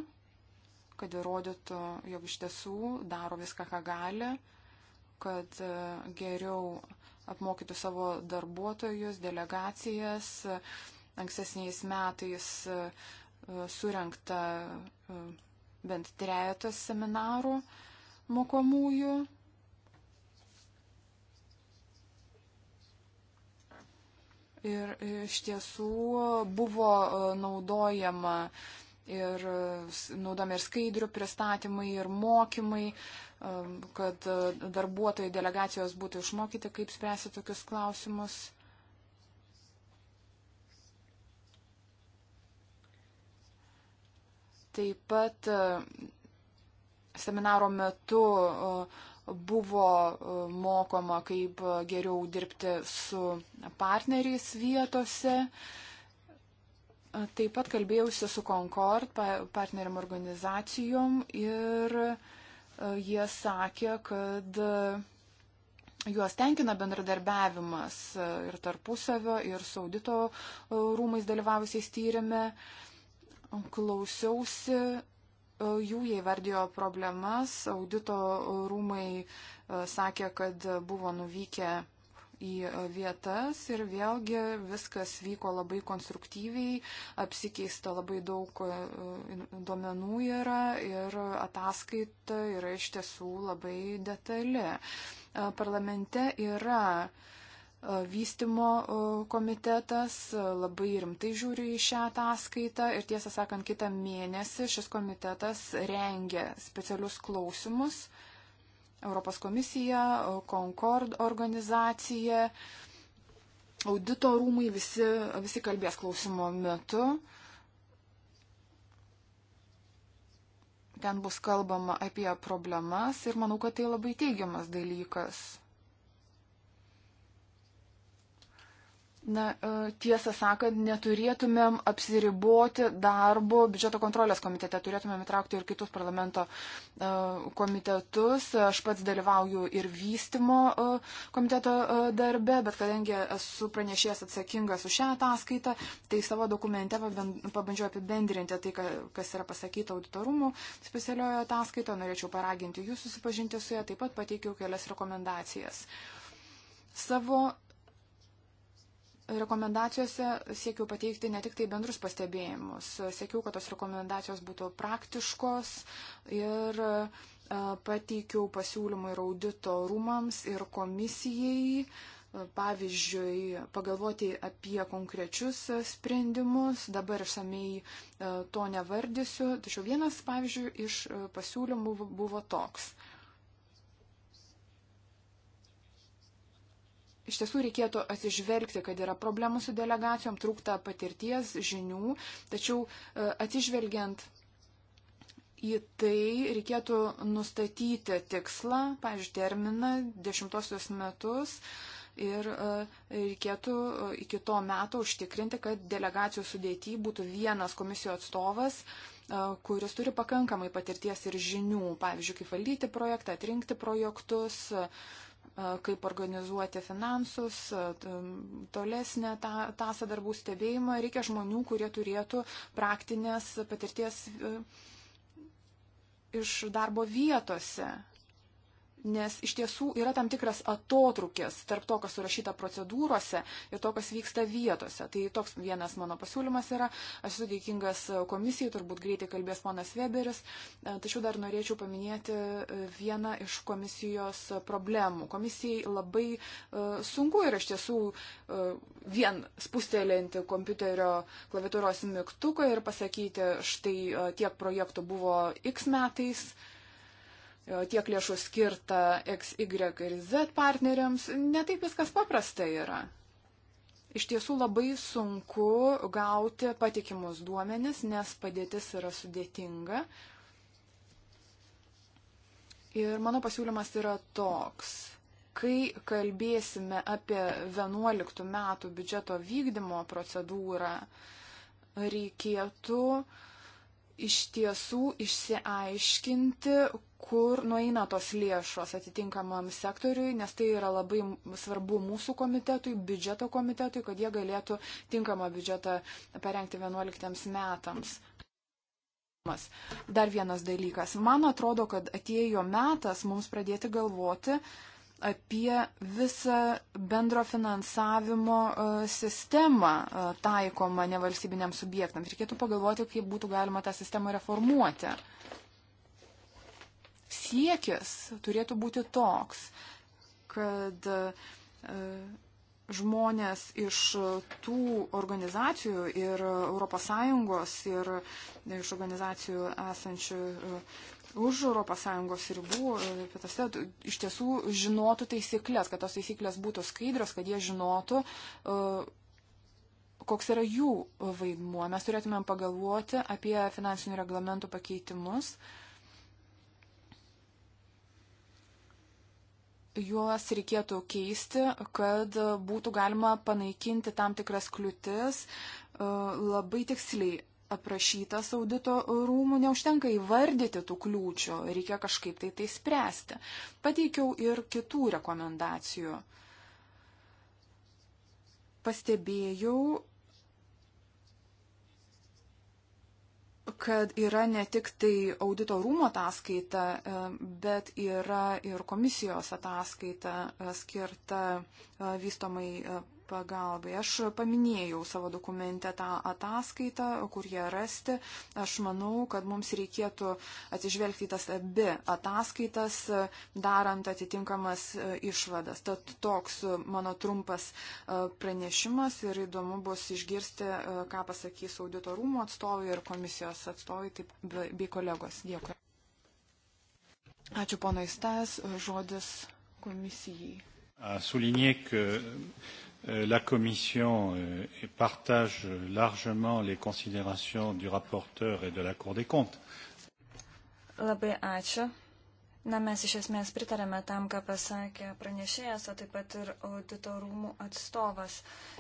kad įrodytų, jog iš tiesų daro viską, ką gali, kad e, geriau apmokytų savo darbuotojus, delegacijas. Ankstesniais metais e, surinkta e, bent trejetas seminarų mokomųjų. Ir iš tiesų buvo e, naudojama ir naudojami ir skaidrių pristatymai, ir mokymai, Um, kad uh, darbuotojai delegacijos būtų išmokyti, kaip spręsti tokius klausimus. Taip pat uh, seminaro metu uh, buvo mokoma, kaip geriau dirbti su partneriais vietose. Taip pat kalbėjausi su Concord partneriam organizacijom ir uh, E, jie sakė, kad e, juos tenkina bendradarbiavimas e, ir tarpusavio, ir saudito rūmais dalyvavusiais tyrimė. Klausiausi jų jie įvardijo problemas, audito rūmai sakė, kad buvo nuvykę į e, vietas ir vėlgi viskas vyko labai konstruktyviai, apsikeista labai daug e, duomenų yra ir ataskaita yra iš tiesų labai detali. E, parlamente yra vystimo komitetas labai rimtai žiūri į šią ataskaitą ir tiesą sakant, kitą mėnesį šis komitetas rengia specialius klausimus Europos komisija, Concord organizacija, audito rūmai visi, visi kalbės klausimo metu. Ten bus kalbama apie problemas ir manau, kad tai labai teigiamas dalykas. Na, e, tiesą sakant, neturėtumėm apsiriboti darbo biudžeto kontrolės komitete, turėtumėm įtraukti ir kitus parlamento e, komitetus. Aš pats dalyvauju ir vystimo e, komiteto darbe, bet kadangi esu pranešėjęs atsakingas už šią ataskaitą, tai savo dokumente pabandžiau apibendrinti tai, kas yra pasakyta auditorumų specialiojo ataskaito. Norėčiau paraginti jūs susipažinti su ją, taip pat pateikiau kelias rekomendacijas. Savo rekomendacijose siekiau pateikti ne tik tai bendrus pastebėjimus, siekiau, kad tos rekomendacijos būtų praktiškos ir e, pateikiau pasiūlymų ir audito rūmams ir komisijai, e, pavyzdžiui, pagalvoti apie konkrečius sprendimus, dabar išsamei e, to nevardysiu, tačiau vienas, pavyzdžiui, iš pasiūlymų buvo toks. iš tiesų reikėtų atsižvelgti, kad yra problemų su delegacijom, trūkta patirties, žinių, tačiau e, atsižvelgiant į tai reikėtų nustatyti tikslą, pavyzdžiui, terminą dešimtosius metus ir e, reikėtų e, iki to meto užtikrinti, kad delegacijų sudėty būtų vienas komisijos atstovas, kuris turi pakankamai patirties ir žinių, pavyzdžiui, kaip valdyti projektą, atrinkti projektus, kaip organizuoti finansus, tolesnę tą, tasą darbų stebėjimą. Reikia žmonių, kurie turėtų praktinės patirties iš darbo vietose nes iš tiesų yra tam tikras atotrukis tarp to, kas surašyta procedūrose ir to, kas vyksta vietose. Tai toks vienas mano pasiūlymas yra. Aš esu dėkingas komisijai, turbūt greitai kalbės ponas Weberis. E, tačiau dar norėčiau paminėti e, vieną iš komisijos problemų. Komisijai labai e, sunku yra iš tiesų vien spustelinti kompiuterio klaviatūros mygtuką ir pasakyti, štai tiek projektų buvo X metais E, tiek lėšų skirta X, Y ir Z partneriams, netaip viskas paprasta yra. Iš tiesų labai sunku gauti patikimus duomenis, nes padėtis yra sudėtinga. Ir mano pasiūlymas yra toks. Kai kalbėsime apie 11 metų biudžeto vykdymo procedūrą, reikėtų uh, iš tiesų išsiaiškinti, kur nueina tos lėšos atitinkamam sektoriui, nes tai yra labai svarbu mūsų komitetui, biudžeto komitetui, kad jie galėtų tinkamą biudžetą parengti 11 metams. Dar vienas dalykas. Man atrodo, kad atėjo metas mums pradėti galvoti, uh, apie visą bendro finansavimo e, sistemą e, taikomą nevalstybiniams subjektams. Reikėtų pagalvoti, kaip būtų galima tą sistemą reformuoti. Siekis turėtų būti toks, kad e, žmonės iš tų organizacijų ir ES ir iš organizacijų esančių už ES ribų, pietose, e, iš tiesų žinotų taisyklės, kad tos taisyklės būtų skaidrios, kad jie žinotų, e, koks yra jų vaidmuo. Mes turėtumėm pagalvoti apie finansinių reglamentų pakeitimus. Juos reikėtų keisti, kad būtų galima panaikinti tam tikras kliūtis e, labai tiksliai aprašytas audito rūmų, neužtenka įvardyti tų kliūčių, reikia kažkaip tai tai spręsti. Pateikiau ir kitų rekomendacijų. Pastebėjau, kad yra ne tik tai audito rūmo ataskaita, e, bet yra ir komisijos ataskaita e, skirta e, vystomai pagalbai. Aš paminėjau savo dokumente tą ataskaitą, kur ją rasti. Aš manau, kad mums reikėtų atsižvelgti tas abi ataskaitas, darant atitinkamas e, išvadas. Tad toks e, mano trumpas e, pranešimas ir įdomu bus išgirsti, ką pasakys auditorumo atstovai ir komisijos atstovai taip, bei kolegos. Dėkui. Ačiū ponai Stas, žodis komisijai souligner que Euh, la Commission euh, partage largement les considérations du rapporteur et de la Cour des comptes. Labai ačiū. Na, mes iš esmės pritarėme tam, ką pasakė pranešėjas, o taip pat ir auditorumų atstovas.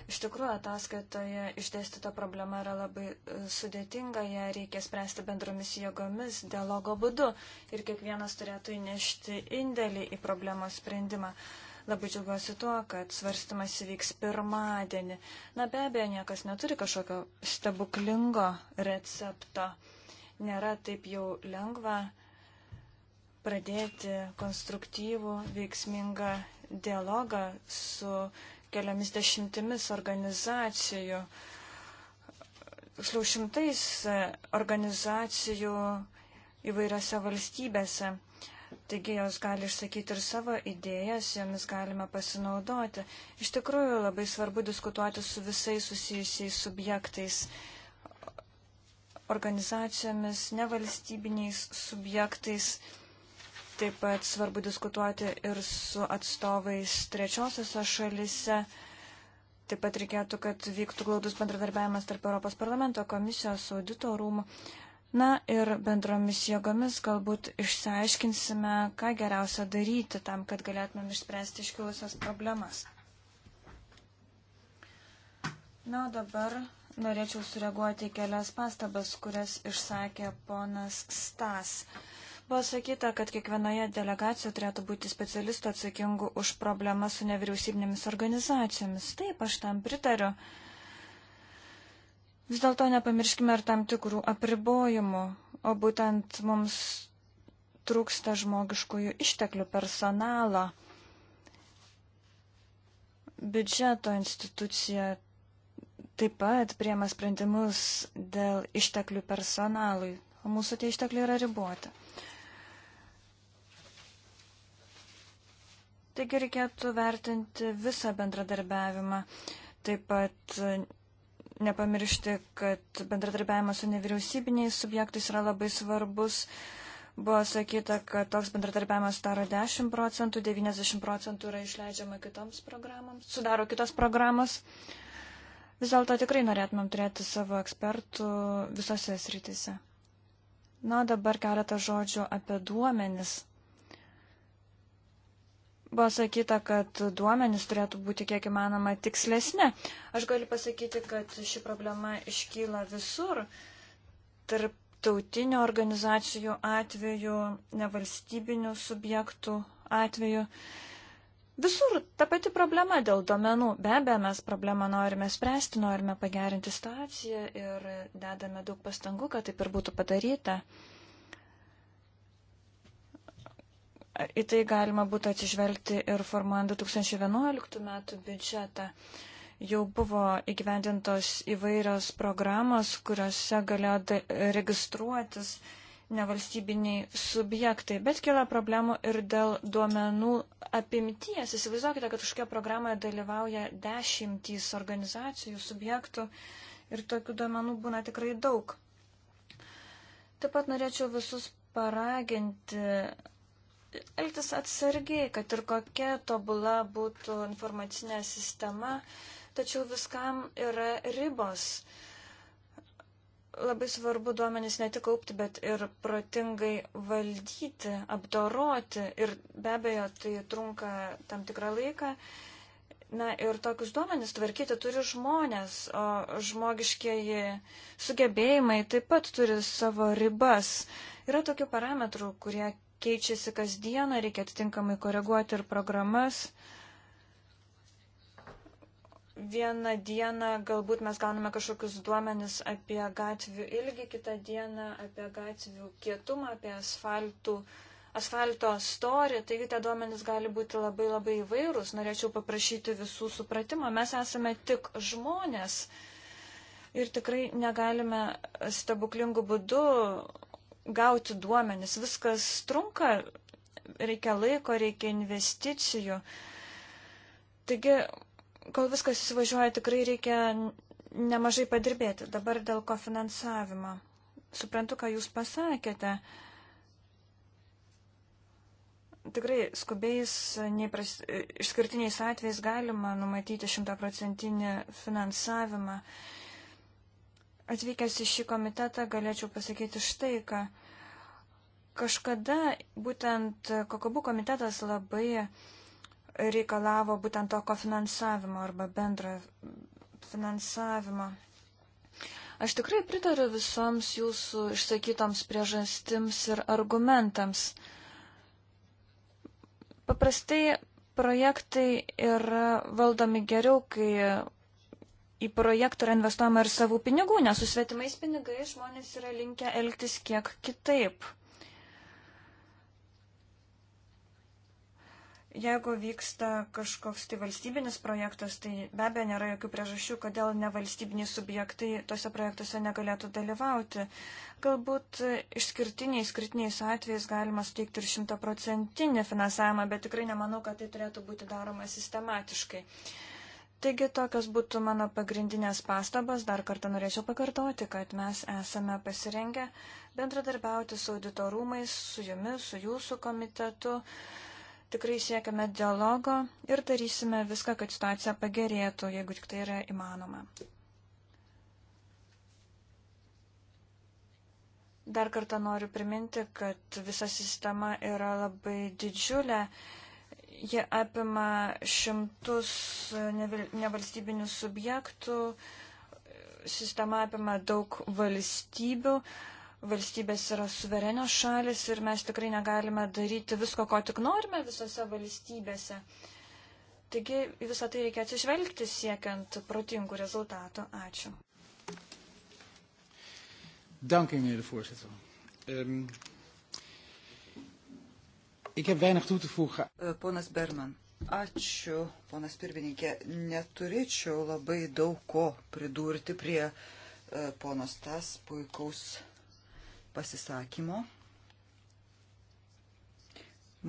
Iš tikrųjų, ataskaitoje išdėstyta problema yra labai e, sudėtinga, ją reikia spręsti bendromis jėgomis, dialogo būdu ir kiekvienas turėtų įnešti indėlį į problemos sprendimą. Uh, Labai džiaugiuosi tuo, kad svarstymas įvyks pirmadienį. Na be abejo, niekas neturi kažkokio stebuklingo recepto. Nėra taip jau lengva pradėti konstruktyvų, veiksmingą dialogą su keliomis dešimtimis organizacijų, tiksliau šimtais organizacijų įvairiose valstybėse. Taigi jos gali išsakyti ir savo idėjas, jomis galima pasinaudoti. Iš tikrųjų labai svarbu diskutuoti su visais susijusiais subjektais, organizacijomis, nevalstybiniais subjektais. Taip pat svarbu diskutuoti ir su atstovais trečiosiose šalise. Taip pat reikėtų, kad vyktų glaudus bendradarbiavimas tarp Europos parlamento komisijos audito rūmų. Uh, Na ir bendromis jėgomis galbūt išsiaiškinsime, ką geriausia daryti tam, kad galėtumėm išspręsti iškilusias problemas. Na, o dabar norėčiau sureaguoti į kelias pastabas, kurias išsakė ponas Stas. Buvo sakyta, kad kiekvienoje delegacijoje turėtų būti specialistų atsakingų už problemą su nevyriausybinėmis organizacijomis. Taip, aš tam pritariu. Uh, Vis dėlto nepamirškime ir tam tikrų apribojimų, o būtent mums trūksta žmogiškųjų išteklių personalo. Biudžeto institucija taip pat priema sprendimus dėl išteklių personalui, o mūsų tie ištekliai yra riboti. Taigi reikėtų vertinti visą bendradarbiavimą, taip pat nepamiršti, kad bendradarbiavimas su nevyriausybiniais subjektais yra labai svarbus. Buvo sakyta, kad toks bendradarbiavimas daro 10 procentų, 90 procentų yra išleidžiama kitoms programams, sudaro kitos programos. Vis dėlto tikrai norėtumėm turėti savo ekspertų visose srityse. Na, dabar keletą žodžių apie duomenis. Buvo sakyta, kad duomenys turėtų būti kiek įmanoma tikslesnė. Aš galiu pasakyti, kad ši problema iškyla visur. Tarp tautinių organizacijų atveju, nevalstybinių subjektų atveju. Visur ta pati problema dėl domenų. Be abejo, mes problemą norime spręsti, norime pagerinti situaciją ir dedame daug pastangų, kad taip ir būtų padaryta. į tai galima būtų atsižvelgti ir formuojant 2011 metų biudžetą. Jau buvo įgyvendintos įvairios programos, kuriuose galėjo registruotis nevalstybiniai subjektai, bet kila problemų ir dėl duomenų apimties. Įsivaizduokite, kad kažkokia programoje dalyvauja dešimtys organizacijų, subjektų ir tokių duomenų būna tikrai daug. Taip pat norėčiau visus paraginti elgtis atsargiai, kad ir kokia tobula būtų informacinė sistema, tačiau viskam yra ribos. Labai svarbu duomenys ne tik kaupti, bet ir protingai valdyti, apdoroti ir be abejo tai trunka tam tikrą laiką. Na ir tokius duomenys tvarkyti turi žmonės, o žmogiškieji sugebėjimai taip pat turi savo ribas. Yra tokių parametrų, kurie keičiasi kasdieną, reikia atitinkamai koreguoti ir programas. Vieną dieną galbūt mes gauname kažkokius duomenis apie gatvių ilgį, kitą dieną apie gatvių kietumą, apie asfaltų, asfalto storį. Taigi tie duomenys gali būti labai labai įvairūs. Norėčiau paprašyti visų supratimo. Mes esame tik žmonės ir tikrai negalime stebuklingų būdų gauti duomenis. Viskas trunka, reikia laiko, reikia investicijų. Taigi, kol viskas įsivažiuoja, tikrai reikia nemažai padirbėti. Dabar dėl kofinansavimo. Suprantu, ką Jūs pasakėte. Tikrai skubiais, neįpras, išskirtiniais atvejais galima numatyti šimtaprocentinį finansavimą. Uh, atvykęs į šį komitetą galėčiau pasakyti štai ką. Kažkada būtent Kokobu komitetas labai reikalavo būtent to kofinansavimo arba bendro finansavimo. Aš tikrai pritariu visoms jūsų išsakytoms priežastims ir argumentams. Paprastai projektai yra valdomi geriau, kai į projektą yra investuojama ir savų pinigų, nes su svetimais pinigais žmonės yra linkę elgtis kiek kitaip. Jeigu vyksta kažkoks tai valstybinis projektas, tai be abejo nėra jokių priežasčių, kodėl nevalstybiniai subjektai tose projektuose negalėtų dalyvauti. Galbūt išskirtiniais, skirtiniais atvejais galima suteikti ir šimtaprocentinį finansavimą, bet tikrai nemanau, kad tai turėtų būti daroma sistematiškai. Uh, Taigi tokios būtų mano pagrindinės pastabos. Dar kartą norėčiau pakartoti, kad mes esame pasirengę bendradarbiauti su auditorumais, su jumis, su jūsų komitetu. Tikrai siekiame dialogo ir darysime viską, kad situacija pagerėtų, jeigu tik tai yra įmanoma. Dar kartą noriu priminti, kad visa sistema yra labai didžiulė Ji apima šimtus nevalstybinių subjektų, sistema apima daug valstybių, valstybės yra suverenios šalis ir mes tikrai negalime daryti visko, ko tik norime visose valstybėse. Taigi visą tai reikia atsižvelgti siekiant protingų rezultatų. Ačiū. Dank u, meneer de voorzitter. Um, Ik heb weinig toe te voegen. E, ponas Berman, ačiū, ponas pirmininkė. Neturėčiau labai daug ko pridurti prie e, ponos tas puikaus pasisakymo.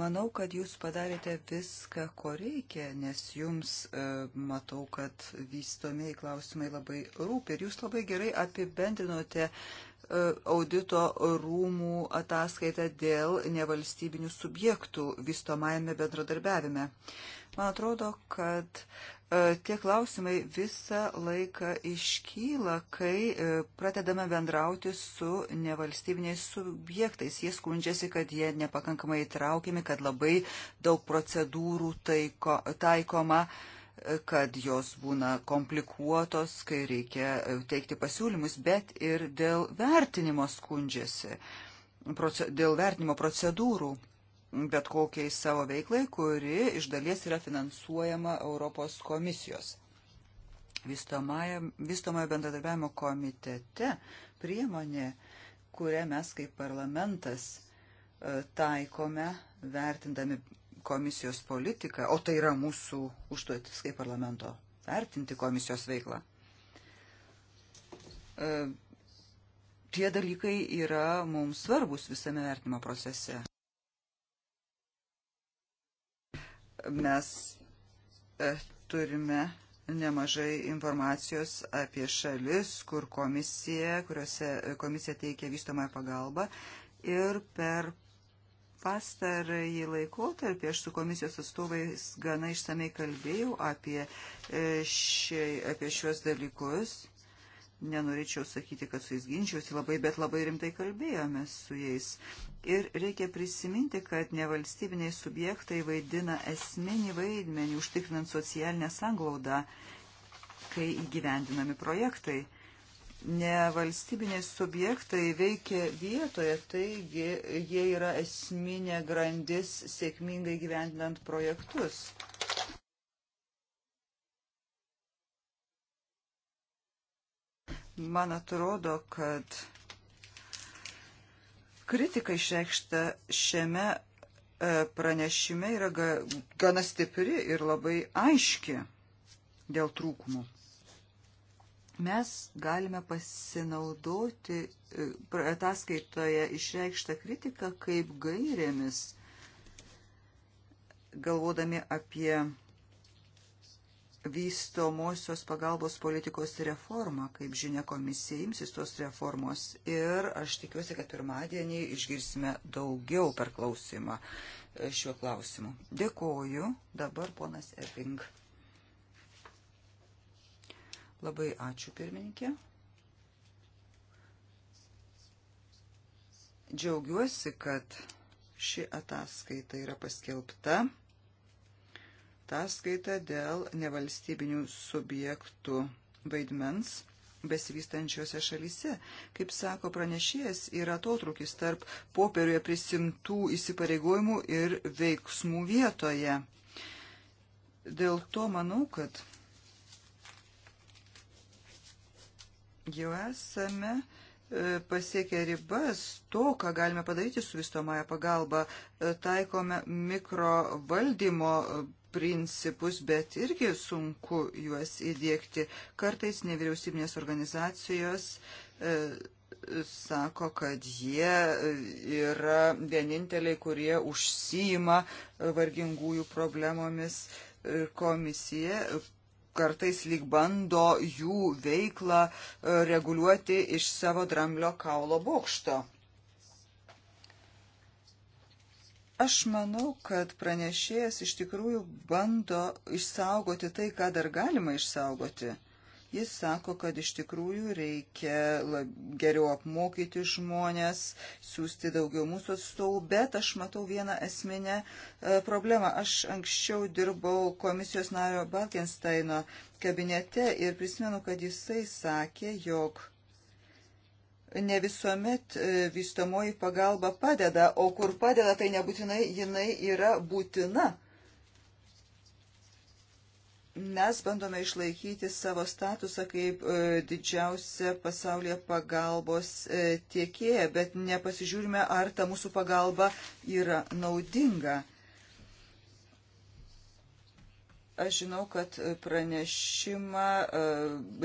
Manau, kad jūs padarėte viską, ko reikia, nes jums e, matau, kad vystomiai klausimai labai rūpi ir jūs labai gerai apibendrinote E, audito rūmų ataskaitą dėl nevalstybinių subjektų vystomajame bendradarbiavime. Man atrodo, kad e, tie klausimai visą laiką iškyla, kai e, pradedame bendrauti su nevalstybiniais subjektais. Jie skundžiasi, kad jie nepakankamai įtraukiami, kad labai daug procedūrų taiko, taikoma. Uh, kad jos būna komplikuotos, kai reikia e, teikti pasiūlymus, bet ir dėl vertinimo skundžiasi, dėl vertinimo procedūrų bet kokiai savo veiklai, kuri iš dalies yra finansuojama Europos komisijos. Vystomojo bendradarbiavimo komitete priemonė, kurią mes kaip parlamentas e, taikome, vertindami komisijos politiką, o tai yra mūsų užduotis kaip parlamento vertinti komisijos veiklą. E, tie dalykai yra mums svarbus visame vertinimo procese. Mes e, turime nemažai informacijos apie šalis, kur komisija, kuriuose e, komisija teikia vystomąją pagalbą ir per pastarąjį laikotarpį aš su komisijos atstovais gana išsamei kalbėjau apie, e, šie, apie šios dalykus. Nenorėčiau sakyti, kad su jais ginčiausi labai, bet labai rimtai kalbėjomės su jais. Ir reikia prisiminti, kad nevalstybiniai subjektai vaidina esminį vaidmenį užtikrinant socialinę sanglaudą, kai įgyvendinami projektai nevalstybiniai subjektai veikia vietoje, taigi jie yra esminė grandis sėkmingai gyvendinant projektus. Man atrodo, kad kritika išreikšta šiame e, pranešime yra gana stipri ir labai aiški dėl trūkumų mes galime pasinaudoti e, ataskaitoje išreikštą kritiką kaip gairėmis, galvodami apie vystomosios pagalbos politikos reformą, kaip žinia komisija imsis tos reformos. Ir aš tikiuosi, kad pirmadienį išgirsime daugiau per klausimą e, šiuo klausimu. Dėkoju. Dabar ponas Epping. Labai ačiū pirmininkė. Džiaugiuosi, kad ši ataskaita yra paskelbta. Ataskaita dėl nevalstybinių subjektų vaidmens besivystančiose šalyse. Kaip sako pranešėjas, yra atotrukis tarp popieriuje prisimtų įsipareigojimų ir veiksmų vietoje. Dėl to manau, kad Jau esame e, pasiekę ribas to, ką galime padaryti su vystomąją pagalbą. E, taikome mikrovaldymo e, principus, bet irgi sunku juos įdėkti. Kartais nevyriausybinės organizacijos sako, kad jie yra vieninteliai, kurie užsijima vargingųjų problemomis. Komisija kartais lyg bando jų veiklą e, reguliuoti iš savo dramblio kaulo bokšto. Aš manau, kad pranešėjas iš tikrųjų bando išsaugoti tai, ką dar galima išsaugoti. Jis sako, kad iš tikrųjų reikia geriau apmokyti žmonės, siūsti daugiau mūsų atstovų, bet aš matau vieną esminę e, problemą. Aš anksčiau dirbau komisijos nario Balkensteino kabinete ir prisimenu, kad jisai sakė, jog ne visuomet e, vystomoji pagalba padeda, o kur padeda, tai nebūtinai jinai yra būtina Mes bandome išlaikyti savo statusą kaip e, didžiausia pasaulyje pagalbos e, tiekėja, bet nepasižiūrime, ar ta mūsų pagalba yra naudinga. Aš žinau, kad pranešimą e,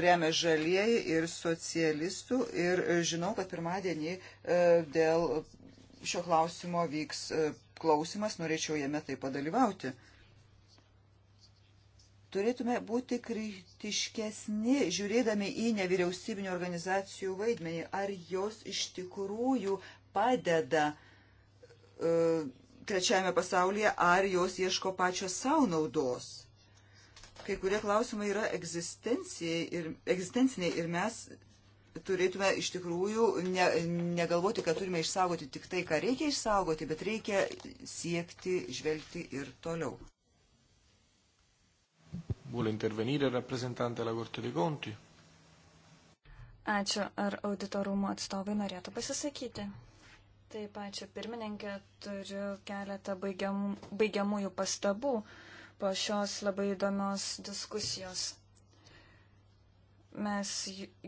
remia žalieji ir socialistų ir žinau, kad pirmadienį dėl šio klausimo vyks klausimas, norėčiau jame taip padalyvauti. Turėtume būti kritiškesni, žiūrėdami į nevyriausybinio organizacijų vaidmenį, ar jos iš tikrųjų padeda uh, trečiajame pasaulyje, ar jos ieško pačios savo naudos kai kurie klausimai yra ir, egzistenciniai ir mes turėtume iš tikrųjų ne, negalvoti, kad turime išsaugoti tik tai, ką reikia išsaugoti, bet reikia siekti, žvelgti ir toliau. Vuole intervenire il rappresentante della Corte dei Conti? Ačiū. Ar auditorumo atstovai norėtų pasisakyti? Taip, ačiū pirmininkė. Turiu keletą baigiamų, baigiamųjų pastabų po šios labai įdomios diskusijos. Mes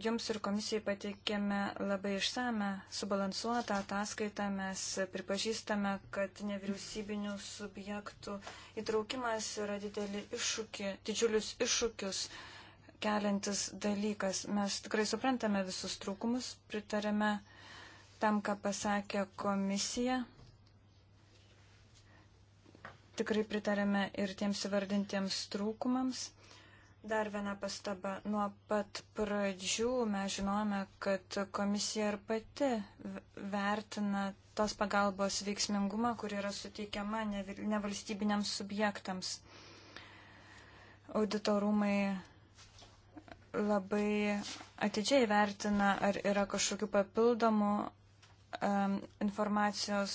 jums ir komisijai pateikėme labai išsame, subalansuotą ataskaitą. Mes pripažįstame, kad nevyriausybinių subjektų įtraukimas yra didelį iššūkį, didžiulius iššūkius keliantis dalykas. Mes tikrai suprantame visus trūkumus, pritarėme tam, ką pasakė komisija. Tikrai pritarėme ir tiems įvardintiems trūkumams. Dar viena pastaba. Nuo pat pradžių mes žinome, kad komisija ir pati vertina tos pagalbos veiksmingumą, kuri yra suteikiama nevalstybiniams subjektams. Auditorumai labai atidžiai vertina, ar yra kažkokių papildomų um, informacijos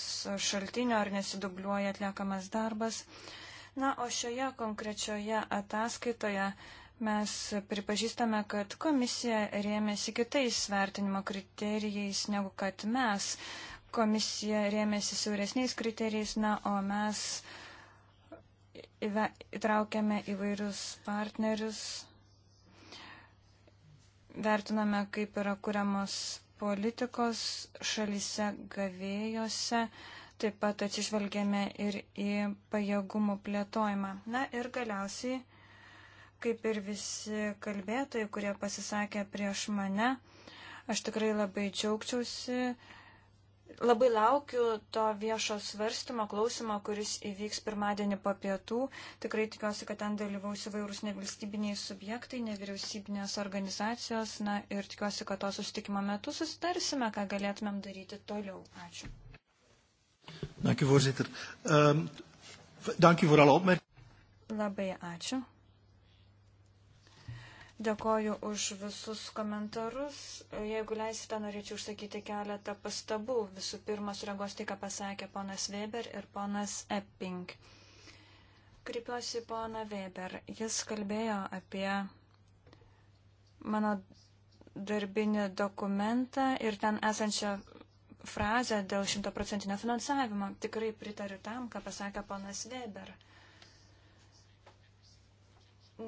šaltinio, ar nesidubliuoja atliekamas darbas. Um, Na, o šioje konkrečioje ataskaitoje mes pripažįstame, kad komisija rėmėsi kitais vertinimo kriterijais negu kad mes. Komisija rėmėsi siauresniais kriterijais, na, o mes įtraukėme įvairius partnerius, vertiname, kaip yra kuriamos politikos šalise gavėjose. Uh, Taip pat atsižvelgėme ir į pajėgumų plėtojimą. Na ir galiausiai, kaip ir visi kalbėtojai, kurie pasisakė prieš mane, aš tikrai labai džiaugčiausi labai laukiu to viešo svarstymo, klausimo, kuris įvyks pirmadienį po pietų. Tikrai tikiuosi, kad ten dalyvaus įvairūs nevalstybiniai subjektai, nevyriausybinės organizacijos. Na ir tikiuosi, kad to susitikimo metu susitarsime, ką galėtumėm daryti toliau. Ačiū. Dank u, voorzitter. Um, dank u voor alle opmerkingen. Labai ačiū. Dėkoju už visus komentarus. Jeigu leisite, norėčiau užsakyti keletą pastabų. Visų pirma, sureagos tai, ką pasakė ponas Weber ir ponas Epping. Kreipiuosi poną Weber. Jis kalbėjo apie mano darbinį dokumentą ir ten esančią frazę dėl šimtaprocentinio finansavimo. Tikrai pritariu tam, ką pasakė ponas Weber.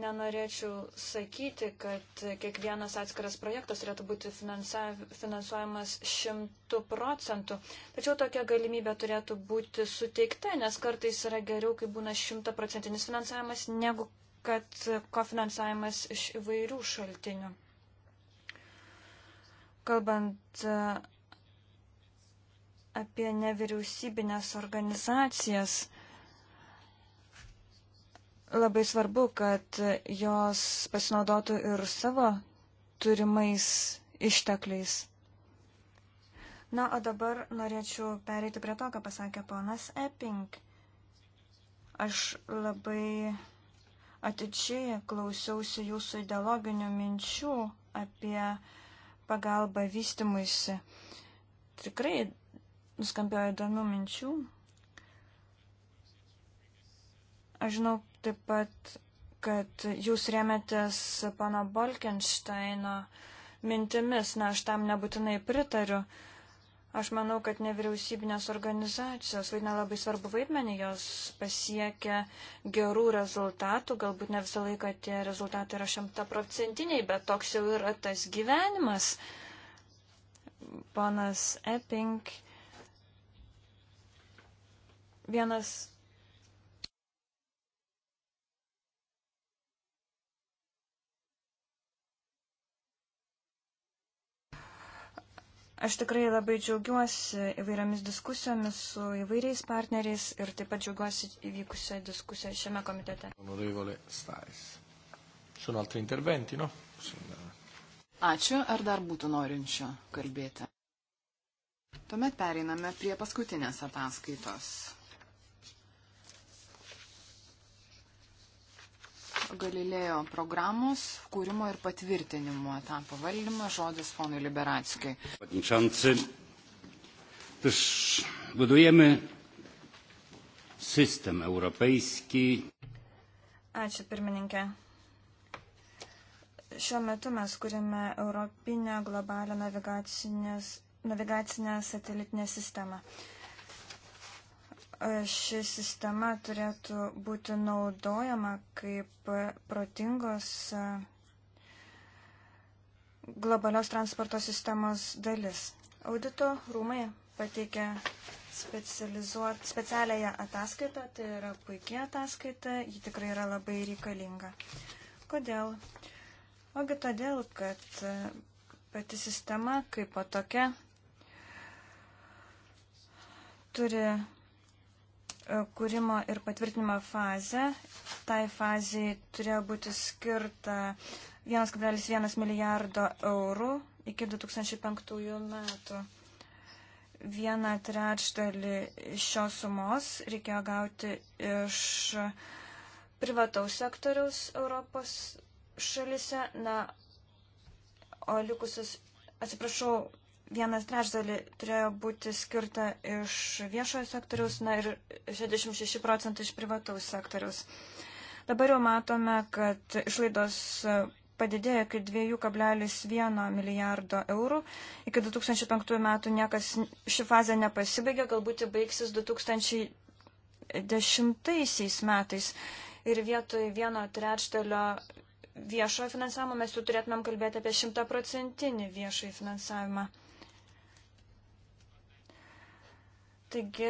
Nenorėčiau sakyti, kad kiekvienas atskiras projektas turėtų būti finansuojamas šimtų procentų. Tačiau tokia galimybė turėtų būti suteikta, nes kartais yra geriau, kai būna šimtaprocentinis finansavimas, negu kad kofinansavimas iš įvairių šaltinių kalbant apie nevyriausybinės organizacijas, labai svarbu, kad jos pasinaudotų ir savo turimais ištekliais. Na, o dabar norėčiau pereiti prie to, ką pasakė ponas Epping. Aš labai atidžiai klausiausi jūsų ideologinių minčių apie pagalbą vystimuisi. Tikrai nuskambėjo įdomių minčių. Aš žinau taip pat, kad jūs remiatės pana Bolkensteino mintimis, na, aš tam nebūtinai pritariu. Aš manau, kad nevyriausybinės organizacijos vaidina labai svarbu vaidmenį, jos pasiekia gerų rezultatų, galbūt ne visą laiką tie rezultatai yra šimtaprocentiniai, bet toks jau yra tas gyvenimas. Ponas Epping Vienas Aš tikrai labai džiaugiuosi įvairiamis diskusijomis su įvairiais partneriais ir taip pat džiaugiuosi įvykusią diskusiją šiame komitete. Ačiū, ar dar būtų norinčio kalbėti? Tuomet pereiname prie paskutinės ataskaitos. Galilėjo programos kūrimo ir patvirtinimo etapo valdymą. Žodis ponui Liberatskiai. Ačiū pirmininkė. Šiuo metu mes kūrėme Europinę globalią navigacinę satelitinę sistemą. Uh, ši sistema turėtų būti naudojama kaip protingos e, globalios transporto sistemos dalis. Audito rūmai pateikė specialiąją ataskaitą, tai yra puikia ataskaita, ji tikrai yra labai reikalinga. Kodėl? Ogi todėl, kad e, pati sistema kaip o tokia turi kūrimo ir patvirtinimo fazę. Tai fazai turėjo būti skirta 1,1 milijardo eurų iki 2005 metų. Vieną trečdalį šios sumos reikėjo gauti iš privataus sektoriaus Europos šalise, na, o likusius, atsiprašau, vienas trečdalį turėjo būti skirta iš viešojo sektoriaus, na ir 66 procentai iš privataus sektoriaus. Dabar jau matome, kad išlaidos padidėjo iki 2,1 milijardo eurų. Iki 2005 metų niekas ši fazė nepasibaigė, galbūt baigsis 2010 metais. Ir vietoj vieno trečdalio viešojo finansavimo mes jau turėtumėm kalbėti apie šimtaprocentinį viešojo finansavimą. Taigi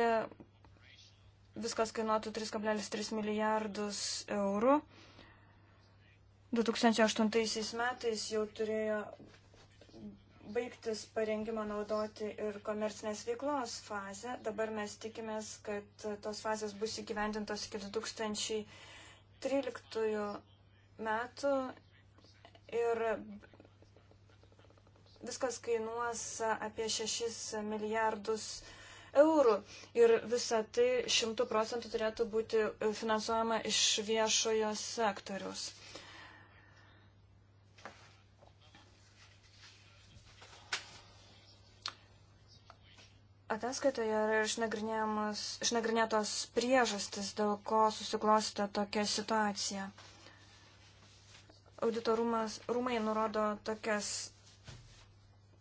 viskas kainuotų 3,3 milijardus eurų. 2008 metais jau turėjo baigtis parengimo naudoti ir komercinės veiklos fazę. Dabar mes tikimės, kad tos fazės bus įgyvendintos iki 2013 metų ir viskas kainuos apie 6 milijardus eurų eurų. Ir visa tai šimtų procentų turėtų būti e, finansuojama iš viešojo sektoriaus. Ataskaitoje yra išnagrinėtos priežastis, dėl ko susiklostė tokia situacija. Auditorumas rūmai nurodo tokias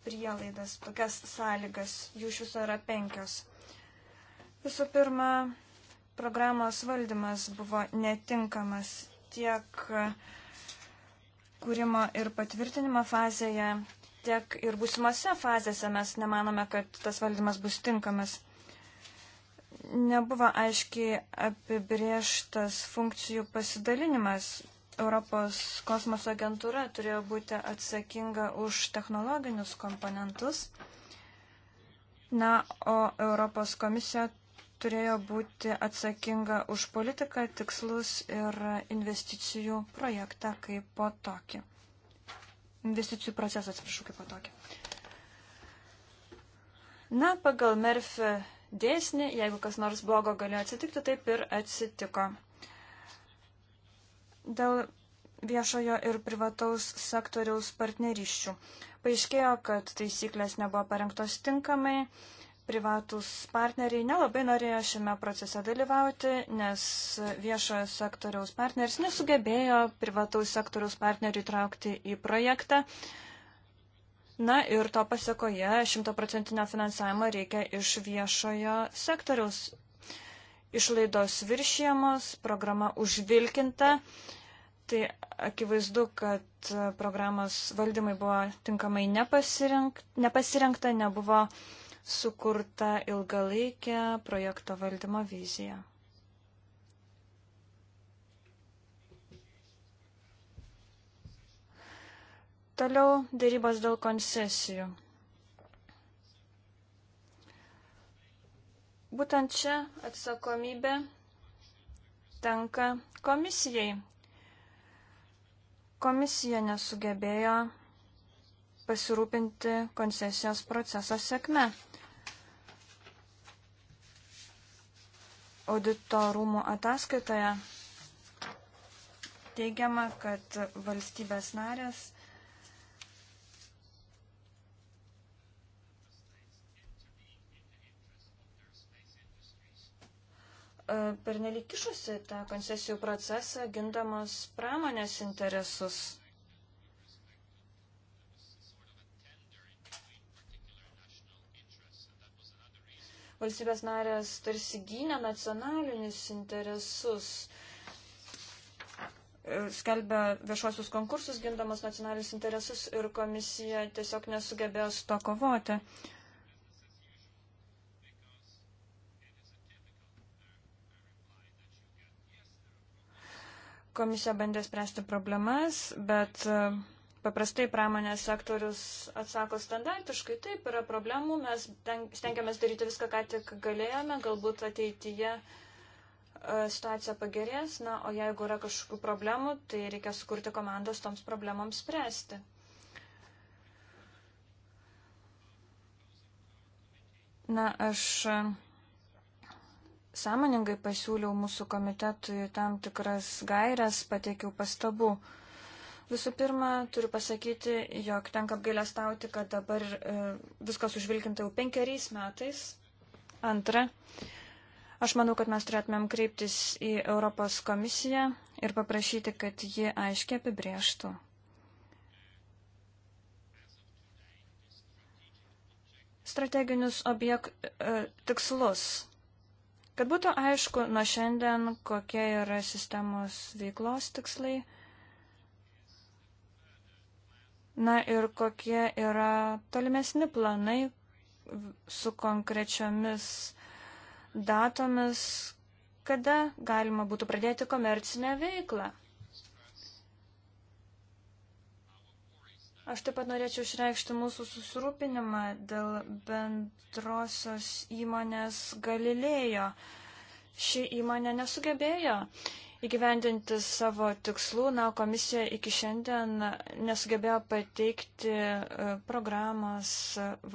prielaidas, tokias sąlygas. Jų iš viso yra penkios. Visų pirma, programos valdymas buvo netinkamas tiek kūrimo ir patvirtinimo fazėje, tiek ir būsimose fazėse mes nemanome, kad tas valdymas bus tinkamas. Nebuvo aiškiai apibrieštas funkcijų pasidalinimas. Europos kosmoso agentūra turėjo būti atsakinga už technologinius komponentus. Na, o Europos komisija turėjo būti atsakinga už politiką, tikslus ir investicijų projektą kaip po tokį. Investicijų procesą, atsiprašau, kaip po tokį. Na, pagal Merfi dėsnį, jeigu kas nors blogo galėjo atsitikti, taip ir atsitiko dėl viešojo ir privataus sektoriaus partneriščių. Paaiškėjo, kad taisyklės nebuvo parengtos tinkamai, privatus partneriai nelabai norėjo šiame procese dalyvauti, nes viešojo sektoriaus partneris nesugebėjo privataus sektoriaus partnerių įtraukti į projektą. Na ir to pasiekoje šimtaprocentinio finansavimo reikia iš viešojo sektoriaus. Išlaidos viršijamos, programa užvilkinta, Tai akivaizdu, kad programos valdymai buvo tinkamai nepasirenk, nepasirinkta, nebuvo sukurta ilgalaikė projekto valdymo vizija. Toliau dėrybos dėl koncesijų. Būtent čia atsakomybė tenka komisijai. Komisija nesugebėjo pasirūpinti koncesijos proceso sėkme. Audito rūmų ataskaitoje teigiama, kad valstybės narės E, pernelyg kišosi tą koncesijų procesą, gindamas pramonės interesus. Valstybės narės tarsi gynė nacionalinius interesus, e, skelbė viešuosius konkursus gindamas nacionalinius interesus ir komisija tiesiog nesugebėjo su to kovoti. Uh, Komisija bandė spręsti problemas, bet e, paprastai pramonės sektorius atsako standartiškai, taip yra problemų, mes stengiamės daryti viską, ką tik galėjome, galbūt ateityje e, situacija pagerės, na, o jeigu yra kažkokių problemų, tai reikia sukurti komandas toms problemams spręsti. Na, aš sąmoningai pasiūliau mūsų komitetui tam tikras gairias, pateikiau pastabų. Visų pirma, turiu pasakyti, jog tenka apgailestauti, kad dabar e, viskas užvilkinta jau penkeriais metais. Antra, aš manau, kad mes turėtumėm kreiptis į Europos komisiją ir paprašyti, kad ji aiškiai apibrieštų. Strateginius objek, e, tikslus Kad būtų aišku nuo šiandien, kokie yra sistemos veiklos tikslai, na ir kokie yra tolimesni planai su konkrečiomis datomis, kada galima būtų pradėti komercinę veiklą. Aš taip pat norėčiau išreikšti mūsų susirūpinimą dėl bendrosios įmonės Galilėjo. Ši įmonė nesugebėjo įgyvendinti savo tikslų, na, komisija iki šiandien nesugebėjo pateikti e, programos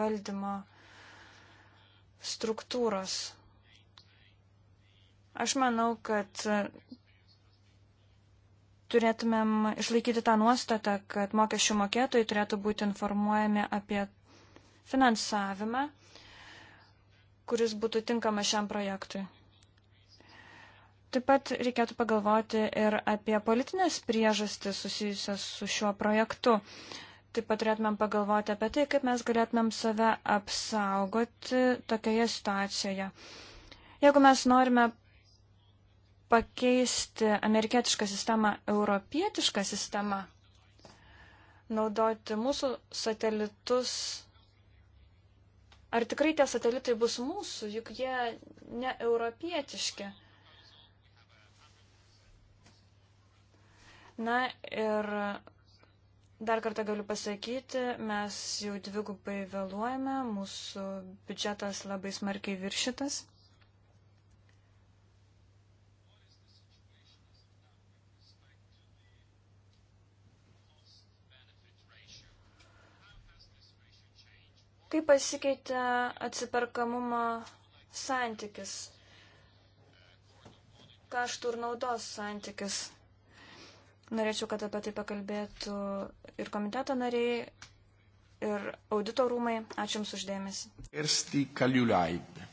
valdymo struktūros. Aš manau, kad turėtumėm išlaikyti tą nuostatą, kad mokesčių mokėtojai turėtų būti informuojami apie finansavimą, kuris būtų tinkamas šiam projektui. Taip pat reikėtų pagalvoti ir apie politinės priežastis susijusias su šiuo projektu. Taip pat turėtumėm pagalvoti apie tai, kaip mes galėtumėm save apsaugoti tokioje situacijoje. Jeigu mes norime pakeisti amerikietišką sistemą europietišką sistemą, naudoti mūsų satelitus. Ar tikrai tie satelitai bus mūsų, juk jie ne europietiški? Na ir dar kartą galiu pasakyti, mes jau dvigubai vėluojame, mūsų biudžetas labai smarkiai viršytas. Kaip pasikeitė atsiperkamumo santykis? Kaštų ir naudos santykis? Norėčiau, kad apie tai pakalbėtų ir komiteto nariai, ir audito rūmai. Ačiū Jums uždėmesi. Ersti Kaliulaid.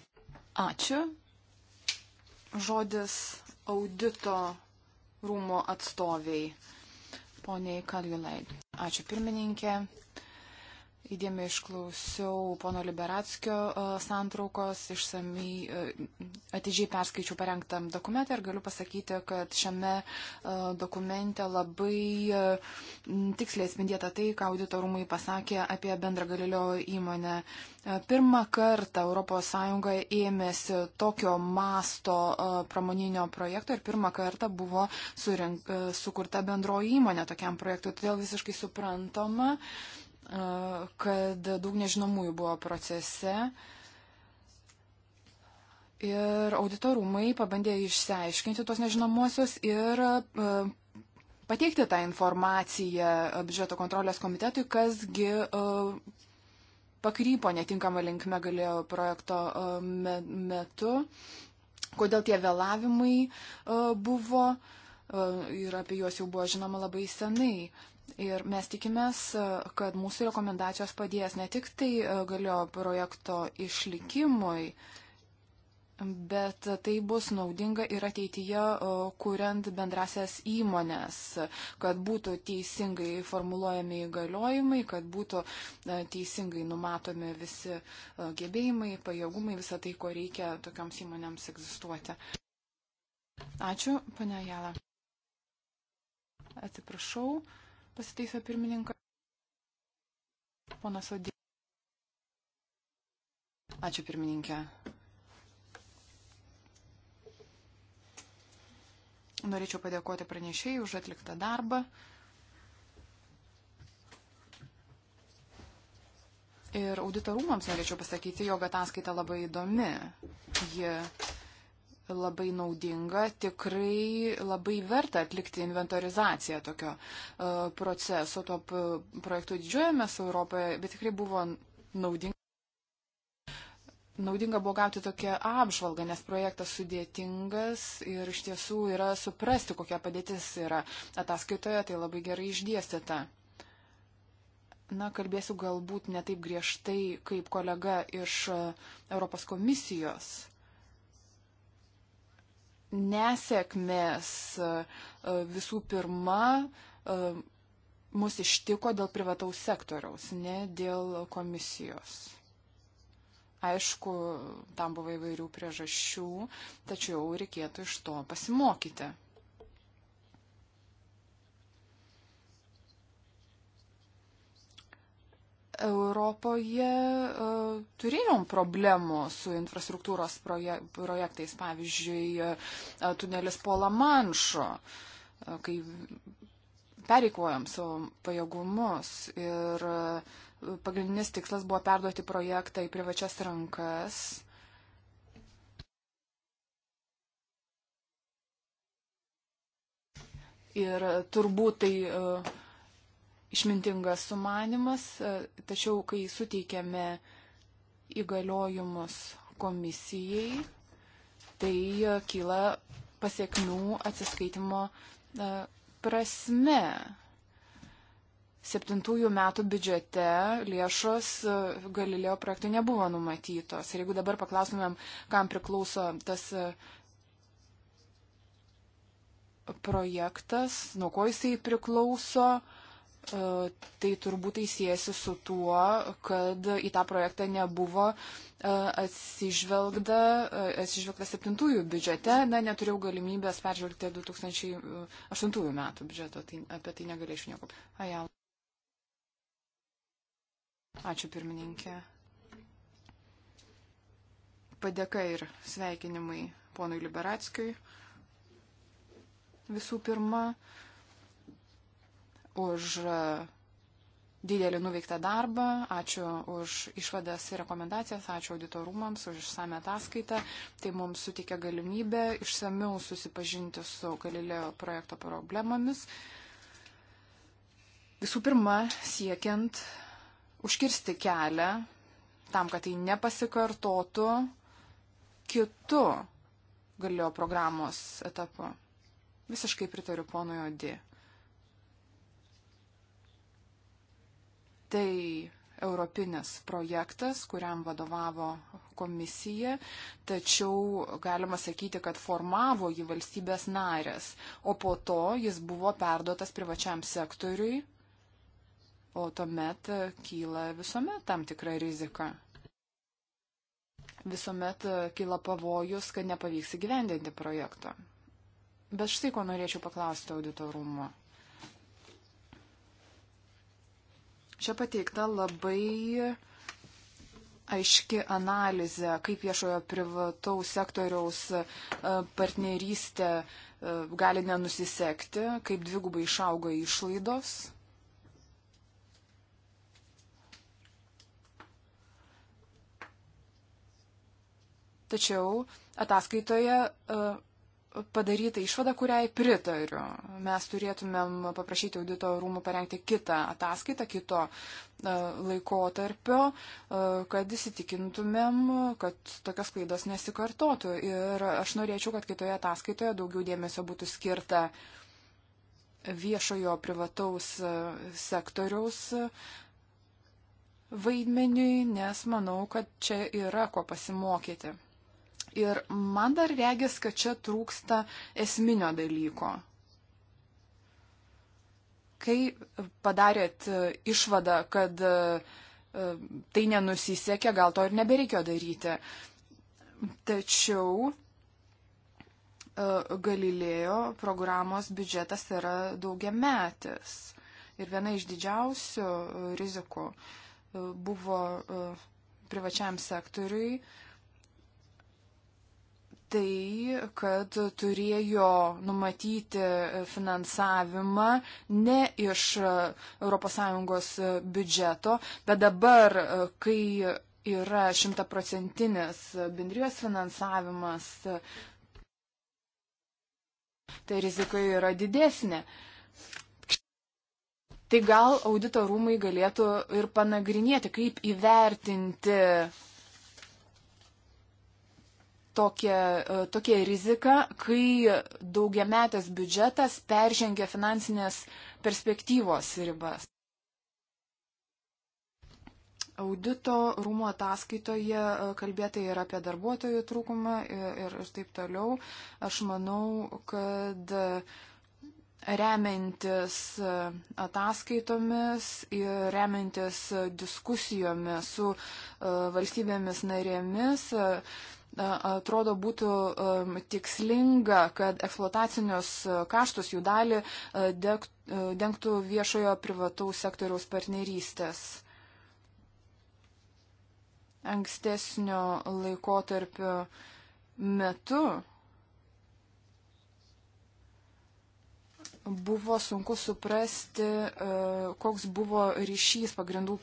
Ačiū. Žodis audito rūmo atstoviai. Poniai Kaliulaid. Ačiū pirmininkė. Įdėmiai išklausiau pono Liberatskio e, santraukos, išsamei e, atidžiai perskaičiau parengtam dokumentą ir galiu pasakyti, kad šiame e, dokumente labai tiksliai atspindėta tai, ką auditorumai pasakė apie bendrą galilio įmonę. Pirmą kartą ES ėmėsi tokio masto pramoninio projekto ir pirmą kartą buvo surink, sukurta bendroji įmonė tokiam projektui, todėl visiškai suprantama. Uh, kad daug nežinomųjų buvo procese. Ir auditorumai pabandė išsiaiškinti tos nežinomosios ir pateikti tą informaciją biudžeto kontrolės komitetui, kasgi pakrypo netinkamą linkmę galėjo projekto metu, kodėl tie vėlavimai buvo ir apie juos jau buvo žinoma labai senai. Ir mes tikimės, kad mūsų rekomendacijos padės ne tik tai e, galio projekto išlikimui, Bet tai bus naudinga ir ateityje, e, kuriant bendrasias įmonės, kad būtų teisingai formuluojami įgaliojimai, kad būtų e, teisingai numatomi visi gebėjimai, pajėgumai, visą tai, ko reikia tokiams įmonėms egzistuoti. Ačiū, pane Jela. Atsiprašau, pasiteiso pirmininkas. Ponas Odė. Ačiū pirmininkė. Norėčiau padėkoti pranešėjai už atliktą darbą. Ir auditorumams norėčiau pasakyti, jog ataskaita labai įdomi. Ji labai naudinga, tikrai labai verta atlikti inventorizaciją tokio e, proceso. Tuo projektu didžiuojamės Europoje, bet tikrai buvo naudinga. Naudinga buvo gauti tokią apžvalgą, nes projektas sudėtingas ir iš tiesų yra suprasti, kokia padėtis yra ataskaitoje, tai labai gerai išdėstyta na, kalbėsiu galbūt ne taip griežtai kaip kolega iš e, Europos komisijos nesėkmės e, visų pirma e, mus ištiko dėl privataus sektoriaus, ne dėl komisijos. Aišku, tam buvo įvairių priežasčių, tačiau reikėtų iš to pasimokyti. Europoje uh, turėjom problemų su infrastruktūros proje, projektais, pavyzdžiui, uh, tunelis po Lamanšo, uh, e, kai pereikvojom savo pajėgumus ir uh, pagrindinis tikslas buvo perduoti projektą į privačias rankas. Ir turbūt tai uh, išmintingas sumanimas, e, tačiau kai suteikėme įgaliojimus komisijai, tai e, kyla pasiekmių atsiskaitimo e, prasme. Septintųjų metų biudžete lėšos Galileo projektui nebuvo numatytos. Ir jeigu dabar paklausumėm, kam priklauso tas projektas, nuo ko jisai priklauso, E, tai turbūt tai siejasi su tuo, kad į tą projektą nebuvo e, atsižvelgta, e, atsižvelgta septintųjų biudžete, na, neturėjau galimybės peržvelgti 2008 metų biudžeto, tai apie tai negalėčiau nieko. Ajau. Ačiū pirmininkė. Padėka ir sveikinimai ponui Liberatskijui. Visų pirma, uh, už e, didelį nuveiktą darbą, ačiū už išvadas ir rekomendacijas, ačiū auditorumams už išsame ataskaitą. Tai mums suteikia galimybę išsamiau susipažinti su Galilėjo projekto problemomis. Visų pirma, siekiant užkirsti kelią tam, kad tai nepasikartotų kitu Galilėjo programos etapu. Visiškai pritariu ponui Odi. tai europinis projektas, kuriam vadovavo komisija, tačiau galima sakyti, kad formavo jį valstybės narės, o po to jis buvo perduotas privačiam sektoriui, o tuomet kyla visuomet tam tikra rizika. Visuomet kyla pavojus, kad nepavyks įgyvendinti projekto. Bet štai ko norėčiau paklausti auditorumo. Čia pateikta labai aiški analizė, kaip viešojo privataus sektoriaus e, partnerystė e, gali nenusisekti, kaip dvigubai išaugo išlaidos. Tačiau ataskaitoje e, padaryta išvada, kuriai pritariu. Mes turėtumėm paprašyti audito rūmų parengti kitą ataskaitą, kito e, laikotarpio, e, kad įsitikintumėm, kad tokios klaidos nesikartotų. Ir aš norėčiau, kad kitoje ataskaitoje daugiau dėmesio būtų skirta viešojo privataus e, sektoriaus vaidmeniui, nes manau, kad čia yra ko pasimokyti. Ir man dar regis, kad čia trūksta esminio dalyko. Kai padarėt e, išvadą, kad e, e, tai nenusisekė, gal to ir nebereikėjo daryti. Tačiau Galilėjo programos biudžetas yra daugiametis. Ir viena iš didžiausių rizikų buvo privačiam sektoriui tai, kad turėjo numatyti finansavimą ne iš ES biudžeto, bet dabar, kai yra šimtaprocentinis bendrijos finansavimas, tai rizika yra didesnė. Tai gal audito rūmai galėtų ir panagrinėti, kaip įvertinti tokia, e, tokia rizika, kai daugiametės biudžetas peržengia finansinės perspektyvos ribas. Audito rūmų ataskaitoje e, kalbėta ir apie darbuotojų trūkumą ir, ir taip toliau. Aš manau, kad remiantis e, ataskaitomis ir remiantis diskusijomis su valstybėmis narėmis, atrodo būtų um, tikslinga, kad eksploatacinius uh, kaštus jų dalį uh, uh, dengtų viešojo privataus sektoriaus partnerystės. Ankstesnio laikotarpio metu buvo sunku suprasti, koks buvo ryšys pagrindų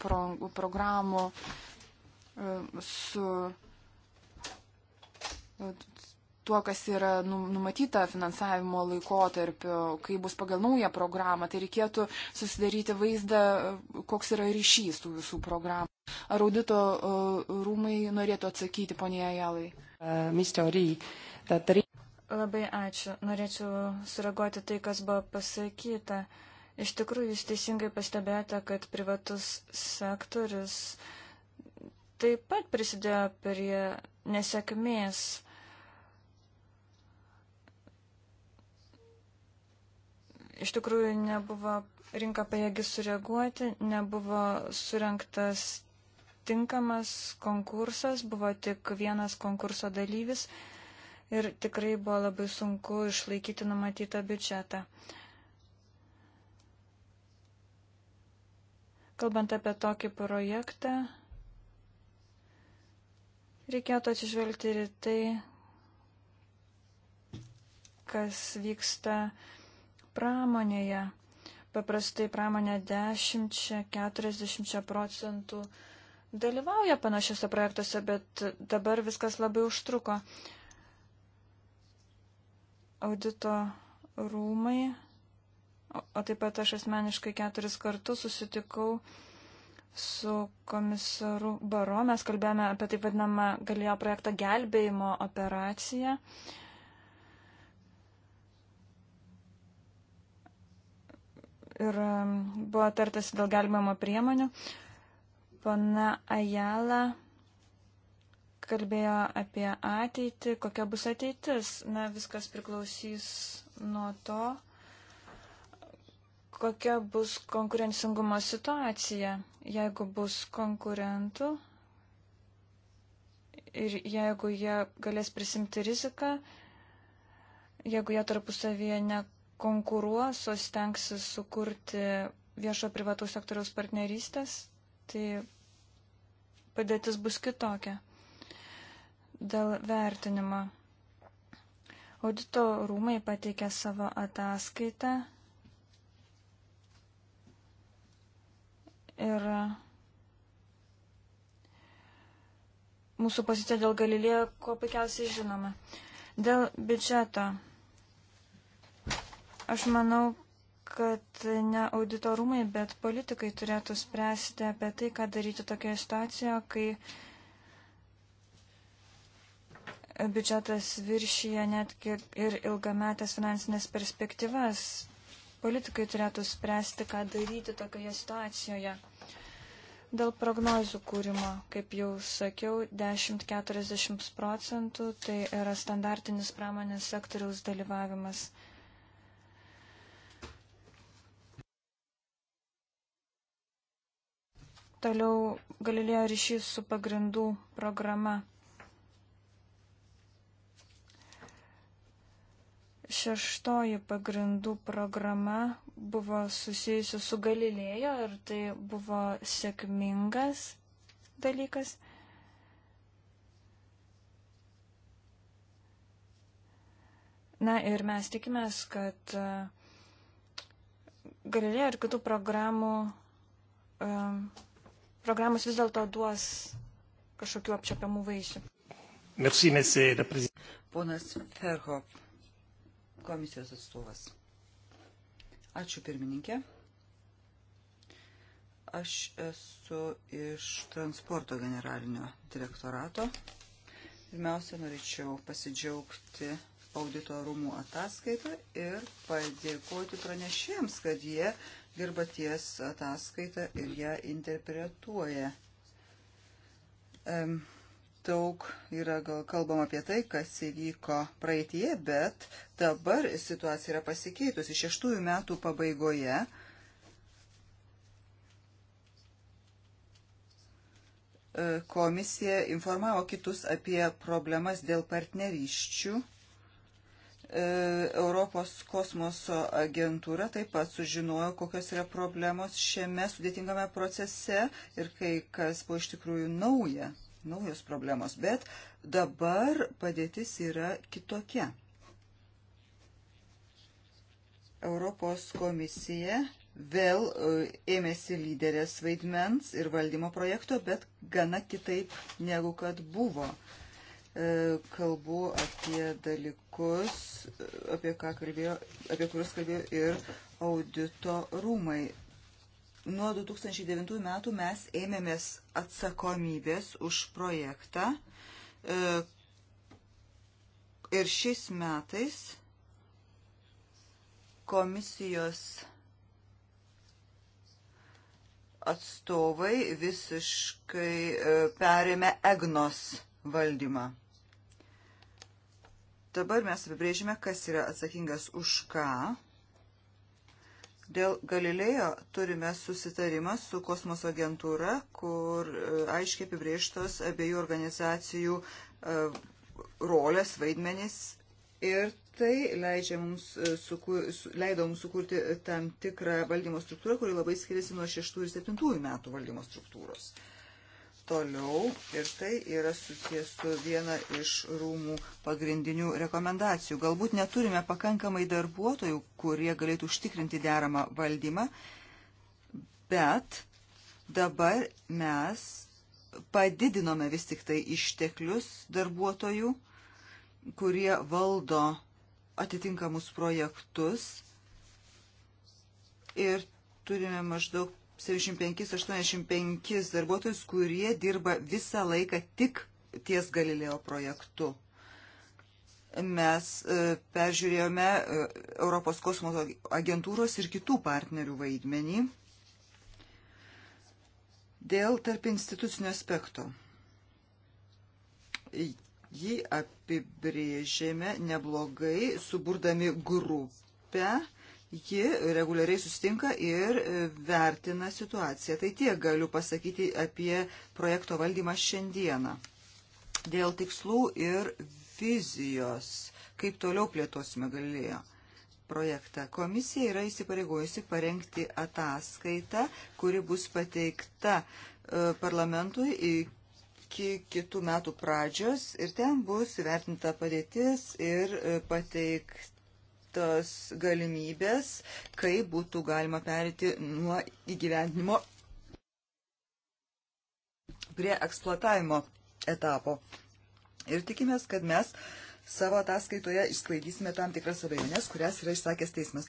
programų su tuo, kas yra nu, numatyta finansavimo laikotarpiu, kai bus pagal naują programą, tai reikėtų susidaryti vaizdą, koks yra ryšys tų visų programų. Ar audito rūmai norėtų atsakyti, ponie Ajalai? Uh, Labai ačiū. Norėčiau sureaguoti tai, kas buvo pasakyta. Iš tikrųjų, jūs teisingai pastebėjote, kad privatus sektorius taip pat prisidėjo prie nesėkmės iš tikrųjų nebuvo rinka pajėgi sureaguoti, nebuvo surinktas tinkamas konkursas, buvo tik vienas konkurso dalyvis ir tikrai buvo labai sunku išlaikyti numatytą biudžetą. Kalbant apie tokį projektą, reikėtų atsižvelgti ir tai, kas vyksta uh, pramonėje. Paprastai pramonė 10-40 procentų dalyvauja panašiose projektuose, bet dabar viskas labai užtruko. Audito rūmai, o taip pat aš asmeniškai keturis kartus susitikau su komisaru Baro, mes kalbėjome apie taip vadinamą galėjo projektą gelbėjimo operaciją. Uh, ir buvo tartasi dėl galimamo priemonių. Pana Ajala kalbėjo apie ateitį, kokia bus ateitis. Na, viskas priklausys nuo to, kokia bus konkurencingumo situacija. Jeigu bus konkurentų ir jeigu jie galės prisimti riziką, jeigu jie tarpusavyje ne konkuruos, o stengsis sukurti viešo privatų sektoriaus partnerystės, tai padėtis bus kitokia. Dėl vertinimo. Audito rūmai pateikė savo ataskaitą ir mūsų pozicija dėl Galilėjo kuo puikiausiai žinoma. Dėl biudžeto Aš manau, kad ne auditorumai, bet politikai turėtų spręsti apie tai, ką daryti tokioje situacijoje, kai biudžetas viršyje netgi ir ilgametės finansinės perspektyvas. Politikai turėtų spręsti, ką daryti tokioje situacijoje. Dėl prognozių kūrimo, kaip jau sakiau, 10-40 procentų tai yra standartinis pramonės sektoriaus dalyvavimas Toliau Galilėjo ryšys su pagrindų programa. Šeštoji pagrindų programa buvo susijusi su Galilėjo ir tai buvo sėkmingas dalykas. Na ir mes tikimės, kad e, Galilėjo ir kitų programų um, programos vis dėlto duos kažkokiu apčiopiamu vaisiu. Merci, monsieur le président. Ponas Ferhop, komisijos atstovas. Ačiū pirmininkė. Aš esu iš transporto generalinio direktorato. Pirmiausia, norėčiau pasidžiaugti audito rūmų ataskaitą ir padėkoti pranešėjams, kad jie dirba ties ataskaitą ir ją interpretuoja. Daug yra gal kalbama apie tai, kas įvyko praeitie, bet dabar situacija yra pasikeitusi. Šeštųjų metų pabaigoje e, komisija informavo kitus apie problemas dėl partnerysčių E, Europos kosmoso agentūra taip pat sužinojo, kokios yra problemos šiame sudėtingame procese ir kai kas buvo iš tikrųjų nauja, naujos problemos. Bet dabar padėtis yra kitokia. Europos komisija vėl e, ėmėsi lyderės vaidmens ir valdymo projekto, bet gana kitaip negu kad buvo. Uh, E, kalbu apie dalykus, apie, ką kalbėjo, apie kuriuos kalbėjo ir audito rūmai. Nuo 2009 metų mes ėmėmės atsakomybės už projektą e, ir šiais metais komisijos atstovai visiškai e, perėmė EGNOS valdymą. Dabar mes apibrėžime, kas yra atsakingas už ką. Dėl Galilėjo turime susitarimą su kosmoso agentūra, kur e, aiškiai apibrėžtos abiejų organizacijų e, rolės, vaidmenys ir tai leidžia mums, e, suku, leido mums sukurti tam tikrą valdymo struktūrą, kuri labai skiriasi nuo 6 ir 7 metų valdymo struktūros toliau ir tai yra susijęs su viena iš rūmų pagrindinių rekomendacijų. Galbūt neturime pakankamai darbuotojų, kurie galėtų užtikrinti deramą valdymą, bet dabar mes padidinome vis tik tai išteklius darbuotojų, kurie valdo atitinkamus projektus ir turime maždaug 75-85 darbuotojus, kurie dirba visą laiką tik ties Galilėjo projektu. Mes e, peržiūrėjome e, Europos kosmoso agentūros ir kitų partnerių vaidmenį dėl tarp institucinio aspekto. Jį apibrėžėme neblogai, suburdami grupę Ji reguliariai sustinka ir e, vertina situaciją. Tai tiek galiu pasakyti apie projekto valdymą šiandieną. Dėl tikslų ir vizijos, kaip toliau plėtosime galėjo projektą. Komisija yra įsipareigojusi parengti ataskaitą, kuri bus pateikta e, parlamentui iki kitų metų pradžios ir ten bus įvertinta padėtis ir e, pateikta numatytos galimybės, kaip būtų galima perėti nuo įgyvendinimo prie eksploatavimo etapo. Ir tikimės, kad mes savo ataskaitoje išsklaidysime tam tikras abejonės, kurias yra išsakęs teismas.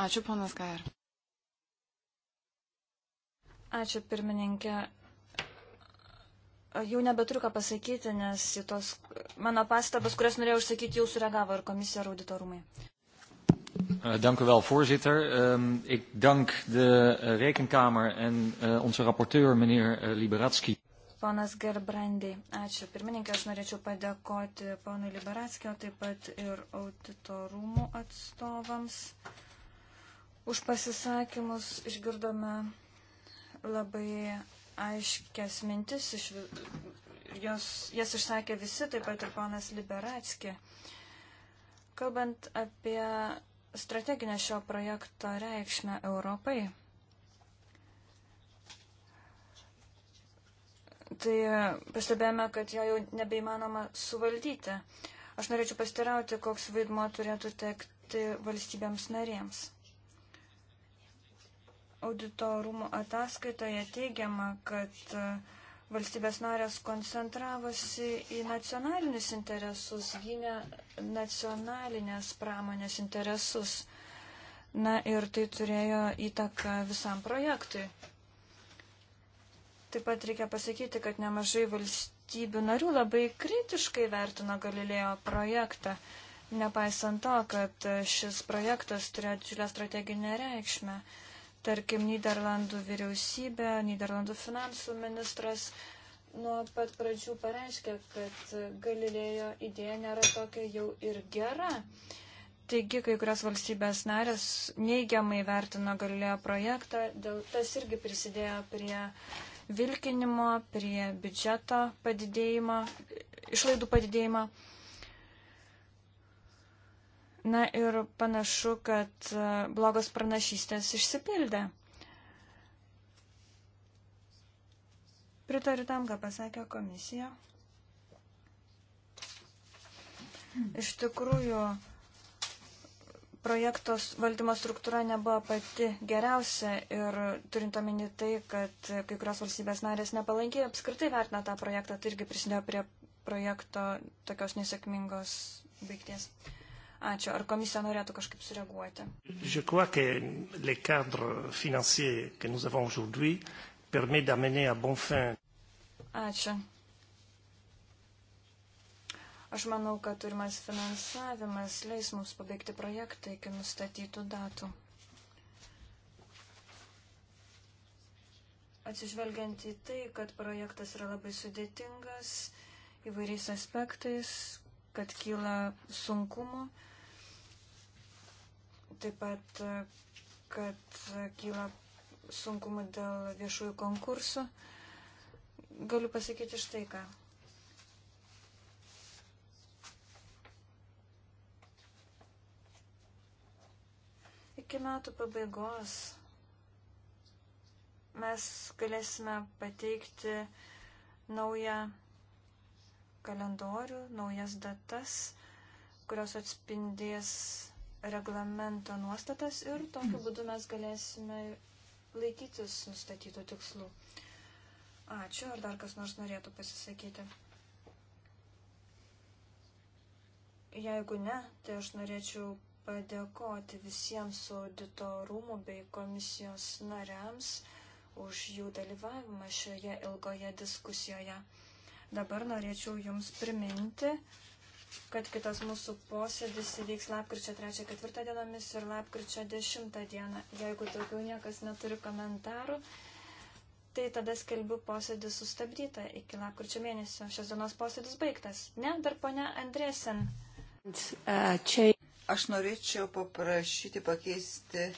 Ačiū, ponas Gair. Ačiū, pirmininkė jau nebeturiu ką pasakyti, nes į tos mano pastabas, kurias norėjau užsakyti, jau sureagavo ir komisija ir auditorumai. Eh, dank u wel, voorzitter. Um, ik dank de uh, Rekenkamer en uh, onze rapporteur, meneer uh, Liberatski. Ponas Gerbrandi, ačiū. Pirmininkė, aš norėčiau padėkoti ponui Liberatskio, taip pat ir auditorumų atstovams. Už pasisakymus išgirdome labai aiškias mintis, iš, jos, jas išsakė visi, taip pat ir ponas Liberatski. Kalbant apie strateginę šio projekto reikšmę Europai, tai pastebėjome, kad jo jau nebeįmanoma suvaldyti. Aš norėčiau pastirauti, koks vaidmo turėtų tekti valstybėms narėms. Auditorumo ataskaitoje teigiama, kad e, valstybės narės koncentravosi į nacionalinius interesus, gynė nacionalinės pramonės interesus. Na ir tai turėjo įtaką visam projektui. Taip pat reikia pasakyti, kad nemažai valstybių narių labai kritiškai vertino Galilėjo projektą, nepaisant to, kad šis projektas turėjo didžiulę strateginę reikšmę. Tarkim, Niderlandų vyriausybė, Niderlandų finansų ministras nuo pat pradžių pareiškė, kad Galilėjo idėja nėra tokia jau ir gera. Taigi, kai kurios valstybės narės neigiamai vertino Galilėjo projektą, dėl tas irgi prisidėjo prie vilkinimo, prie biudžeto padidėjimo, išlaidų padidėjimo. Na ir panašu, kad e, blogos pranašystės išsipildė. Pritariu tam, ką pasakė komisija. Iš tikrųjų, projektos valdymo struktūra nebuvo pati geriausia ir turint omeny tai, kad kai kurios valstybės narės nepalankiai apskritai vertina tą projektą, tai irgi prisidėjo prie projekto tokios nesėkmingos baigties. Ačiū. Ar komisija norėtų kažkaip sureaguoti? Je crois que les cadres financiers que nous avons aujourd'hui permet d'amener à bon fin. Ačiū. Aš manau, kad turimas finansavimas leis mums pabaigti projektą iki nustatytų datų. Atsižvelgiant į tai, kad projektas yra labai sudėtingas įvairiais aspektais, kad kyla sunkumų taip pat, kad kyla sunkumų dėl viešųjų konkursų. Galiu pasakyti štai ką. iki metų pabaigos mes galėsime pateikti naują kalendorių, naujas datas, kurios atspindės reglamento nuostatas ir tokiu būdu mes galėsime laikytis nustatytų tikslų. Ačiū, ar dar kas nors norėtų pasisakyti? Jeigu ne, tai aš norėčiau padėkoti visiems audito rūmų bei komisijos nariams už jų dalyvavimą šioje ilgoje diskusijoje. Dabar norėčiau Jums priminti, kad kitas mūsų posėdis įvyks lapkričio 3-4 dienomis ir lapkričio 10 dieną. Jeigu daugiau niekas neturi komentarų, tai tada skelbiu posėdį sustabdytą iki lapkričio mėnesio. Šios dienos posėdis baigtas. Ne, dar ponia Andrėsen. Aš norėčiau paprašyti pakeisti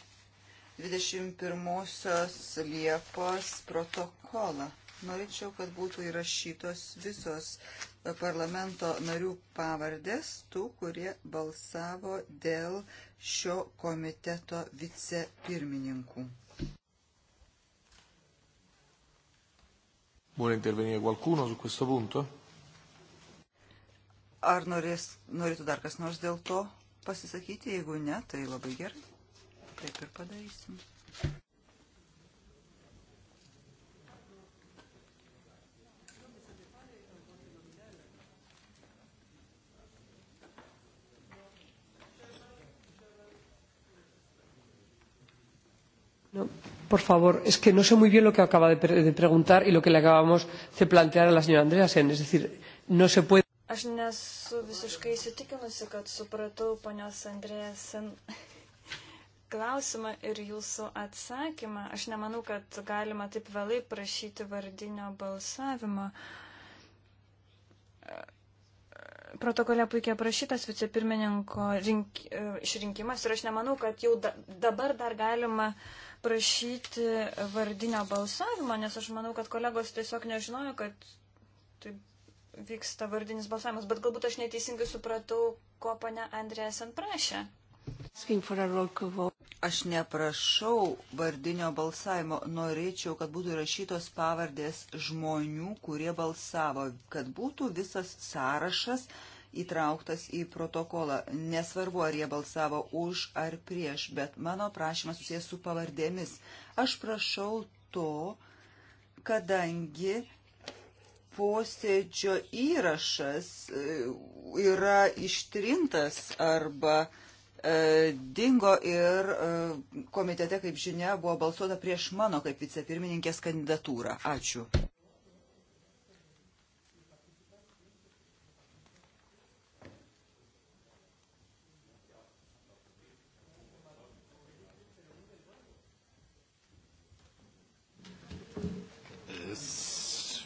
21 Liepos protokolą. Norėčiau, kad būtų įrašytos visos e, parlamento narių pavardės, tų, kurie balsavo dėl šio komiteto vicepirmininkų. Vuole intervenire qualcuno su questo punto? Ar norės, norėtų dar kas nors dėl to pasisakyti? Jeigu ne, tai labai gerai. Taip ir padarysim. No, por favor, es que no sé muy bien lo que acaba de, pre de preguntar y lo que le acabamos de plantear a la señora Andreasen. Es decir, no se puede. Aš nesu visiškai įsitikinusi, kad supratau ponios Andrėjasen [laughs] klausimą ir jūsų atsakymą. Aš nemanau, kad galima taip vėlai prašyti vardinio balsavimo. Protokole puikiai aprašytas vicepirmininko rink, išrinkimas ir aš nemanau, kad jau da, dabar dar galima uh, prašyti vardinio balsavimo, nes aš manau, kad kolegos tiesiog nežinojo, kad taip vyksta vardinis balsavimas, bet galbūt aš neteisingai supratau, ko pane Andrėsen prašė. Aš neprašau vardinio balsavimo, norėčiau, kad būtų rašytos pavardės žmonių, kurie balsavo, kad būtų visas sąrašas įtrauktas į protokolą. Nesvarbu, ar jie balsavo už ar prieš, bet mano prašymas susijęs su pavardėmis. Aš prašau to, kadangi posėdžio įrašas e, yra ištrintas arba e, dingo ir e, komitete, kaip žinia, buvo balsuota prieš mano kaip vicepirmininkės kandidatūrą. Ačiū.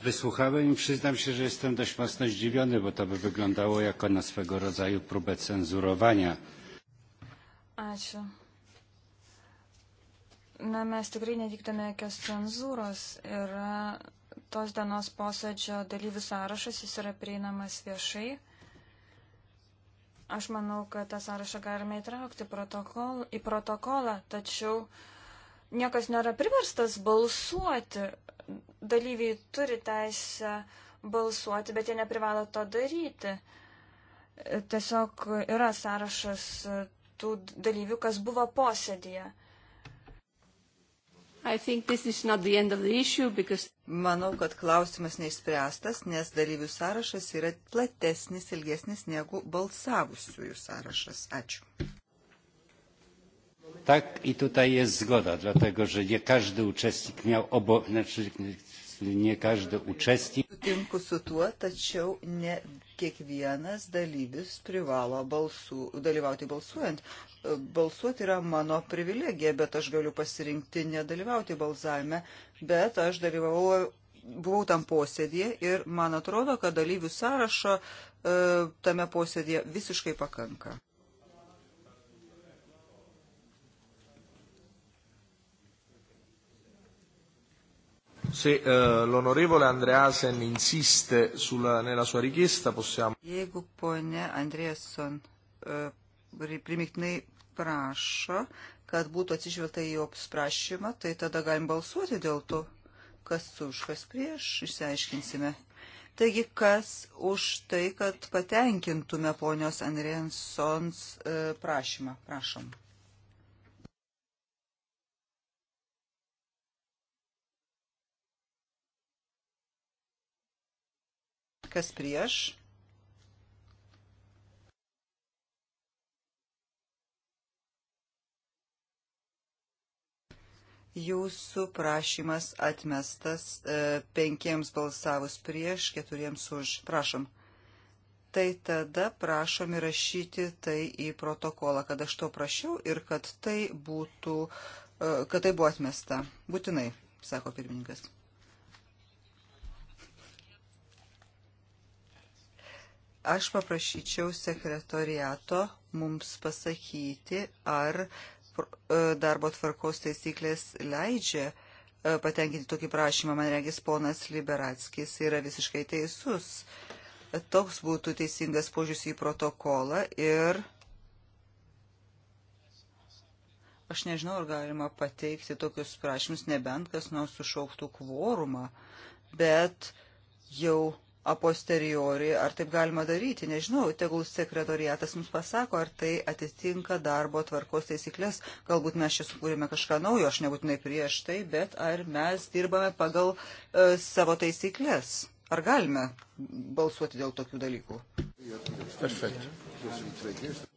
wysłuchałem i przyznam się, że jestem dość mocno zdziwiony, bo to by wyglądało jako na swego rodzaju próbę cenzurowania. Ačiū. Na, mes tikrai nevykdome jokios cenzūros. Yra tos dienos posėdžio dalyvių sąrašas, jis yra prieinamas viešai. Aš manau, kad tą sąrašą galime įtraukti protokol, į protokolą, tačiau niekas nėra priverstas balsuoti dalyviai turi teisę balsuoti, bet jie neprivalo to daryti. Tiesiog yra sąrašas tų dalyvių, kas buvo posėdėje. Issue, because... Manau, kad klausimas neišspręstas, nes dalyvių sąrašas yra platesnis, ilgesnis negu balsavusiųjų sąrašas. Ačiū. Tak i tutaj jest zgoda, dlatego że nie każdy uczestnik miał obo... znaczy ne każdy uczestnik. Sutinku su tuo, tačiau ne kiekvienas dalyvis privalo balsų, dalyvauti balsuojant. Balsuoti yra mano privilegija, bet aš galiu pasirinkti nedalyvauti balsavime, bet aš dalyvavau, buvau tam posėdėje ir man atrodo, kad dalyvių sąrašo e, tame posėdėje visiškai pakanka. Se uh, l'onorevole Andreasen insiste sulla, nella sua richiesta, possiamo... Jeigu ponė Andreasen uh, eh, primiktinai prašo, kad būtų atsižvelgta į jo prašymą, tai tada galim balsuoti dėl to, kas už, kas prieš, išsiaiškinsime. Taigi, kas už tai, kad patenkintume ponios Andrensons eh, prašymą? Prašom. kas prieš. Jūsų prašymas atmestas e, penkiems balsavus prieš, keturiems už. Prašom tai tada prašom įrašyti tai į protokolą, kad aš to prašiau ir kad tai būtų, e, kad tai buvo atmesta. Būtinai, sako pirmininkas. Aš paprašyčiau sekretoriato mums pasakyti, ar e, darbo tvarkos taisyklės leidžia e, patenkinti tokį prašymą. Man regis, ponas Liberatskis yra visiškai teisus. E, toks būtų teisingas požiūris į protokolą ir Aš nežinau, ar galima pateikti tokius prašymus, nebent kas nors sušauktų kvorumą, bet jau a posteriori, ar taip galima daryti, nežinau, tegul sekretoriatas mums pasako, ar tai atitinka darbo tvarkos taisyklės, galbūt mes čia sukūrėme kažką naujo, aš nebūtinai prieš tai, bet ar mes dirbame pagal e, savo taisyklės. Ar galime balsuoti dėl tokių dalykų? Perfekt.